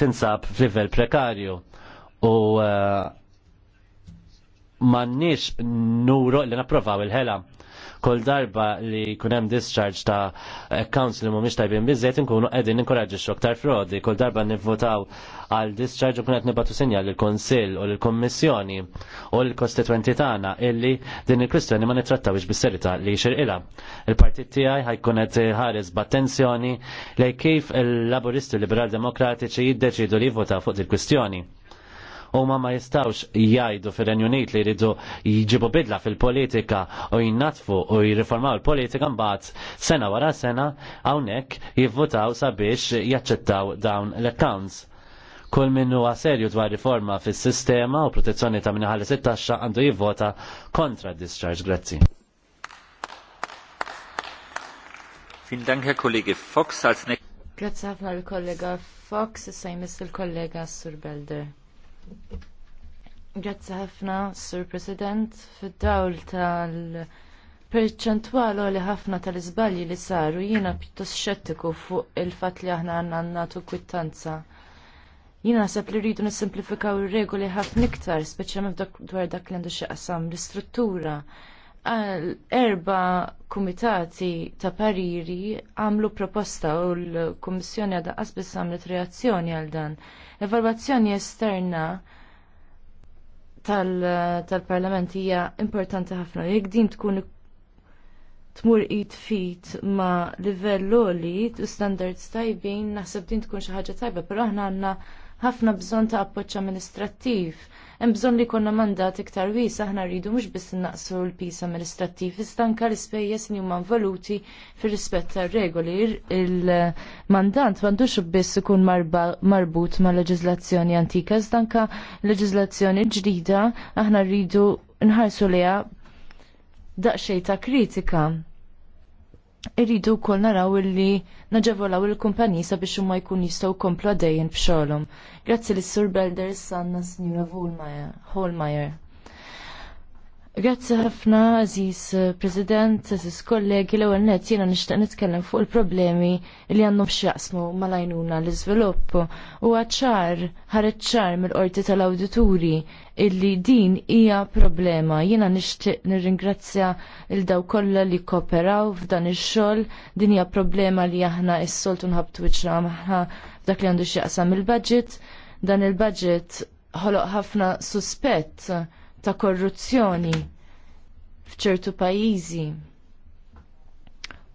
tinsab f'livell prekarju u uh, eh, mannix nuru li napprovaw il-ħela. Kol darba li kunem discharge ta' accounts li mumiex tajbin bizzet nkunu edin inkoraġi xoktar frodi. Kol darba nivvotaw għal discharge u kunet nibatu sinjal l-Konsil u l-Kommissjoni u l-Kostituenti tagħna illi din il-kwistjoni ma nitrattaw bis-serita li xirqila. Il-partit tiegħi ħajkunet ħares b'attenzjoni li kif il-Laburisti Liberal Demokratiċi jiddeċidu li jivvotaw fuq il-kwistjoni u ma ma jistawx jajdu fil Unit li jridu jġibu bidla fil-politika u jinnatfu u jirriformaw il-politika mbagħad sena wara sena hawnhekk jivvutaw sabiex jaċċettaw dawn l-accounts. Kull minnu għaserju dwar riforma fis sistema u protezzjoni ta' minnaħalli 16 għandu jivvota kontra discharge. Grazzi. Fin danke kollegi Fox. Grazzi ħafna l-kollega Fox, issa jmiss il-kollega Sur Belder. Grazzi ħafna, Sur President, fid-dawl tal-perċentwal li ħafna tal-iżbalji li saru jiena pjuttost xettiku fuq il-fatt li aħna għandna nagħtu kwittanza. Jiena naħseb li rridu nissimplifikaw ir-regoli ħafna iktar, speċjalment dwar dak li għandu xi qasam l-istruttura. Erba kumitati ta' pariri għamlu proposta u l-Kummissjoni għadha qasbis għamlet reazzjoni għal dan. Evalwazzjoni esterna tal-Parlament hija importanti ħafna. Jekk din tkun tmur id fit ma livell u standards tajbin, naħseb din tkun xi ħaġa tajba, però aħna għandna ħafna bżonn ta' appoġġ amministrattiv. Hemm bżonn li jkollna mandat iktar wies aħna rridu mhux biss innaqsu l-pis amministrattiv, iżda anke l-ispejjeż li huma involuti fir-rispett tar-regoli. Il-mandant m'għandux biss ikun marbut ma' leġiżlazzjoni antika, iżda anke leġiżlazzjoni ġdida aħna rridu nħarsu liha daqsxejn ta' kritika irridu wkoll naraw illi naġevolaw il-kumpaniji sabiex huma jkun jistgħu komplu għaddejjin b'xogħolhom. Grazzi lis sur Belder sanna s-njura Holmeyer. Grazzi ħafna, Aziz eh, President, Aziz kollegi, l ewwel nett jiena nixtieq nitkellem fuq il-problemi li għandhom x'jaqsmu mal-għajnuna l-iżvilupp u għacċar, ħareċ ċar mill-qorti tal-awdituri illi din hija problema. Jiena nixtieq nirringrazzja il daw kollha li kooperaw f'dan ix-xogħol, din hija problema li aħna s-soltu nħabtu wiċċna maħna f'dak li għandu x'jaqsam il-budget. Dan il-budget ħoloq ħafna suspett ta' korruzzjoni f'ċertu pajjiżi.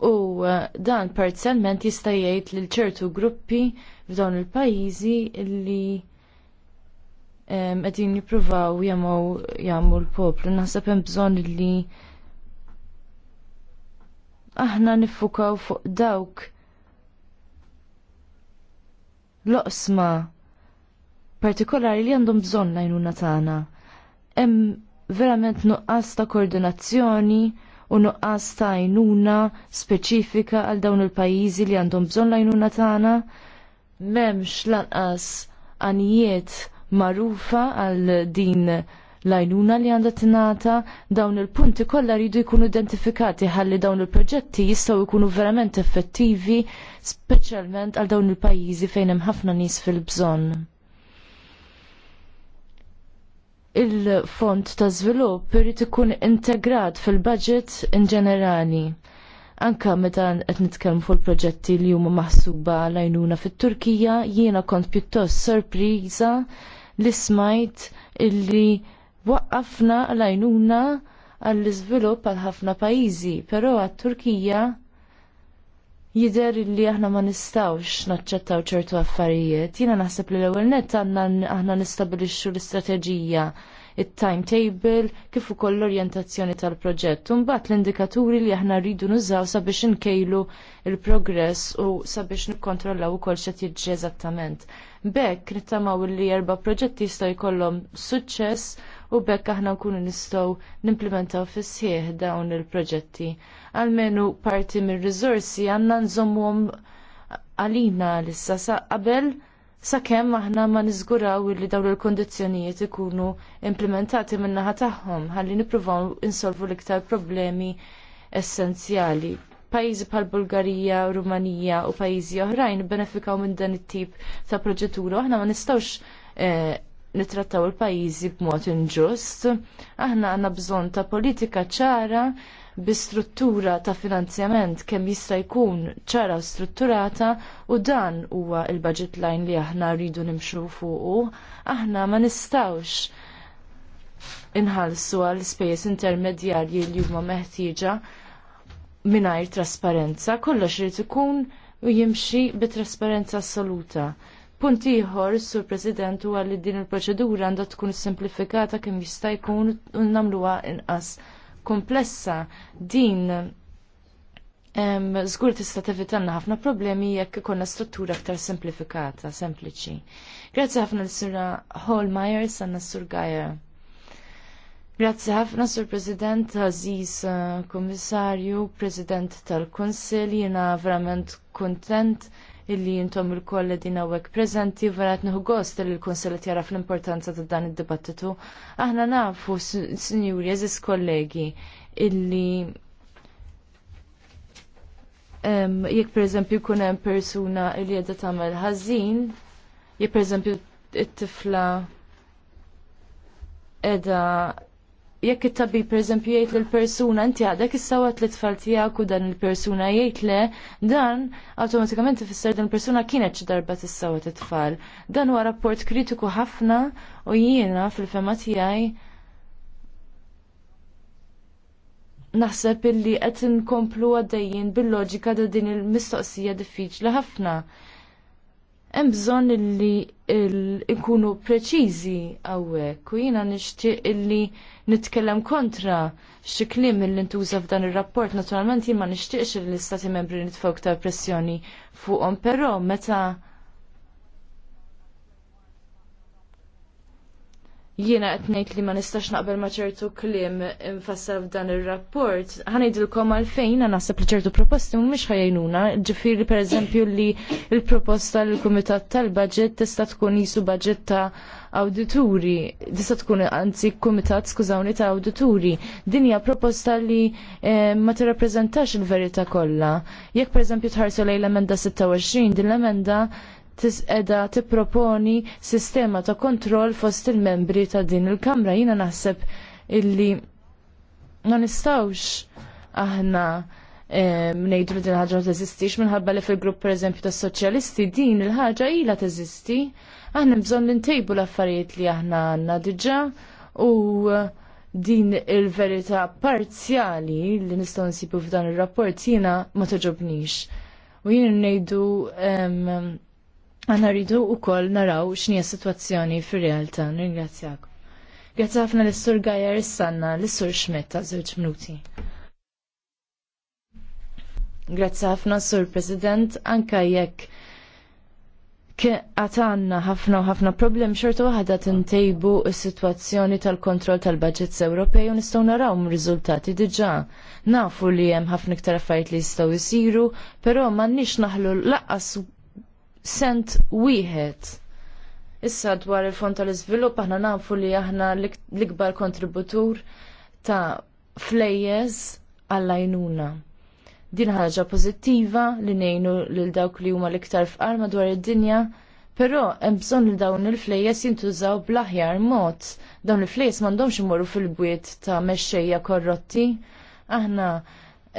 U uh, dan parzialment jista' jgħid lil ċertu gruppi f'dawn il-pajjiżi li qegħdin jippruvaw jagħmlu jagħmlu l-poplu. Naħseb hemm bżonn li aħna niffukaw fuq dawk l-oqsma partikolari li għandhom bżonn lajnuna tagħna. Hemm verament nuqqas ta' koordinazzjoni u nuqqas ta' għajnuna speċifika għal dawn il-pajjiżi li għandhom bżonn lajnuna tagħna m'hemmx lanqas għanijiet marufa għal din lajnuna li għandha tingħata dawn il-punti kollha jridu jkunu identifikati ħalli dawn il-proġetti jistgħu jkunu verament effettivi speċjalment għal dawn il-pajjiżi fejn hemm ħafna nies fil-bżonn. Il-fond ta' żvilupp irid ikun integrat fil-budget in ġenerali. Anka meta qed nitkellmu fuq il-proġetti li huma maħsuba lajnuna fit-Turkija, jiena kont pjuttost sorpriża li smajt illi waqqafna lajnuna għall-iżvilupp għal ħafna pajjiżi, però għat-Turkija jider li aħna ma nistawx naċċettaw ċertu affarijiet. Jiena naħseb li l-ewwel nett aħna nistabilixxu l-istrateġija it-timetable, kif ukoll l-orjentazzjoni tal-proġett. U mbagħad l-indikaturi li aħna rridu nużaw sabiex nkejlu il-progress u sabiex nikkontrollaw ukoll x'qed jiġri eżattament. Bekk nittamaw li erba' proġetti jistgħu jkollhom suċċess u bekk aħna nkunu nistgħu nimplementaw fis-sieħ dawn il-proġetti. Almenu parti mir-riżorsi għandna nżommuhom għalina l-issa qabel sakemm aħna ma niżguraw li dawn il-kondizzjonijiet ikunu implementati min-naħa tagħhom ħalli nippruvaw insolvu l-iktar problemi essenzjali. Pajjiżi bħal Bulgarija, Rumanija u pajjiżi oħrajn benefikaw minn dan it-tip ta' proġettura aħna ma nistgħux eh, nitrattaw il-pajjiżi b'mod inġust. Aħna għandna bżonn ta' politika ċara bi struttura ta' finanzjament kemm jista' jkun ċara strutturata u dan huwa il-budget line li aħna rridu nimxu fuqu. Aħna ma nistawx inħallsu għal spejjeż intermedjarji li huma meħtieġa mingħajr trasparenza, kollox irid ikun u jimxi bi trasparenza assoluta. Punt ieħor, sur President, huwa li din il-proċedura għandha tkun simplifikata kemm jista' jkun u nagħmluha inqas komplessa din Zgur tista' tevitanna ħafna problemi jekk konna struttura aktar simplifikata, sempliċi. Grazzi ħafna l-sura Myers għanna s-sur Gajer. Grazzi ħafna sur President Aziz eh, Komissarju, President tal-Konsil, jena verament kontent illi jintom il-koll dina wek prezenti vera qed gost li l-Kunsillet jara fl-importanza ta' dan id-dibattitu. Aħna nafu, sinjuri, eżis kollegi, illi jekk pereżempju jkun hemm persuna jedda tamel tagħmel ħażin, per pereżempju t-tifla edha jekk it-tabib pereżempju jgħid lill persuna inti għadek issawa tliet tfal tiegħek u dan il-persuna jgħid le, dan awtomatikament ifisser din il-persuna kienet xi darba tissawa it-tfal. Dan huwa rapport kritiku ħafna u jiena fil-fema tiegħi naħseb illi qed inkomplu għaddejjin bil-loġika ta' din il-mistoqsija diffiċli ħafna hemm bżonn li nkunu preċiżi hawnhekk u jiena nixtieq illi nitkellem kontra xi kliem li ntuża f'dan ir-rapport. Naturalment jien ma nixtieqx li l-istati membri nitfgħu iktar pressjoni fuqhom, però meta jiena qed ngħid li ma nistax naqbel ma' ċertu kliem infassal f'dan ir-rapport, ħanejdilkom għalfejn għan naħseb li ċertu proposti mhumiex ħajjnuna, ġifieri pereżempju li l-proposta l kumitat tal-budget tista' tkun jisu budget ta' awdituri, tista' tkun anzi kumitat skużawni ta' awdituri. Din hija proposta li eh, ma tirrappreżentax il-verità kollha. Jekk pereżempju tħarsu lejn l-emenda 26, din l-emenda tisqeda tipproponi sistema ta' kontroll fost il-membri ta' din il-Kamra. Jina naħseb illi ma nistawx aħna eh, ngħidu li din ħaġa ma teżistix minħabba li fil-grupp pereżempju tas soċjalisti din il-ħaġa ilha teżisti. Aħna bżonn nintejbu l-affarijiet li aħna għandna diġà u eh, din il-verità parzjali li nistgħu nsibu f'dan ir-rapport jiena ma toġobnix. U jien ngħidu Għanna rridu u koll naraw xnija situazzjoni fir realtà Ringrazzjak. Grazzi ħafna l-Sur Gajer Sanna, l-Sur Schmidt ta' żewġ minuti. Grazzi ħafna Sur President, anka jekk għatanna ħafna u ħafna problem xorta waħda tintejbu s-situazzjoni tal-kontroll tal-budgets Ewropej u nistgħu naraw m-rizultati diġà. Nafu li hemm ħafna iktar fajt li jistgħu jsiru, però m'għandniex naħlu laqqas sent wieħed. Issa dwar il-fond tal-iżvilupp aħna nafu li aħna l-ikbar kontributur ta' flejjez għall-għajnuna. Din ħaġa pożittiva li ngħinu lil dawk li huma l-iktar fqar madwar id-dinja, però hemm bżonn li dawn il-flejjes jintużaw bl-aħjar mod. Dawn il-flejjes m'għandhomx imorru fil-bwiet ta' mexxejja korrotti. Aħna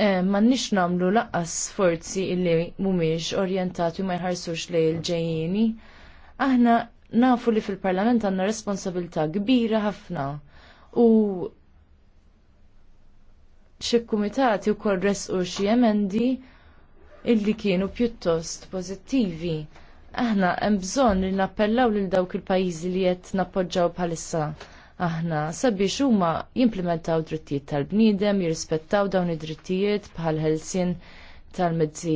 Eh, ma nix namlu laqqas forzi illi mumiex orientati ma jħarsux li l-ġejjini. Aħna nafu li fil-parlament għanna responsabilità kbira ħafna u xi kumitati wkoll resqu xi emendi illi kienu pjuttost pożittivi. Aħna hemm bżonn li nappellaw lil dawk il-pajjiżi li qed nappoġġaw bħalissa aħna sabiex huma jimplementaw drittijiet tal-bniedem, jirrispettaw dawn id-drittijiet bħal ħelsien tal-mezzi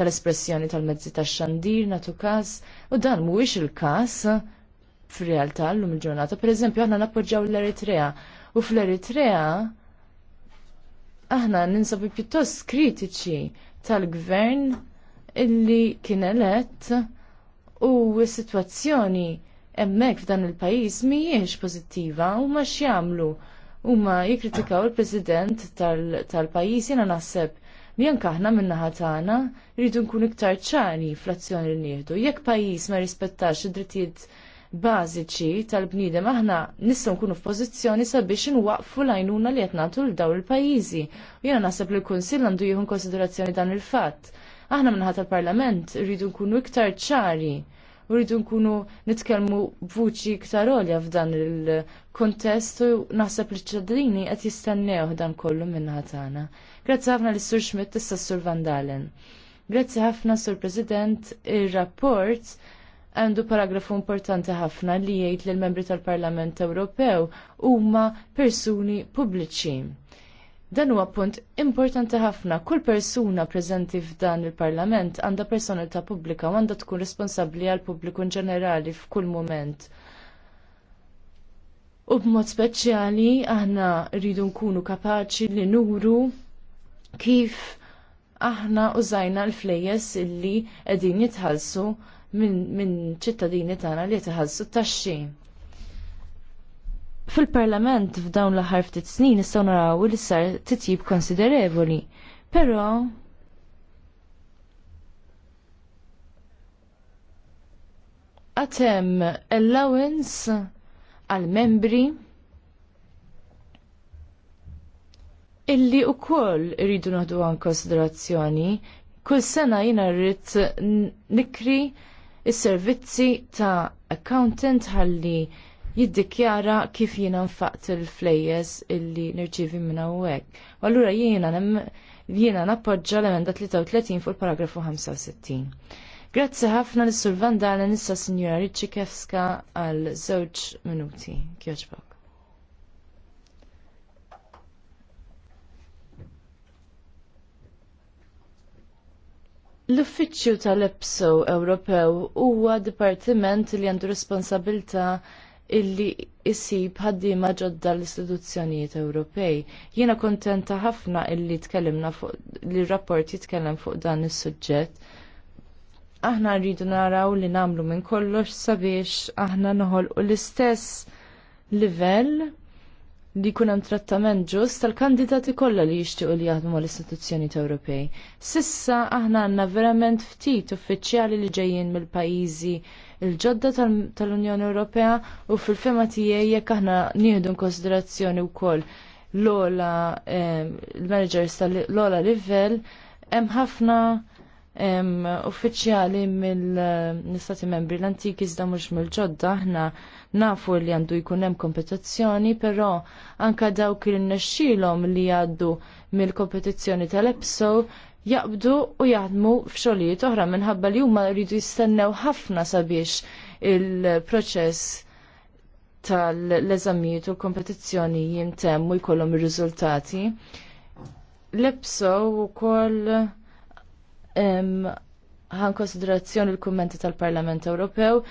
tal-espressjoni tal-mezzi tax-xandir natu każ u dan mhuwiex il-każ f'realtà llum il-ġurnata. Pereżempju aħna nappoġġjaw l-Eritrea u fl-Eritrea aħna ninsabu pjuttost kritiċi tal-gvern illi kien elett u s-sitwazzjoni emmek f'dan il-pajis mhijiex pożittiva u ma u Huma jikkritikaw il-President tal-pajis jena naħseb li anke aħna min-naħa tagħna rridu nkun iktar ċari fl-azzjoni li nieħdu. Jekk pajjiż ma rispettax id-drittijiet bażiċi tal-bniedem aħna nistgħu nkunu f'pożizzjoni sabiex inwaqfu l-għajnuna li qed nagħtu l dawn il-pajjiżi. U jiena naħseb li l-Kunsill għandu jieħu konsiderazzjoni dan il-fatt. Aħna minħat tal-Parlament rridu nkunu iktar ċari Uridu rridu nkunu nitkellmu b'vuċi iktar olja f'dan il-kontest u naħseb li ċ-ċittadini qed jistennew dan kollu minnaħa tagħna. Grazzi ħafna lis sur Schmidt issa sur Van Dalen. Grazzi ħafna sur President ir-rapport għandu paragrafu importanti ħafna li jgħid li l-membri tal-Parlament Ewropew huma persuni pubbliċi. Dan huwa punt importanti ħafna. Kull persuna preżenti f'dan il-Parlament għandha personalità pubblika u għandha tkun responsabbli għal pubbliku in ġenerali f'kull mument. U b'mod speċjali aħna rridu nkunu kapaċi li nuru kif aħna użajna l-flejjes illi qegħdin jitħallsu minn ċittadini tagħna li jitħallsu tax-xejn. Fil-parlament f'dawn l-aħħar ftit snin nistgħu naraw li sar titjib konsiderevoli, però għatem allowance għal-membri illi u koll rridu naħdu għan konsiderazzjoni, kull sena jina rrit nikri il-servizzi ta' accountant ħalli jiddikjara kif jiena nfaqt il-flejjes illi nirċivi minn hawnhekk. U allura jiena jiena nappoġġa l-emenda 33 fuq il-paragrafu 65. Grazzi ħafna l sur Vandalen issa Sinjora Kefska għal żewġ minuti. Kjoċbok. L-Uffiċċju tal-EPSO Ewropew huwa dipartiment li għandu responsabilta illi issib ħaddiema ġodda l-istituzzjonijiet Ewropej. Jiena kontenta ħafna illi tkellimna fuq li rapport jitkellem fuq dan is-suġġett. Aħna rridu naraw li nagħmlu minn kollox sabiex aħna noħolqu l-istess livell li jkun hemm trattament ġust tal-kandidati kollha li jixtiequ li jaħdmu l istituzzjonijiet Ewropej. Sissa aħna għandna verament ftit uffiċjali li ġejjin mill-pajjiżi il-ġodda tal-Unjoni Ewropea u fil-fema tiegħi jekk aħna nieħdu konsiderazzjoni wkoll l-ola managers tal-ola livell hemm ħafna uffiċjali mill-Istati Membri l antiki iżda mhux mill-ġodda aħna nafu li għandu jkun hemm kompetizzjoni, però anka dawk li nnexxielhom li għaddu mill-kompetizzjoni tal-EPSO jaqbdu u jaħdmu f'xogħlijiet oħra minħabba li huma jridu jistennew ħafna sabiex il-proċess tal-eżamijiet u kompetizzjoni jintemmu jkollhom ir-riżultati. Lebso wkoll ħan konsiderazzjoni l-kummenti tal-Parlament Ewropew,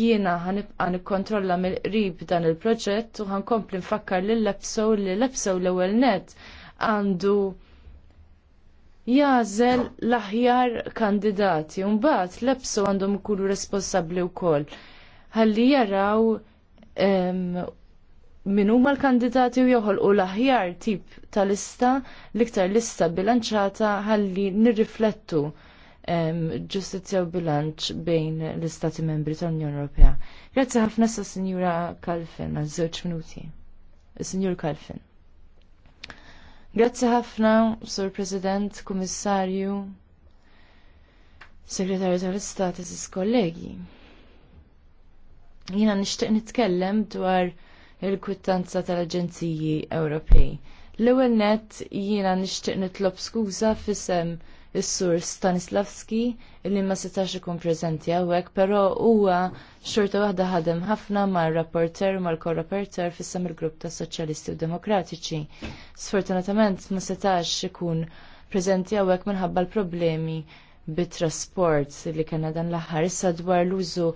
jiena ħan nikkontrolla mill-qrib dan il-proġett u ħan kompli nfakkar lill lebsow li lebsow l-ewwel net għandu jażel l-aħjar kandidati. u mbagħad lebsu għandhom ikunu responsabbli wkoll. Ħalli jaraw min huma l-kandidati u joħolqu l-aħjar tip ta' lista, l-iktar lista bilanċata ħalli nirriflettu ġustizzja u bilanċ bejn l-Istati membri tal-Unjoni Ewropea. Grazzi ħafna sa' Sinjura Kalfin, għal żewġ minuti. Sinjur Kalfin. Grazzi ħafna, Sur President, Kummissarju, Segretarju tal-Istat, Eżis kollegi. Jina nixtieq nitkellem dwar il-kwittanza tal-Aġenziji Ewropej. L-ewwel nett jiena nixtieq nitlob skuża fisem is-sur Stanislavski li ma setax ikun preżenti hawnhekk, però huwa xorta waħda ħadem ħafna mar-rapporter u mal-korrapporter fis sem il-grupp ta' Soċjalisti u Demokratiċi. Sfortunatament ma setax ikun preżenti hawnhekk minħabba l-problemi bit-trasport li kena dan l-aħħar issa dwar l-użu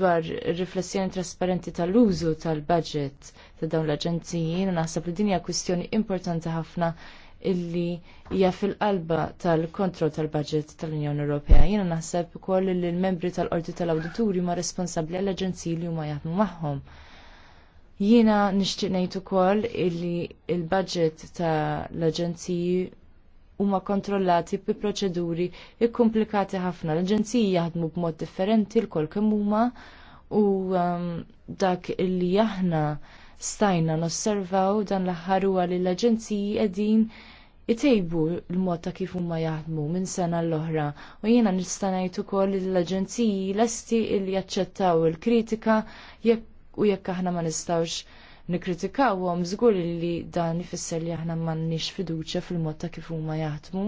dwar riflessjoni trasparenti tal-użu tal-budget ta' dawn l-aġenziji, naħseb li din hija kwistjoni importanti ħafna illi hija fil-qalba tal-kontroll tal-budget tal-Unjoni Ewropea. Jiena naħseb ukoll li l-membri tal-qorti tal-awdituri ma responsabbli għall aġenziji li huma jaħdmu magħhom. Jiena nixtieq ngħid ukoll illi l-budget tal-aġenziji huma kontrollati bi proċeduri kkumplikati ħafna. L-aġenziji jaħdmu b'mod differenti l-kol kemm huma u um, dak illi aħna stajna nosservaw dan l-aħħar huwa li l-aġenziji qegħdin itejbu l-mod ta' kif huma jaħdmu minn sena l-oħra u jiena nista' ngħid ukoll li l-aġenziji lesti li jaċċettaw il-kritika u jekk aħna ma nistgħux nikkritikawhom żgur li dan ifisser li aħna m'għandniex fiduċja fil-mod ta' kif huma jaħdmu.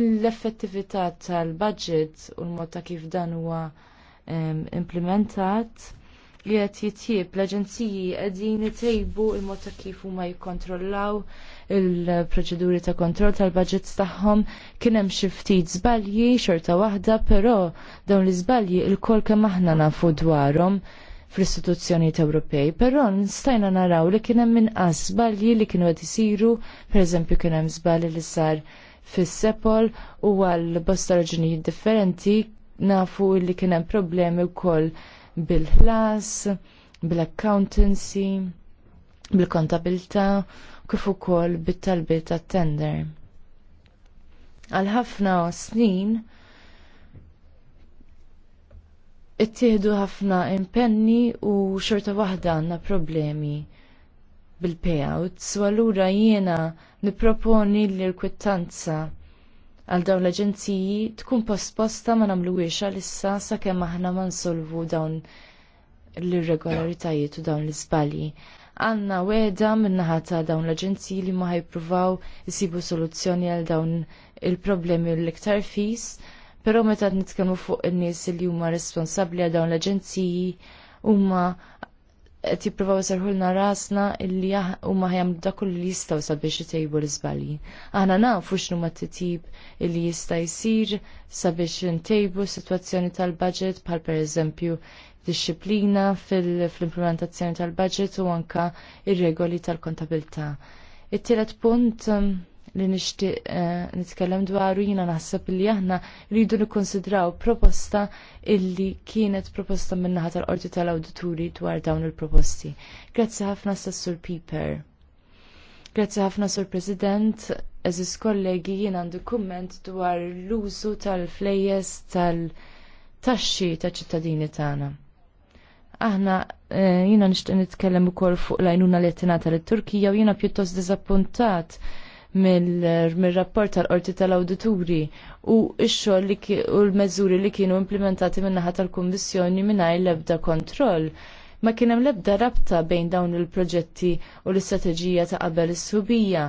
L-effettività tal-budget u l-mod ta' kif dan huwa implementat li qed jitjieb l-aġenziji qegħdin itejbu l mod ta' kif huma jikkontrollaw il-proċeduri ta' kontroll tal-budgets tagħhom kien hemm xi ftit żbalji xorta waħda, però dawn l-iżbalji il-kol kemm aħna nafu dwarhom fl-istituzzjonijiet Ewropej, però nistajna naraw li kien hemm inqas żbalji li kienu qed isiru, pereżempju kien hemm żbalji li sar fis-sepol u għal bosta raġunijiet differenti nafu li kien hemm problemi wkoll bil-ħlas, bil-accountancy, bil-kontabilta kif ukoll bit-talbiet tat-tender. Għal ħafna snin ittieħdu ħafna impenni u xorta waħda għandna problemi bil-payouts u allura jiena nipproponi li l kwitanza għal dawn l-aġenziji tkun posposta ma nagħmluwiex għalissa sakemm aħna ma nsolvu dawn l-irregolaritajiet u dawn l-iżbalji għanna weda minnaħa ta' dawn l aġenziji li ma jippruvaw jisibu soluzzjoni għal dawn il-problemi l-iktar fis, pero meta nitkellmu fuq in-nies li huma responsabbli għal dawn l-aġenziji huma qed jippruvaw iserħulna rasna illi huma jagħmlu dak li jistgħu sabiex itejbu l-iżbalji. Aħna nafu x'nu t-tip illi jista' jsir sabiex intejbu s-sitwazzjoni tal-budget bħal pereżempju disċiplina fil-implementazzjoni tal-budget u anka ir-regoli tal-kontabilta. It-tielet punt um, li nixtieq eh, nitkellem dwaru jiena naħseb li aħna rridu nikkonsidraw proposta illi kienet proposta min-naħa tal-qorti tal-awdituri dwar dawn il-proposti. Grazzi ħafna Sassur Piper. Grazzi ħafna Sur President, eżis kollegi jien għandu kumment dwar l-użu tal-flejjes tal-taxxi ta' ċittadini tagħna. Aħna eh, jina nishtiq nitkellem ukoll fuq l-għajnuna li tingħata lit-Turkija u jiena pjuttost diżappuntat mill-rapport tal-qorti tal-awdituri u x-xogħol li u l-meżuri li kienu implementati min-naħa tal-Kummissjoni mingħajr l-ebda kontroll ma kien hemm l-ebda rabta bejn dawn il-proġetti u l-istrateġija ta' qabel is-subija.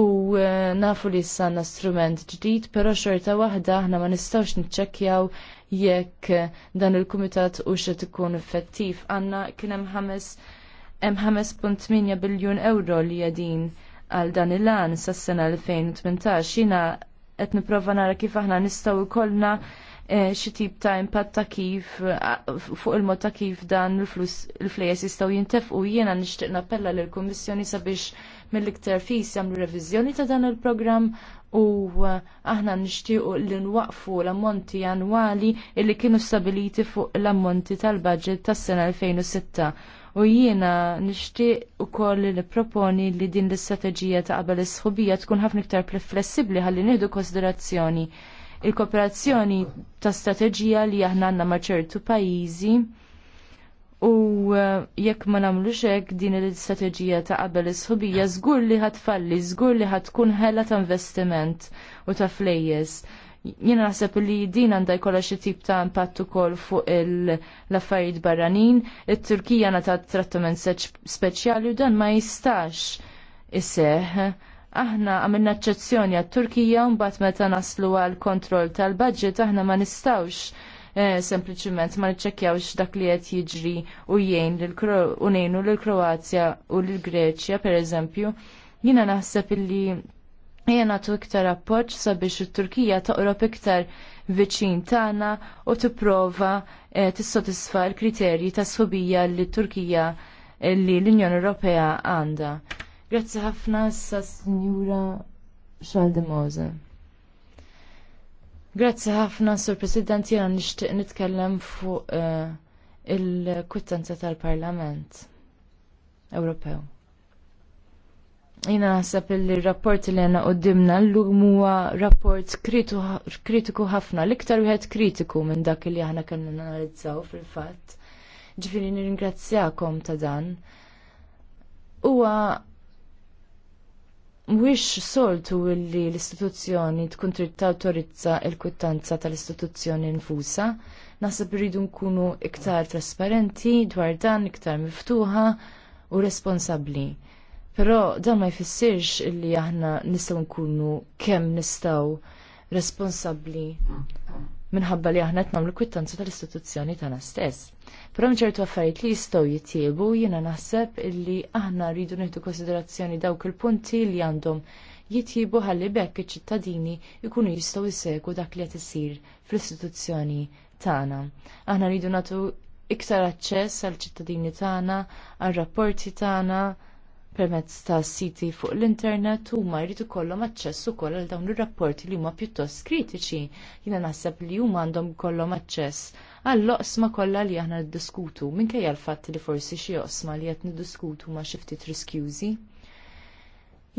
U eh, nafu li s-sanna strument ġdid, però xorta waħda aħna ma nistgħux niċċekkjaw jekk eh, dan il-kumitat u xed ikun effettiv. Għanna kien hemm ħames hemm 5.8 biljun euro li jadin għal dan il-għan sas-sena 2018 jiena qed nipprova nara kif aħna nistgħu ikollna Eh, xi tip ta' impatt ta' kif eh, fuq il-mod ta' kif dan il-flus il-flejes jistgħu jintefqu jiena nixtieq nappella lill kummissjoni sabiex mill-iktar fis jagħmlu reviżjoni ta' dan il-programm u eh, aħna nixtiequ li nwaqfu l-ammonti annwali li kienu stabiliti fuq l-ammonti tal-budget tas-sena 2006. U jiena nixtieq ukoll li proponi li din l-istrateġija ta' qabel is-sħubija tkun ħafna iktar flessibbli ħalli nieħdu konsiderazzjoni il-kooperazzjoni ta' strateġija li aħna għandna ma' ċertu pajjiżi u eh, jekk ma nagħmlux hekk din il istrateġija ta' qabel is-sħubija żgur li ħatfalli, żgur li tkun ħela ta' investiment u ta' flejjes jiena naħseb li din għandha jkollha xi tip ta' impatt ukoll fuq l-affarijiet barranin, it-Turkija ta' trattament speċjali u dan ma jistax iseħ aħna għamilna ċezzjoni għat Turkija mbagħad meta naslu għal kontroll tal-budget aħna ma nistawx eh, sempliċement ma niċċekkjawx dak li qed jiġri u jgħin u ngħinu lil Kroazja u lil Greċja pereżempju. Jiena naħseb illi jiena tu iktar appoġġ sabiex it-Turkija toqrob iktar viċin tagħna u tipprova eh, tissodisfa l-kriterji ta' sħubija li t Turkija li l-Unjoni Ewropea għandha. Grazzi ħafna sa Signora Schaldemose. Grazzi ħafna, Sur President, jena nishtiq nitkellem fuq uh, il-kwittanza tal-Parlament Ewropew. Jina naħseb il-rapport li għanna qoddimna l-lum huwa rapport kritiku ħafna, l-iktar wieħed kritiku minn dak li aħna kellna analizzaw fil-fatt. Ġifieri nirringrazzjakom ta' dan. Huwa Mwix soltu li l-istituzzjoni tkun trid tawtorizza l-kwittanza tal-istituzzjoni nfusa, naħseb rridu nkunu iktar trasparenti dwar dan iktar miftuħa u responsabbli. Però dan ma jfissirx li aħna nistgħu nkunu kemm nistgħu responsabbli minħabba li aħna tnam l-kwittanza tal-istituzzjoni tagħna stess. Però ċertu affarijiet li jistgħu jittiebu jiena naħseb illi aħna rridu nieħdu konsiderazzjoni dawk il-punti li għandhom jitjibu ħalli bekk iċ-ċittadini jkunu jistgħu jsegwu dak li qed isir fl-istituzzjoni tagħna. Aħna rridu nagħtu iktar aċċess għall ċittadini tagħna, għar rapporti tagħna, permezz ta' siti fuq l-internet huma jrid ikollhom aċċess ukoll għal dawn ir-rapporti li huma pjuttost kritiċi. Jiena naħseb li huma għandhom ikollhom aċċess għall loqsma kollha li aħna niddiskutu minkejja l-fatt li forsi xi oqsma li qed niddiskutu ma' xi ftit riskjużi.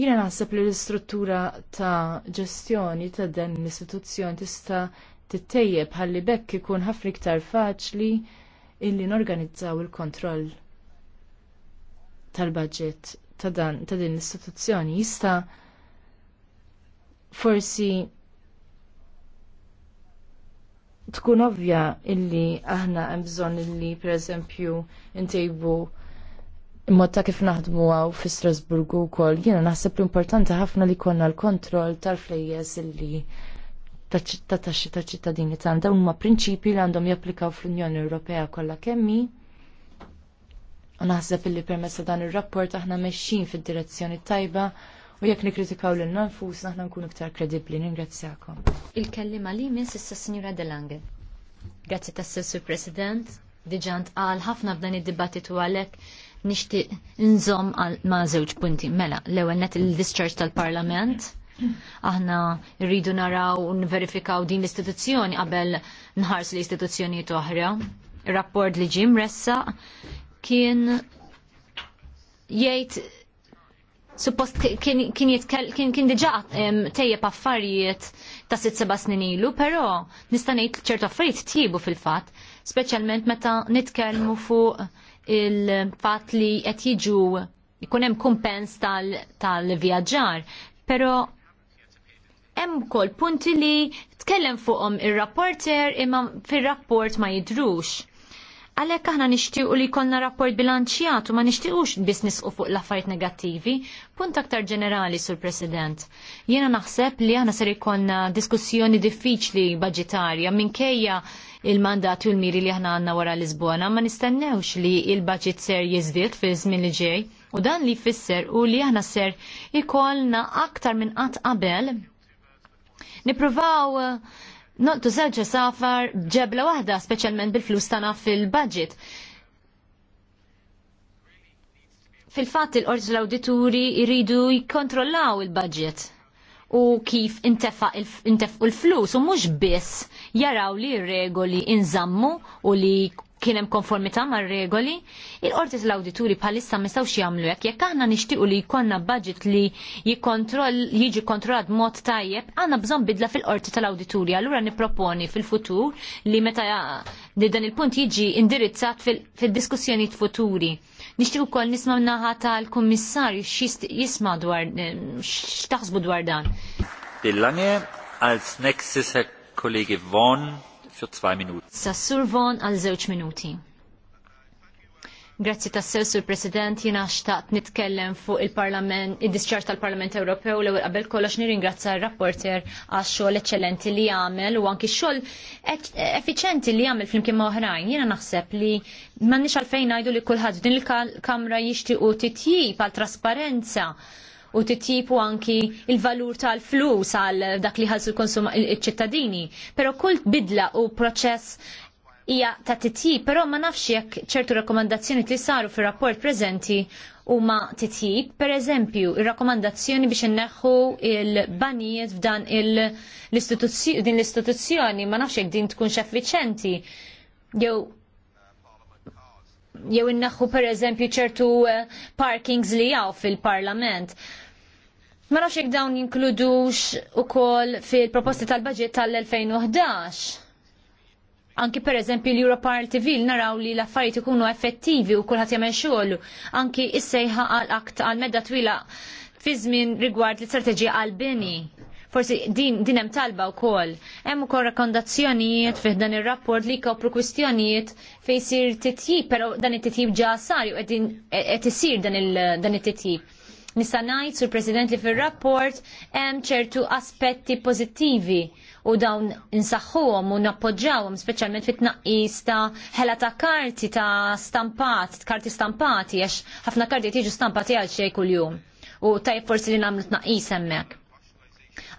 Jiena naħseb li l-istruttura ta' ġestjoni ta' dan l-istituzzjoni tista' tittejjeb ħalli bekk ikun ħafna iktar faċli illi norganizzaw il-kontroll tal-budget ta' dan ta' din l-istituzzjoni jista' forsi tkun ovvja illi aħna hemm bżonn illi pereżempju ntejbu mod ta' kif naħdmu għaw fi Strasburgu wkoll jiena naħseb l-importanti ħafna li konna l-kontroll tal-flejjes illi ta' taxxi ta' ċittadini tagħna dawn huma prinċipji li għandhom japplikaw fl-Unjoni Ewropea kollha kemmi. U naħseb illi permezz ta' dan ir-rapport aħna mexxin fid-direzzjoni tajba u jekk nikkritikaw lil nfus aħna nkunu iktar kredibbli. Ningrazzjakom. Il-kellima li miss issa Sinjura Delange. Grazzi tas-Sessu President, diġant qal ħafna b'dan id-dibattitu għalhekk nixtieq nżomm ma' żewġ punti. Mela, l-ewwel net il-discharge tal-Parlament, aħna rridu naraw u nverifikaw din l-istituzzjoni qabel nħarsu l-istituzzjoni toħra. Rapport li ġim ressa kien jgħid suppost kien kien diġa tejjeb affarijiet ta' sitt seba' snin ilu, però nista' ngħid ċertu affarijiet tjibu fil-fatt, speċjalment meta nitkellmu fuq il-fatt li qed jiġu jkun hemm kumpens tal-vjaġġar, però hemm ukoll punti li tkellem fuqhom ir-rapporter imma fir-rapport ma jidrux. Għalhekk aħna nixtiequ li jkollna rapport bilanċjat u ma nixtiequx biss nisqu fuq l-affarijiet negattivi. Punt aktar ġenerali sur President. Jiena naħseb li aħna ser ikonna diskussjoni diffiċli budġetarja minkejja il-mandat u l-miri li aħna għandna wara Lisbona ma nistennewx li il-budget ser jiżdied fi żmien li ġej. U dan li jfisser u li aħna ser ikollna aktar minn qatt qabel Nipruvaw Nontu zewġ safar ġebla waħda, speċjalment bil-flus tana fil-budget. Fil-fatt il-qorti l-awdituri jridu jikkontrollaw il-budget u kif intefqu l-flus u mhux biss jaraw li regoli inżammu u li kien hemm konformità mar-regoli, il-qorti tal-awdituri bħalissa ma jistgħux jagħmlu hekk. Jekk aħna nixtiequ li jkollna budget li jikkontroll jiġi kontrollat mod tajjeb, għandna bżonn bidla fil-qorti tal-awdituri. Allura nipproponi fil-futur li meta dan il-punt jiġi indirizzat fil-diskussjonijiet futuri. Nixtieq ukoll nisma' naħa tal-kummissarju jisma' dwar x'taħsbu dwar dan. Billanie, als nächstes kollegi Von, für 2 minuti. Sassur Von għal żewġ minuti. Grazzi sew sur President, jina xtaqt nitkellem fuq il-Parlament, il-discharge tal-Parlament Ewropew l ewwel qabel kollox nirringrazzja r-rapporter għax xogħol eċċellenti li jagħmel u anki xogħol effiċenti li għamel flimkien ma' oħrajn. Jiena naħseb li m'għandniex għalfejn ngħidu li kulħadd din il-Kamra jixtiequ titji għal trasparenza u titjipu anki il-valur tal-flus għal dak li ħalsu l-konsum il-ċittadini. Pero kull bidla u proċess ija ta' titjib, però ma nafx jekk ċertu rakkomandazzjoni li saru fir rapport preżenti huma titjib, per eżempju, il rakkomandazzjoni biex inneħħu il-banijiet f'dan il l-istituzzjoni, ma nafx jekk din tkun effiċenti. Jew jew innaħħu pereżempju ċertu eh, parkings li jaw fil-parlament. Ma nafx jekk dawn jinkludux ukoll fil-proposti tal-budget tal-2011. Anki pereżempju l-Europar TV naraw li l-affarijiet ikunu effettivi u kulħadd jagħmel xogħol. Anki issejħa għal akt għal medda twila fi żmien rigward l-istrateġija għal bini Forsi din din hemm talba wkoll. Hemm ukoll rakkondazzjonijiet fih dan ir-rapport li jkopru kwistjonijiet fejn sir titjib, però dan it-titjib ġa sar u qed isir dan it-titjib. Nista' ngħid sur President li fir-rapport hemm ċertu aspetti pożittivi u dawn insaħħuhom u nappoġġawhom speċjalment fit-tnaqqis ta' ħela ta' karti ta' stampat, karti stampati għax ħafna karti tiġu stampati għal xejn kuljum. U tajb forsi li nagħmlu tnaqqis hemmhekk.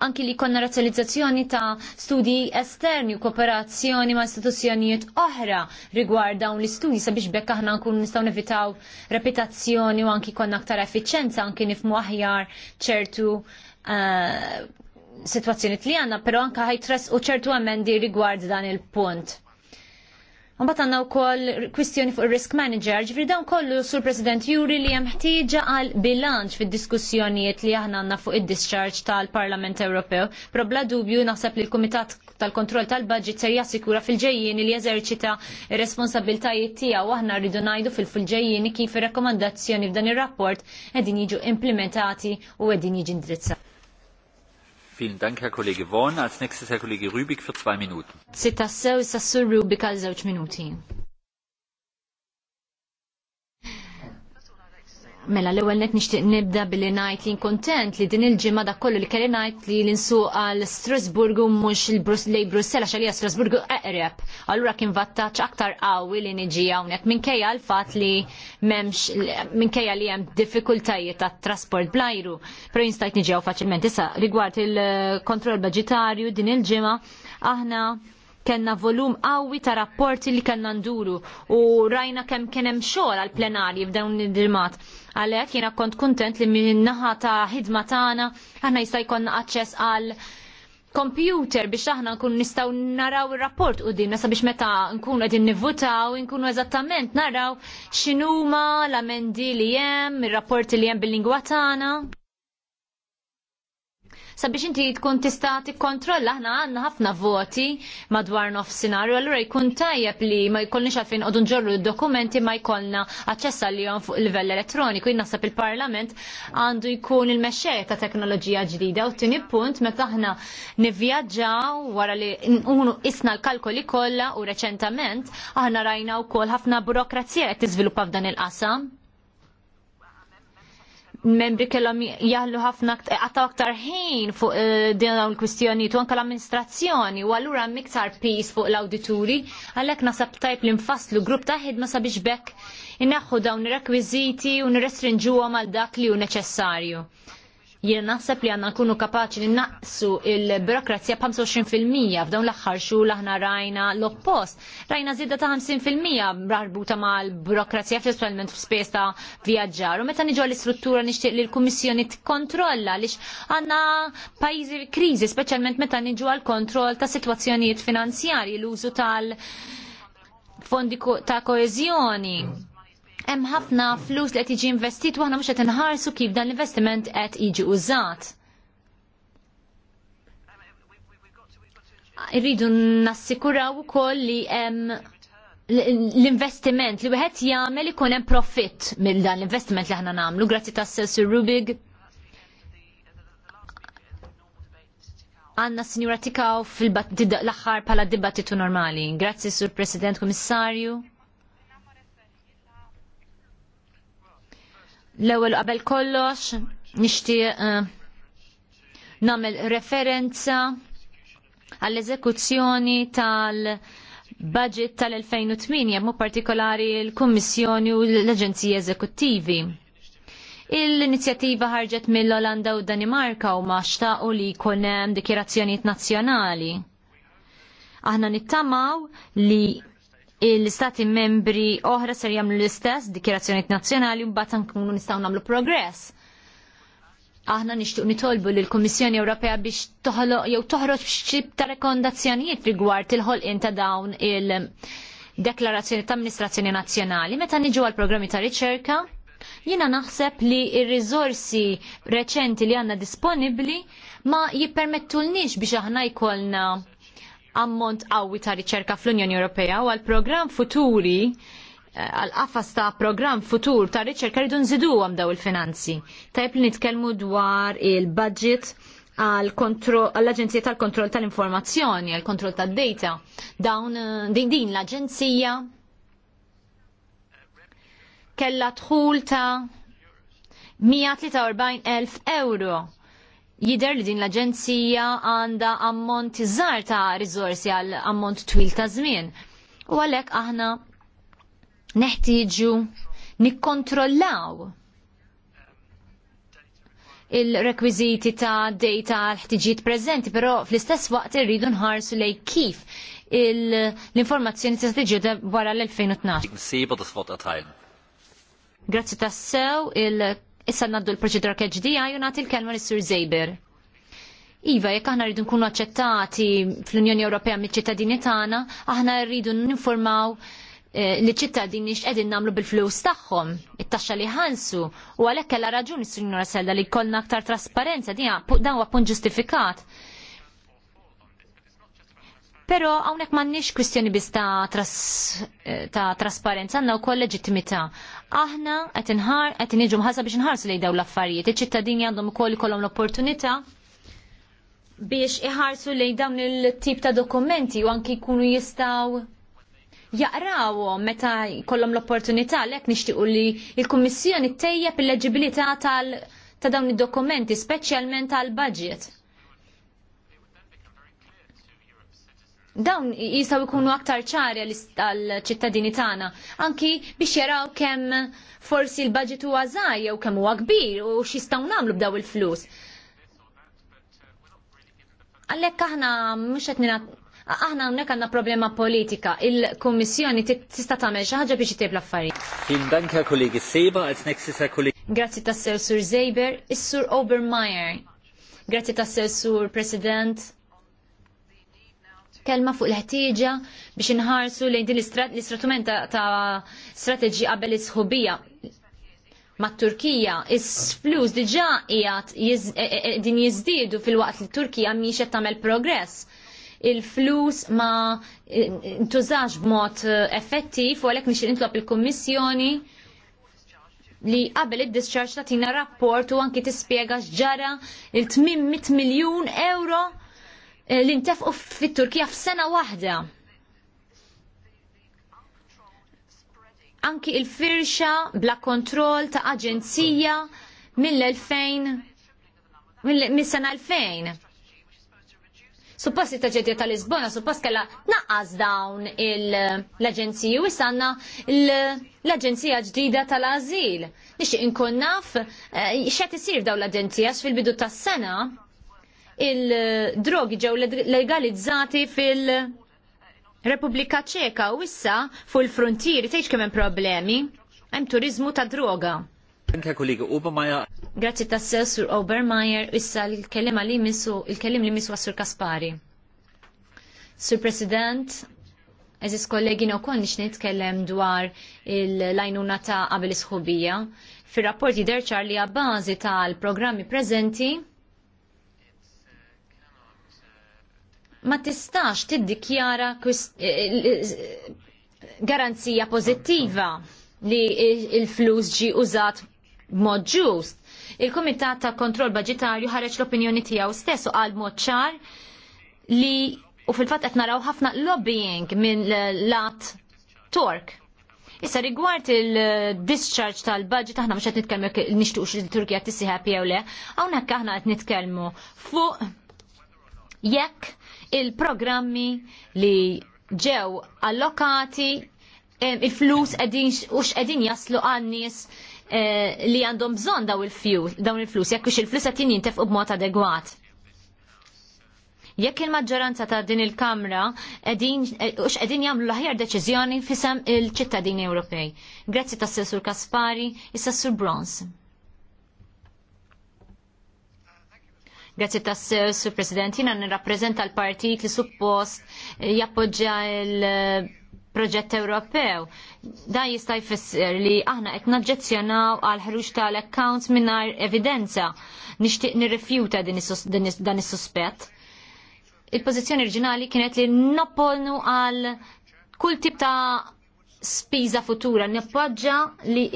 Anki li konna razzalizzazzjoni ta' studji esterni u kooperazzjoni ma' istituzzjonijiet oħra rigward dawn l-istudji sabiex bekk aħna nkun nistgħu nevitaw reputazzjoni u anki konna aktar effiċenza anki nifmu aħjar ċertu uh, eh, situazzjoni li għanna, pero anka ħajtres u ċertu emendi rigward dan il-punt għanna għandna wkoll kwistjoni fuq risk manager, ġifri dawn kollu sur President Juri li hemm ħtieġa għal bilanċ fid-diskussjonijiet li aħna għandna fuq id-discharge tal-Parlament Ewropew. Probla dubju naħseb li l-Kumitat tal-Kontroll tal-Budget ser jassikura fil-ġejjien li jeżerċita responsabiltajiet tiegħu aħna rridu ngħidu fil-ġejjien kif ir-rakkomandazzjoni f'dan ir-rapport qegħdin jiġu implementati u qegħdin jiġi indirizzati. Vielen Dank, Herr Kollege Vaughan. Als nächstes Herr Kollege Rübig für zwei Minuten. Rübig għal zewċ minuti. Mela l-ewwel net nixtieq nibda billi ngħid li kontent li din il-ġimgħa da kollu li kelli ngħid li l insu għal Strasburgu mhux lej Brussella għal Strasburg Strasburgu eqreb. Allura kien vattaċ aktar qawwi li niġi hawnhekk minkejja l fatt li m'hemmx minkejja li hemm diffikultajiet tat-trasport blajru. Però jinstajt niġi għaw faċilment issa rigward il-kontroll budġetarju din il-ġimgħa aħna kena volum qawwi ta' rapporti li kellna nduru u rajna kemm kien hemm xogħol għall plenarji f'dawn id-dirmat. Għalhekk jiena kont kontent li min-naħa ta' ħidma tagħna aħna jista' jkollna aċċess għal kompjuter biex aħna nkun nistaw naraw il-rapport u dimna sabiex meta nkunu għedin nivvutaw, nkunu eżattament naraw xinuma l-amendi li jem, il-rapport li jem bil-lingwa tagħna sabiex inti tkun tista' tikkontrolla aħna għandna ħafna voti madwar nofsinhar allura jkun tajjeb li ma jkollniex għalfejn qogħdu nġorru d-dokumenti ma jkollna aċċess għalihom fuq livell elettroniku. Jien naħseb il-Parlament għandu jkun il-mexxej ta' teknoloġija ġdida u tieni punt meta aħna nivvjaġġaw wara li nkunu isna l-kalkoli kollha u reċentament aħna rajna wkoll ħafna burokrazija qed tiżviluppa f'dan il-qasam membri kellhom jaħlu ħafna għataw aktar ħin fuq eh, din dawn il-kwistjonijiet u anke l-amministrazzjoni u allura miktar pis fuq l-awdituri għalhekk nasab tajb li nfasslu grupp ta' ħidma sabiex bekk inaħħu dawn ir-rekwiżiti u nirrestrinġuhom għal dak li hu neċessarju. Jiena naħseb li għandna nkunu kapaċi li naqsu il-birokrazija 25% f'dawn l-aħħar xhur aħna rajna l-oppost. Rajna żieda ta' 50% marbuta mal-birokrazija fl f'spejs ta' vjaġġar. U meta niġu l-istruttura nixtieq li l-Kummissjoni tikkontrolla lix għandna pajjiżi kriżi, speċjalment meta niġu għal-kontroll ta' sitwazzjonijiet finanzjarji l-użu tal- fondi ta' koezjoni hemm ħafna flus li qed jiġi investit u aħna mhux qed inħarsu kif dan l-investiment qed jiġi użat. Irridu nassikuraw ukoll li hemm l-investiment li wieħed jagħmel ikun hemm profitt mill dan l-investiment li aħna nagħmlu. Grazzi tas Sur Rubig. Għanna Sinjura Tikaw fil-aħħar l pala dibattitu normali. Grazzi Sur President Kummissarju. L-ewwel qabel kollox nixtieq eh, nagħmel referenza għall-eżekuzzjoni tal- budget tal-2008 mu partikolari l-Kummissjoni u l-Aġenziji Eżekuttivi. Il-inizjattiva ħarġet mill-Olanda u Danimarka u maċta u li kunem dikjerazzjoniet nazzjonali. Aħna nittamaw li l-istati membri oħra ser jagħmlu l-istess dikjerazzjonijiet nazzjonali u mbagħad nkunu nistgħu nagħmlu progress. Aħna nixtieq nitolbu lill kummissjoni Ewropea biex toħloq jew toħroġ b'xib ta' rekomendazzjonijiet rigward il-ħolqien ta' dawn il-deklarazzjoni ta' amministrazzjoni nazzjonali. Meta niġu għall programmi ta' riċerka, jina naħseb li ir-riżorsi reċenti li għanna disponibli ma jippermettulniex biex aħna jkollna ammont qawwi ta' riċerka fl-Unjoni Ewropea u għal programm futuri eh, għal qafas ta' programm futur ta' riċerka rridu nżidu għam daw il-finanzi. Tajb li nitkellmu dwar il-budget għall-Aġenzija tal-Kontroll tal-Informazzjoni, għall-Kontroll tad-Data. Dawn eh, din, din l-Aġenzija kella dħul ta' 143.000 euro Jider li din l-Aġenzija għanda ammont żgħar ta' riżorsi għal ammont twil ta' żmien. U għalhekk aħna neħtieġu nikkontrollaw il rekwiżiti ta' data l-ħtiġijiet preżenti, però fl-istess waqt irridu nħarsu lej kif l-informazzjoni ta' tiġi wara l-2012. Grazzi tassew il- Issa naddu l-proċedura keġdija jonat l kelma l-Sur Zejber. Iva, jekk aħna rridu nkunu aċċettati fl-Unjoni Ewropea mit ċittadini tagħna, aħna rridu ninformaw eh, li ċittadini x'qegħdin nagħmlu bil-flus tagħhom, it-taxxa li ħansu, u għalhekk kellha raġuni s-Sinjora Selda li jkollna aktar trasparenza, dan huwa punt ġustifikat. Pero hawnhekk m'għandniex kwistjoni biss ta', tras, eh, ta trasparenza, għandna wkoll leġittimità. Aħna qed inħar qed iniġu mħassa biex nħarsu lejn dawn l-affarijiet. Iċ-ċittadini għandhom ukoll kolom l-opportunità biex iħarsu lejn dawn il-tip ta' dokumenti u anki jkunu jistgħu jaqrawhom meta jkollhom l-opportunità lek nixtiequ li l-Kummissjoni tejjeb il-leġibilità tal ta' dawn id-dokumenti, speċjalment tal-budget dawn jistaw ikunu aktar ċari għal-ċittadini tagħna, anki biex jaraw kemm forsi l-budget huwa żgħar jew kemm huwa kbir u x'jistgħu nagħmlu b'daw il-flus. Għalhekk aħna mhux qed aħna hawnhekk għandna problema politika. Il-Kummissjoni tista' tagħmel xi ħaġa biex itib l-affarijiet. Vielen Dank, Herr Kollege Seber, als nächstes Herr Grazzi Sur Zejber, is-Sur Obermeyer. Grazzi tas Sur President kelma fuq l-ħtieġa biex inħarsu lejn din l-istrument ta' strategi qabel is-sħubija mat turkija is-flus diġà qiegħed e- e- e- din jiżdiedu fil-waqt li Turkija mhix qed tagħmel progress. Il-flus ma ntużax b'mod effettiv u għalhekk nixtieq nitlob il-Kummissjoni li qabel id-discharge tagħtina rapport u anki tispjega x'ġara il-800 miljun euro Eh, li ntefqu fit-Turkija f'sena waħda. Anki il-firxa bla kontroll ta' aġenzija mill-2000 mis sena 2000. Suppost it-taġedja tal-Lisbona, suppost kella naqqas dawn l-Aġenziji u jisanna l-Aġenzija ġdida tal-Azil. Nix inkun naf eh, xet isir dawn l-Aġenzija fil-bidu tas-sena il-drogi ġew legalizzati fil- Repubblika Ċeka u issa fuq il-frontieri tgħidx kemm hemm problemi. Hemm turizmu ta' droga. Anke kollega Obermeier. Grazzi sur Obermeier issa l-kelima li misu il-kelim li misu Sur Kaspari. Sur President, Eżis kollegi no kon nix nitkellem dwar il-lajnuna ta' qabel isħubija. fir rapporti derċar li għabbażi tal-programmi preżenti ma tistax tiddikjara eh, eh, eh, garanzija pozittiva li il-flus ġi użat mod ġust. Il-Kumitat ta' Kontroll Budgetarju ħareġ l-opinjoni tiegħu stess u qal mod ċar li u fil-fatt qed naraw ħafna lobbying minn lat Tork. Issa rigward il-discharge tal-budget aħna mhux qed nitkellmu nixtuqx li Turkija tissieħab jew le, hawnhekk aħna qed nitkellmu fuq jekk il-programmi li ġew allokati il-flus edin u x'edin jaslu għannis eh, li għandhom bżon daw il-flus, jekk il-flus għatin jintef u b'mod adegwat. Jekk il-maġġoranza ta' din il-Kamra eh, u x'qegħdin jagħmlu l-aħjar deċiżjoni fisem il-ċittadini Ewropej. Grazzi tas-Sessur Kaspari, is-Sessur Bronze. Grazzi tassew, Sur President, jina nirrapprezenta l-partit li suppost eh, jappoġġja l eh, proġett Ewropew. Dan jista' jfisser li aħna qed naġġezzjonaw għal ħruġ tal-accounts mingħajr evidenza. Nixtieq nirrifjuta dan is-suspett. Il-pożizzjoni oriġinali kienet li nappolnu għal kull tip ta' spiża futura, nappoġġa li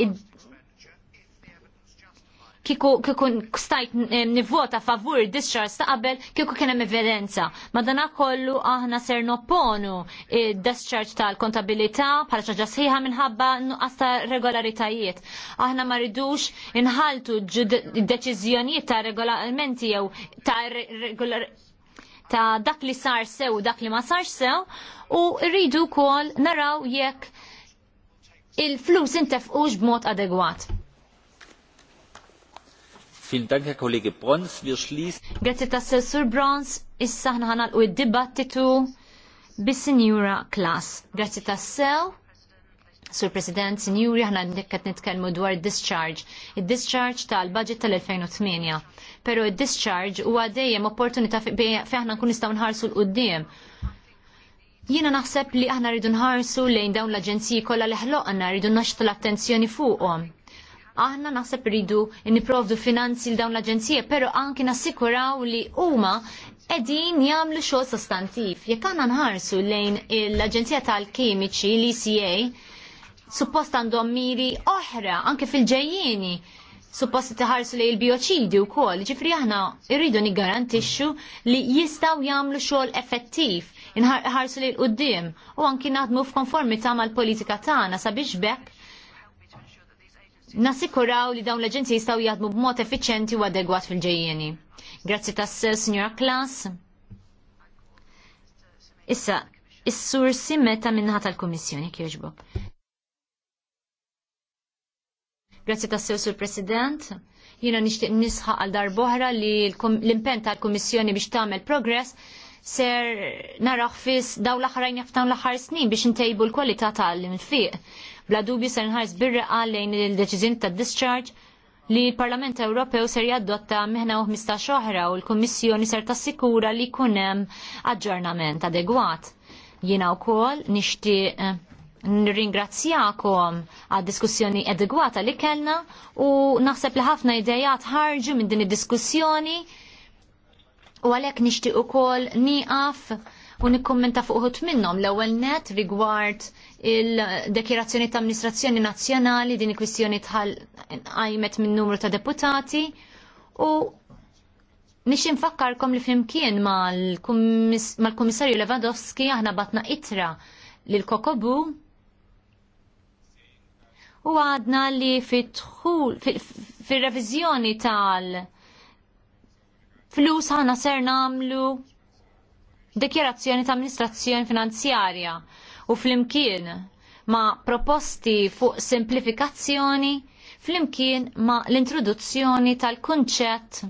kiku kiku stajt eh, nivvota favur discharge ta' qabel kiku kien hemm evidenza. Madana kollu aħna ser nopponu eh, discharge tal-kontabilità bħala ċaġa sħiħa minħabba nuqqas regolaritajiet. Aħna ma rridux inħaltu deċiżjonijiet ta' regolamenti jew ta' regolar ta' dak li sar sew dak li ma sar sew u rridu kol naraw jekk il-flus intefqux b'mod adegwat. Vielen Dank, Herr Kollege Brons. Wir schließen. Grazie tassessur Brons. Issa ħana u id-dibattitu bis-Sinjura Klas. Grazie tassew. Sur President, Sinjuri, ħana nikkat nitkelmu dwar discharge. Id-discharge tal-budget tal-2008. Pero il discharge huwa dejjem opportunità feħna nkun nistaw nħarsu l qoddim Jiena naħseb li aħna rridu nħarsu lejn dawn l-aġenziji kollha li ħloqna rridu naxtu l-attenzjoni fuqhom aħna naħseb ridu niprovdu finanzi l dawn l-aġenzija, pero anki nasikuraw li huma edin jamlu xogħol sostantiv. Jekk għandna nħarsu lejn l-Aġenzija tal-Kimiċi, l-ECA, suppost għandhom miri oħra anke fil-ġejjieni suppost tħarsu lejn il-bioċidi u kol, ġifri aħna irridu niggarantixxu li jistaw jagħmlu xogħol effettiv, inħarsu lejn qudiem u anki naħdmu f'konformità mal-politika tagħna sabiex bekk nassikuraw li dawn l-aġenziji jistgħu jaħdmu b'mod effiċjenti u adegwat fil-ġejjeni. Grazzi tas-sew, Signora Klas. Issa, is-sur simmeta minnaħa tal-Kummissjoni kieġbob. Grazzi tas Sur President. Jiena nixtieq nisħaq għal darbohra li l-impen tal-Kummissjoni biex tagħmel progress ser naraħ fis daw l-aħrajn jaftaw l-aħħar snin biex intejbu l-kwalità tal-infiq Bla dubju ser nħares birreqa lejn il-deċiżjoni ta' discharge li l-Parlament Ewropew ser jaddotta meħna u 15 oħra u l-Kummissjoni ser tassikura li jkun hemm aġġornament adegwat. Jiena wkoll nishti eh, nringrazzjakom għad diskussjoni adegwata li kellna u naħseb li ħafna idejat ħarġu minn din id-diskussjoni u għalhekk nixtieq ukoll nieqaf u nikkummenta fuq uħut minnhom l-ewwel net rigward il-dekirazzjoni ta' amministrazzjoni nazzjonali din il-kwistjoni tħal għajmet minn numru ta' deputati u nix infakkarkom li flimkien mal-Kummissarju Lewandowski aħna batna itra lil Kokobu u għadna li fitħul fil-revizjoni tal flus ħana ser namlu dikjerazzjoni ta' amministrazzjoni finanzjarja u flimkien ma' proposti fuq simplifikazzjoni flimkien ma' l-introduzzjoni tal-kunċett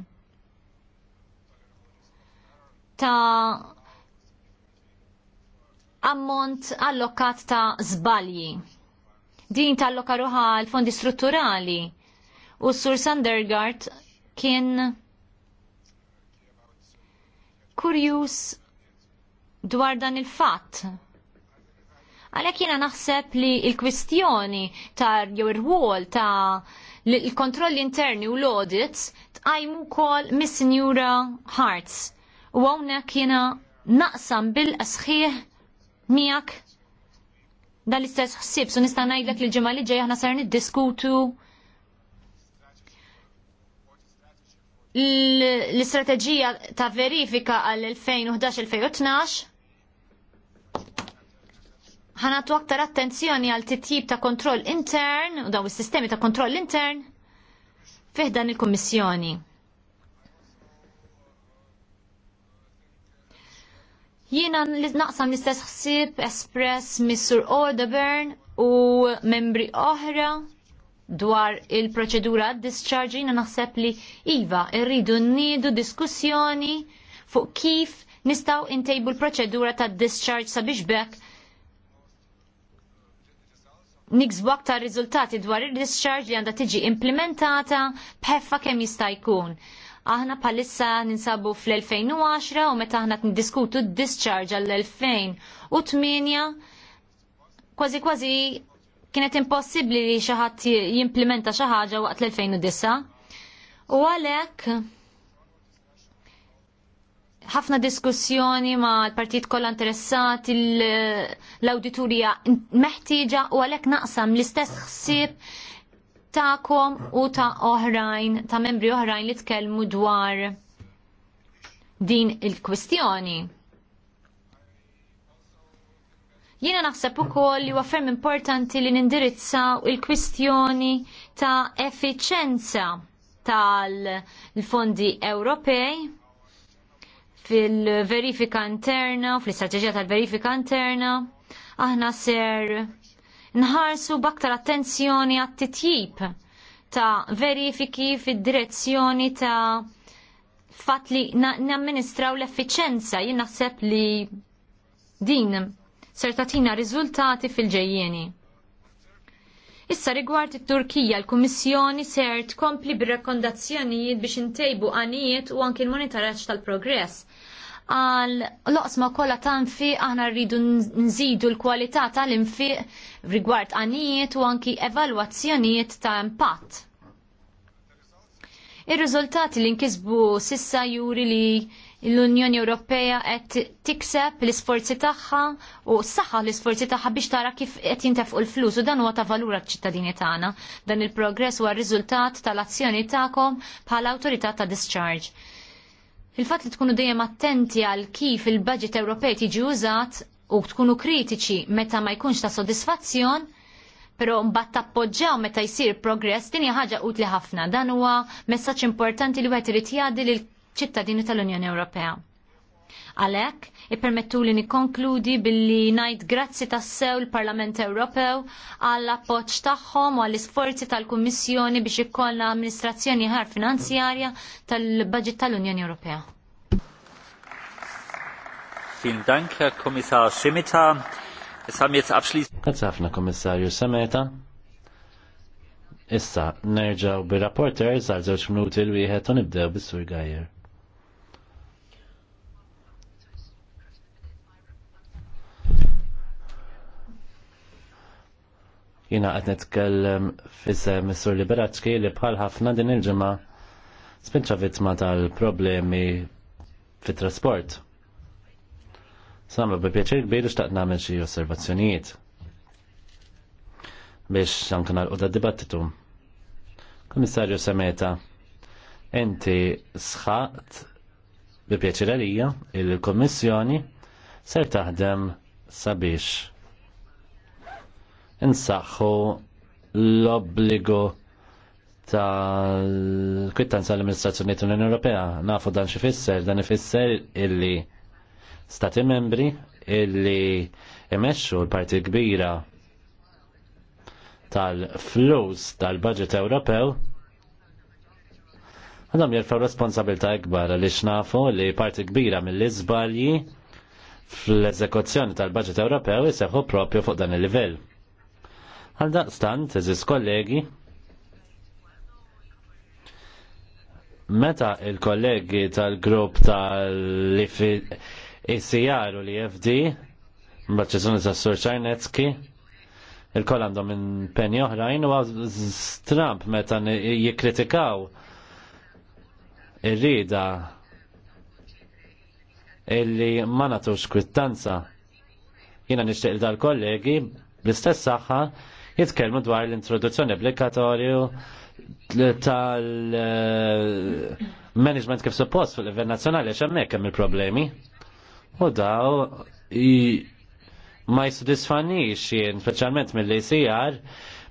ta' ammont allokat ta' zbalji. Din tal-alloka l-fondi strutturali u Sur Sandergaard kien kurjus dwar dan il-fatt. Għalhekk jiena naħseb li l-kwistjoni ta' jew ir-wol ta' l-kontrolli interni u l-audits tqajmu wkoll mis-Sinjura Hearts. U hawnhekk jiena naqsam bil-qasħieħ miegħek dan l-istess ħsieb, so nista' ngħidlek li ġemali ġimgħa li ġej aħna ser niddiskutu l-istrateġija ta' verifika għal 2011-2012 ħanatu aktar attenzjoni għal titjib ta' kontroll intern u daw is-sistemi ta' kontroll intern fih dan il-Kummissjoni. Jiena naqsam l-istess ħsieb espress Missur Odeburn u membri oħra dwar il-proċedura discharge jiena naħseb li iva irridu nniedu diskussjoni fuq kif nistgħu intejbu l-proċedura tad discharge sabiex bekk niksbu aktar riżultati dwar il discharge li għandha tiġi implementata b'ħeffa kemm jista' jkun. Aħna palissa ninsabu fl-2010 u meta aħna t d-discharge għall-2008 kważi kważi kienet impossibbli li xi ħadd jimplementa xi ħaġa waqt l-2009. U għalhekk ħafna diskussjoni ma l-partit kollha interessati l-awditurija meħtieġa u għalhekk naqsam l-istess ħsieb ta'kom u ta' oħrajn, ta' membri oħrajn li tkellmu dwar din il kwestjoni Jiena naħseb ukoll li huwa ferm importanti li nindirizzaw il-kwistjoni ta' effiċenza tal-fondi Ewropej fil-verifika interna, fil-istrateġija tal-verifika interna, aħna ser nħarsu baktar attenzjoni għat-titjib ta' verifiki fil direzzjoni ta' fat li namministraw l-effiċenza jien naħseb li din ser tatina riżultati fil ġejjeni Issa rigward it-Turkija, l-Kummissjoni ser tkompli bir-rekondazzjonijiet biex intejbu għanijiet u anki l-monitoraġġ tal-progress għal loqsma kollha ta' nfiq aħna rridu nżidu l-kwalità tal-infiq rigward għanijiet u anki evalwazzjonijiet ta' impatt. Ir-riżultati li nkisbu sissa juri li l-Unjoni Ewropea qed tikseb l-isforzi tagħha u saħħa l-isforzi tagħha biex tara kif qed jintefqu l-flus u dan huwa ta' valura ċ-ċittadini tagħna. Dan il-progress huwa r-riżultat tal-azzjoni tagħkom bħala awtorità ta' discharge il-fatt li tkunu dejjem attenti għal kif il-budget Ewropej tiġi użat u tkunu kritiċi meta ma jkunx ta' sodisfazzjon, però mbagħad tappoġġjaw meta jsir progress din hija ħaġa utli ħafna. Dan huwa messaġġ importanti li wieħed irid jgħaddi lill ċittadini tal-Unjoni Ewropea. Għalhekk, Ippermettu li nikkonkludi billi najt grazzi tassew il-Parlament Ewropew għall appoġġ tagħhom u għall isforzi tal-Kummissjoni biex ikollna amministrazzjoni ħar finanzjarja tal-Baġit tal-Unjoni Ewropea. Vielen Dank, Herr Kommissar Semeta. Es haben jetzt abschließend. Grazie, Herr Kommissar Semeta. Issa, nerġaw bi rapporter, għal żewġ minuti l-wieħed u nibdew bis-Sur Gajer. Jina għad nitkellem fissem Sur Liberaċki li bħal ħafna din il-ġimma spinċa vittma tal-problemi fit trasport Sama bi pjaċir kbir xtaqt namel xi osservazzjonijiet biex anke qoda dibattitu. Komissarju Semeta, inti sħaqt bi għalija il komissjoni ser taħdem sabiex insaħħu l-obbligu tal-kwittanza l-amministrazzjoni tal-Unjoni Ewropea. Nafu dan xifisser, dan ifisser illi stati membri illi emesċu l-parti kbira tal-flus tal-budget Ewropew għandhom jirfaw responsabilta ikbar li xnafu li parti kbira mill-izbalji fl-eżekuzzjoni tal-budget Ewropew jiseħu propju fuq dan il-livell. Għal daqstant, eżis kollegi, meta il-kollegi tal-grupp tal-ICR e u l-IFD, mbaċċizuni ta' Sur Czarnecki, il-koll għandhom minn penja oħrajn u Trump meta jikkritikaw ir-rida illi ma natux kwittanza. Jiena il dal-kollegi bl-istess saħħa jitkellmu dwar l-introduzzjoni obbligatorju tal-management eh, kif suppost fil level nazzjonali għax hemmhekk hemm il-problemi. U daw ma jsodisfanix jien speċjalment mill-ACR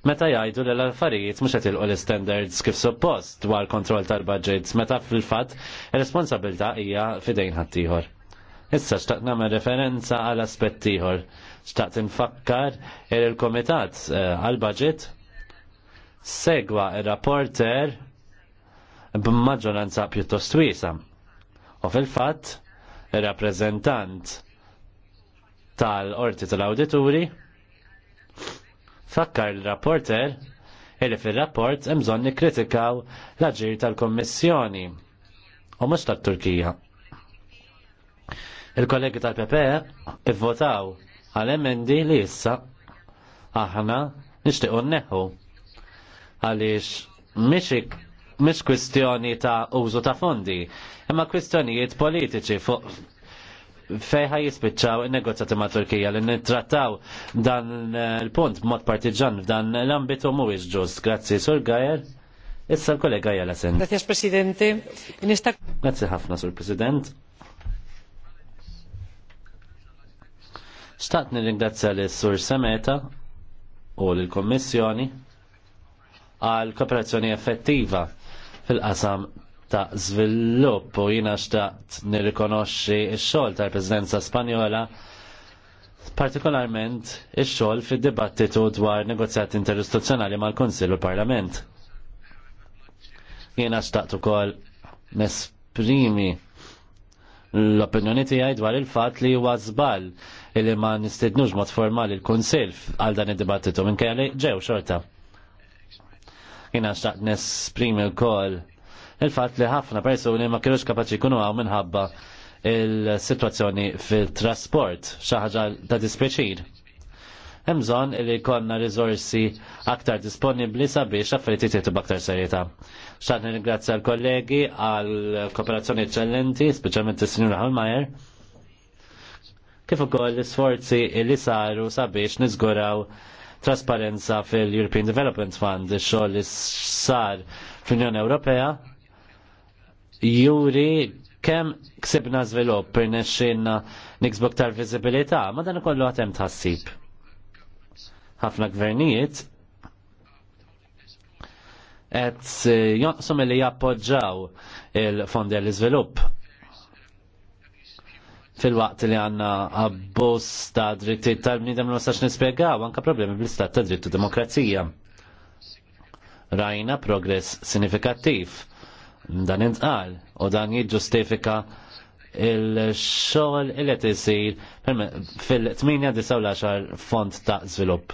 meta jgħidu l affarijiet mhux qed ilqu l-standards kif suppost dwar kontroll tal-budgets meta fil-fatt ir-responsabilità hija fidejn ħaddieħor. Issa xtaqt nagħmel referenza għal aspett ieħor. Xtaqt infakkar il-Komitat eh, għal-Budget segwa ir-rapporter b'maġġoranza pjuttost wiesa. U fil-fatt, ir-rappreżentant tal-Qorti tal-Awdituri fakkar il-rapporter illi fil-rapport imżon nikkritikaw l-ġir tal-Kommissjoni u mux tat-Turkija. Il-kollegi tal-PP e ivvotaw għal-emendi li issa aħna nishtiqu nneħħu għaliex mhix kwistjoni ta' użu ta' fondi, imma kwistjonijiet politiċi fuq fejħa jispiċċaw il-negozjati ma' Turkija li nittrattaw dan il-punt b'mod partiġan f'dan l-ambitu mhuwiex ġust. Grazzi, Sur Gajer. Issa l-kollega Jala Grazie, Presidente. Grazie ħafna, Sur President. Xtaqt nirringrazzja l sur Semeta u l-Kommissjoni għal kooperazzjoni effettiva fil-qasam ta' żvilupp u jiena xtaqt nirrikonoxxi x-xogħol tal-Presidenza Spanjola partikolarment ix-xogħol fil dibattitu dwar negozjat interistituzzjonali mal-Kunsill u l-Parlament. Jiena xtaqt ukoll nesprimi l-opinjoni tiegħi dwar il-fatt li huwa żball li ma nistednux mod formali l-Kunsil għal dan id-dibattitu minn kajja li ġew xorta. Jina xtaqt nesprimi il kol il-fat li ħafna persuni ma kienux kapaċi kunu għaw minħabba il-situazzjoni fil-trasport xaħġa ta' dispeċir. Hemżon li konna rizorsi aktar disponibli sabiex affarijiet b'aktar aktar serjetà. Xaħna ringrazzja l-kollegi għal kooperazzjoni eccellenti, speċjalment is-Sinjura Holmeyer kif ukoll l isforzi li saru sabiex niżguraw trasparenza fil-European Development Fund, xogħol li sar fl-Unjoni Ewropea, juri kem ksibna żvilupp per nesċin niksbu tar viżibilità, ma dan ikollu għatem tħassib. Ħafna gvernijiet qed eh, jonqsum li jappoġġaw il-fondi għal iżvilupp fil-waqt li għanna abbos ta' dritti tal-bnidem li nistax nispiegaw, għanka problemi bl-istat ta' dritti demokrazija. Rajna progress sinifikattiv, dan intqal, u dan jiġġustifika il-xogħol il qed isir fil-8 10 fond ta' żvilupp.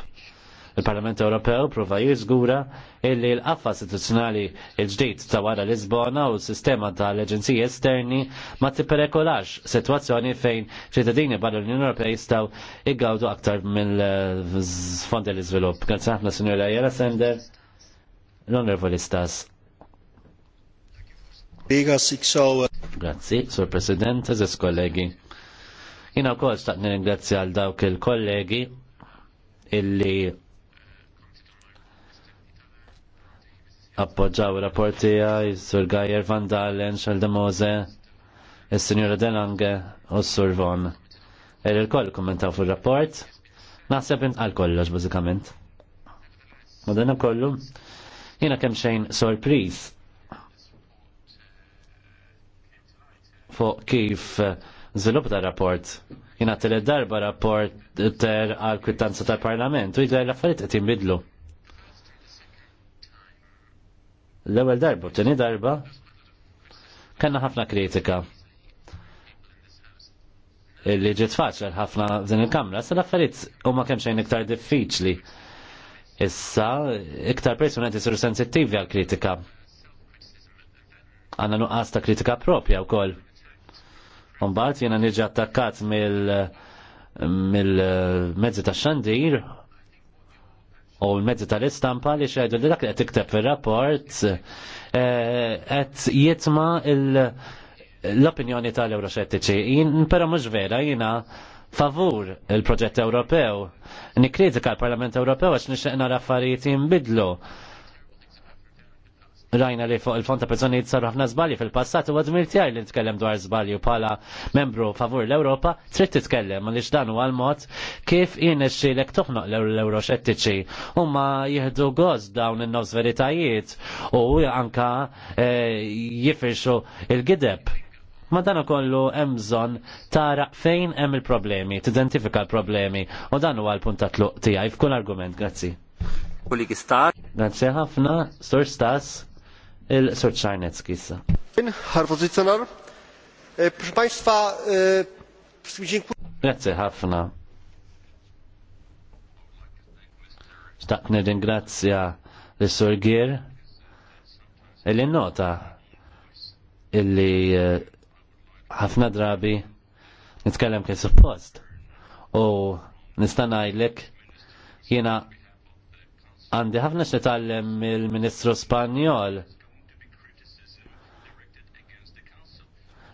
Il-Parlament Ewropew prova jiżgura illi l-qaffa istituzzjonali il-ġdid ta' wara Lisbona u s-sistema tal-Aġenziji Esterni ma tipperekolax situazzjoni fejn ċittadini barra l-Unjoni Ewropea jistgħu iggawdu aktar mill-fondi l-iżvilupp. Grazzi ħafna Sinjora Jera Sender, l-Onorevoli Stas. Oh. Grazzi, Sur President, eżis kollegi. Jina wkoll staqni ringrazzja għal dawk il-kollegi illi appoġġaw għaj, Sur Gajer Van Dalen, Xaldemose, il-Sinjura Delange u s-Sur Von. Er il-koll kommentaw fil rapport naħseb għal kollox bażikament. Madonna kollu, jiena kemm xejn sorpriż fuq kif zilup ta' rapport. Jiena tele darba rapport ter għal kwittanza tal-Parlament u jidher l-affarijiet qed bidlu. l-ewwel darba, t-tieni darba kellna ħafna kritika. Illi ġiet faċel ħafna din il-kamra, sa l-affarijiet huma kemm xejn iktar diffiċli. Issa iktar persuna qed isiru sensittivi għal kritika. Għandna nuqqas ta' kritika propja wkoll. Mbagħad jiena niġi attakkat mill mill-mezzi ta' xandir u l-mezzi tal-istampa li xedu li dak li qed tikteb fir-rapport eh, qed jitma l-opinjoni tal-Euroxettiċi. Però mhux vera jiena favur il-proġett Ewropew. Nikritika l-Parlament Ewropew għax nixtieq nara affarijiet jinbidlu rajna li fuq il-fond ta' personi sarrafna zbalji fil-passat u għadmir tijaj li nitkellem dwar zbalji pala membru favur l-Europa, trid titkellem għaliex dan huwa l-mod kif jinexxi l toħnoq l-Euroxettiċi u ma jihdu goz dawn in-nofs veritajiet u anka eh, jifirxu il-gideb ma dan kollu hemm bżonn tara fejn hemm il-problemi, tidentifika l-problemi u dan huwa l-punt ta' tluq tiegħi f'kull argument, grazzi. Kulik istar. Grazzi ħafna, Sur Stas il-Sur Czarnecki issa. Harpożizzjonar. Eh, proszę Państwa, eh, Grazie ħafna. Xtaqt nirringrazzja l-Sur Gier illi nota illi eh, ħafna drabi nitkellem kif suppost u nistanajlek jiena għandi ħafna xnitallem il-Ministru Spanjol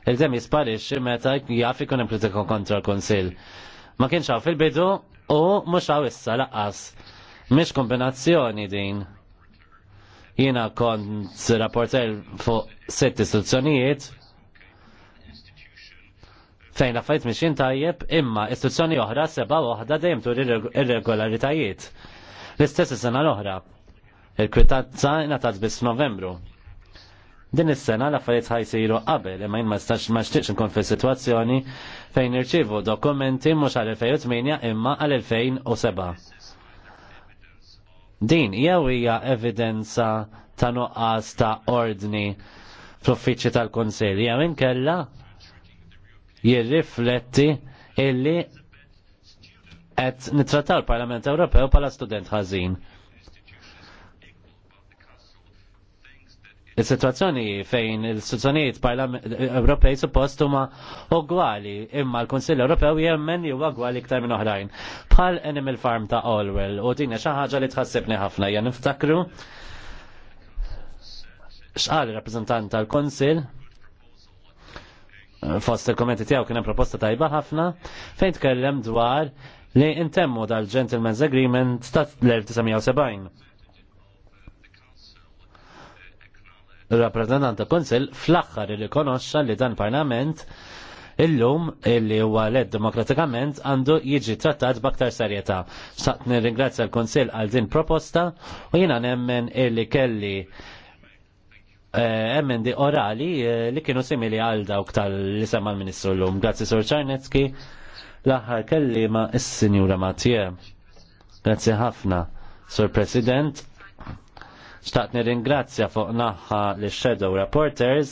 il-dem jisparixxi meta jaf ikun hemm kritiku kontra l-Kunsill. Ma kienx hawn fil-bidu u mhux hawn issa laqqas. Mhix kombinazzjoni din. Jiena kont rapporter fuq sitt istituzzjonijiet fejn laffajt mhix miex tajjeb imma istituzzjoni oħra seba' waħda dejjem tur irregolaritajiet. L-istess is-sena l-oħra. Il-kwitanza ngħatat biss Novembru. Din is-sena l-affarijiet ħajsiru qabel imma jien ma stax ma xtieqx nkun fi sitwazzjoni fejn irċievu dokumenti mhux għal 2008 imma għal 2007. Din jew hija evidenza ta' nuqqas ta' ordni fl-uffiċċju tal-Kunsill jew inkella jirrifletti illi qed nittrattaw l-Parlament Ewropew bħala student ħażin. il-situazzjoni fejn il-istituzzjonijiet Ewropej suppost huma ugwali imma l-Kunsill Ewropew jemmen huwa gwali iktar minn oħrajn. Bħal Animal Farm ta' Allwell u din xi ħaġa li tħassibni ħafna jien niftakru x'qal rappreżentant tal-Kunsill fost il-kommenti tiegħu kien hemm proposta tajba ħafna fejn tkellem dwar li intemmu dal-Gentleman's Agreement ta' l-1970 rappresentant konsil fl-axħar li konoxxa li dan parlament illum illi huwa led demokratikament għandu jiġi trattat b'aktar serjetà. Saqt nirringrazzja l-Konsil għal din proposta u jiena nemmen illi kelli eh, emendi orali eh, li kienu simili għal dawk tal-li sema l-Ministru l-lum. Grazzi Sur Czarnecki, l-aħħar kelli ma' s-Sinjura Mattie. Grazzi ħafna, Sur President Xtaqt nirringrazzja fuq naħħa li shadow Reporters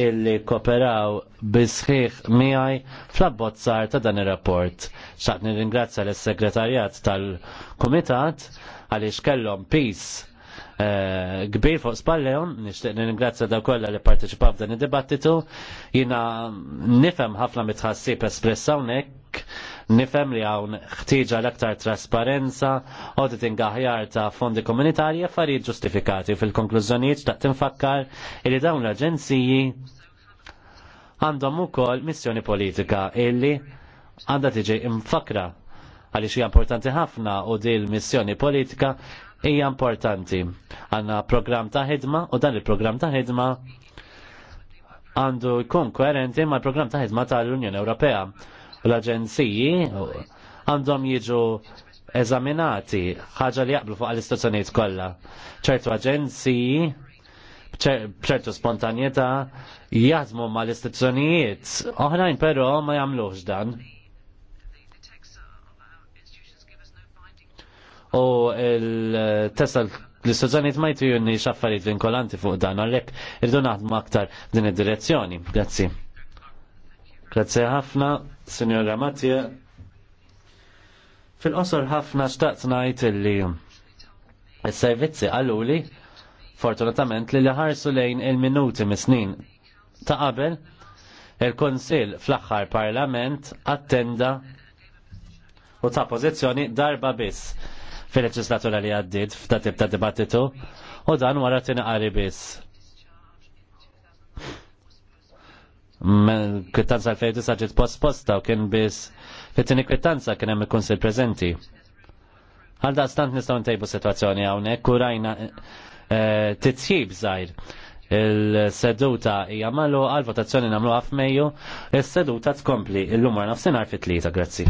illi kooperaw bisħiħ miħaj fl-abbozzar ta' dan il-rapport. Xaqt nirringrazzja l segretarjat tal-Komitat għaliex kellhom peace eh, kbir fuq spallejhom, nixtieq nirringrazzja da kollha li parteċipaw f'dan id-dibattitu. Jiena nifhem ħafna mitħassib espressawnek, hawnhekk għalhekk nifhem li hawn ħtieġa l-aktar trasparenza, auditing aħjar ta' fondi komunitarji e affarijiet ġustifikati fil-konklużjonijiet ta' tinfakkar li dawn l-aġenziji għandhom ukoll missjoni politika illi għandha tiġi imfakra għaliex hija importanti ħafna u dil l-missjoni politika hija importanti. Għandna programm ta' ħidma u dan il-programm ta' ħidma għandu jkun koerenti mal-programm ta' ħidma tal-Unjoni Ewropea l-aġenziji għandhom jiġu eżaminati ħaġa li jaqblu fuq l-istazzjonijiet kollha. ċertu aġenziji bċertu spontanjeta jazmu ma l istazzjonijiet Oħrajn però ma jagħmluhx dan. U il-testa l istazzjonijiet ma jtijunni xaffariet vinkolanti fuq dan, għalhekk irdu naħdmu aktar din id-direzzjoni. Grazzi. Grazie ħafna, Signora Mattia. Fil-qosor ħafna xtaqt najt illi il-servizzi għalluli fortunatament li liħarsu lejn il-minuti mis-snin ta' qabel il-Konsil fl-axħar parlament attenda u ta' pozizjoni darba biss fil-leġislatura li għaddit f'datib ta' dibattitu u dan wara tinqari biss. kwittanza l-2009 ġiet posposta u kien biss fit-tieni kwittanza kien hemm il-Kunsil preżenti. Għalda stant nistgħu ntejbu sitwazzjoni hawnhekk u rajna eh, titjib żgħir. Il-seduta hija magħluqa, l-votazzjoni nagħmluha f'Mejju, is-seduta tkompli l-lumra nafsinhar fit-tlieta, grazzi.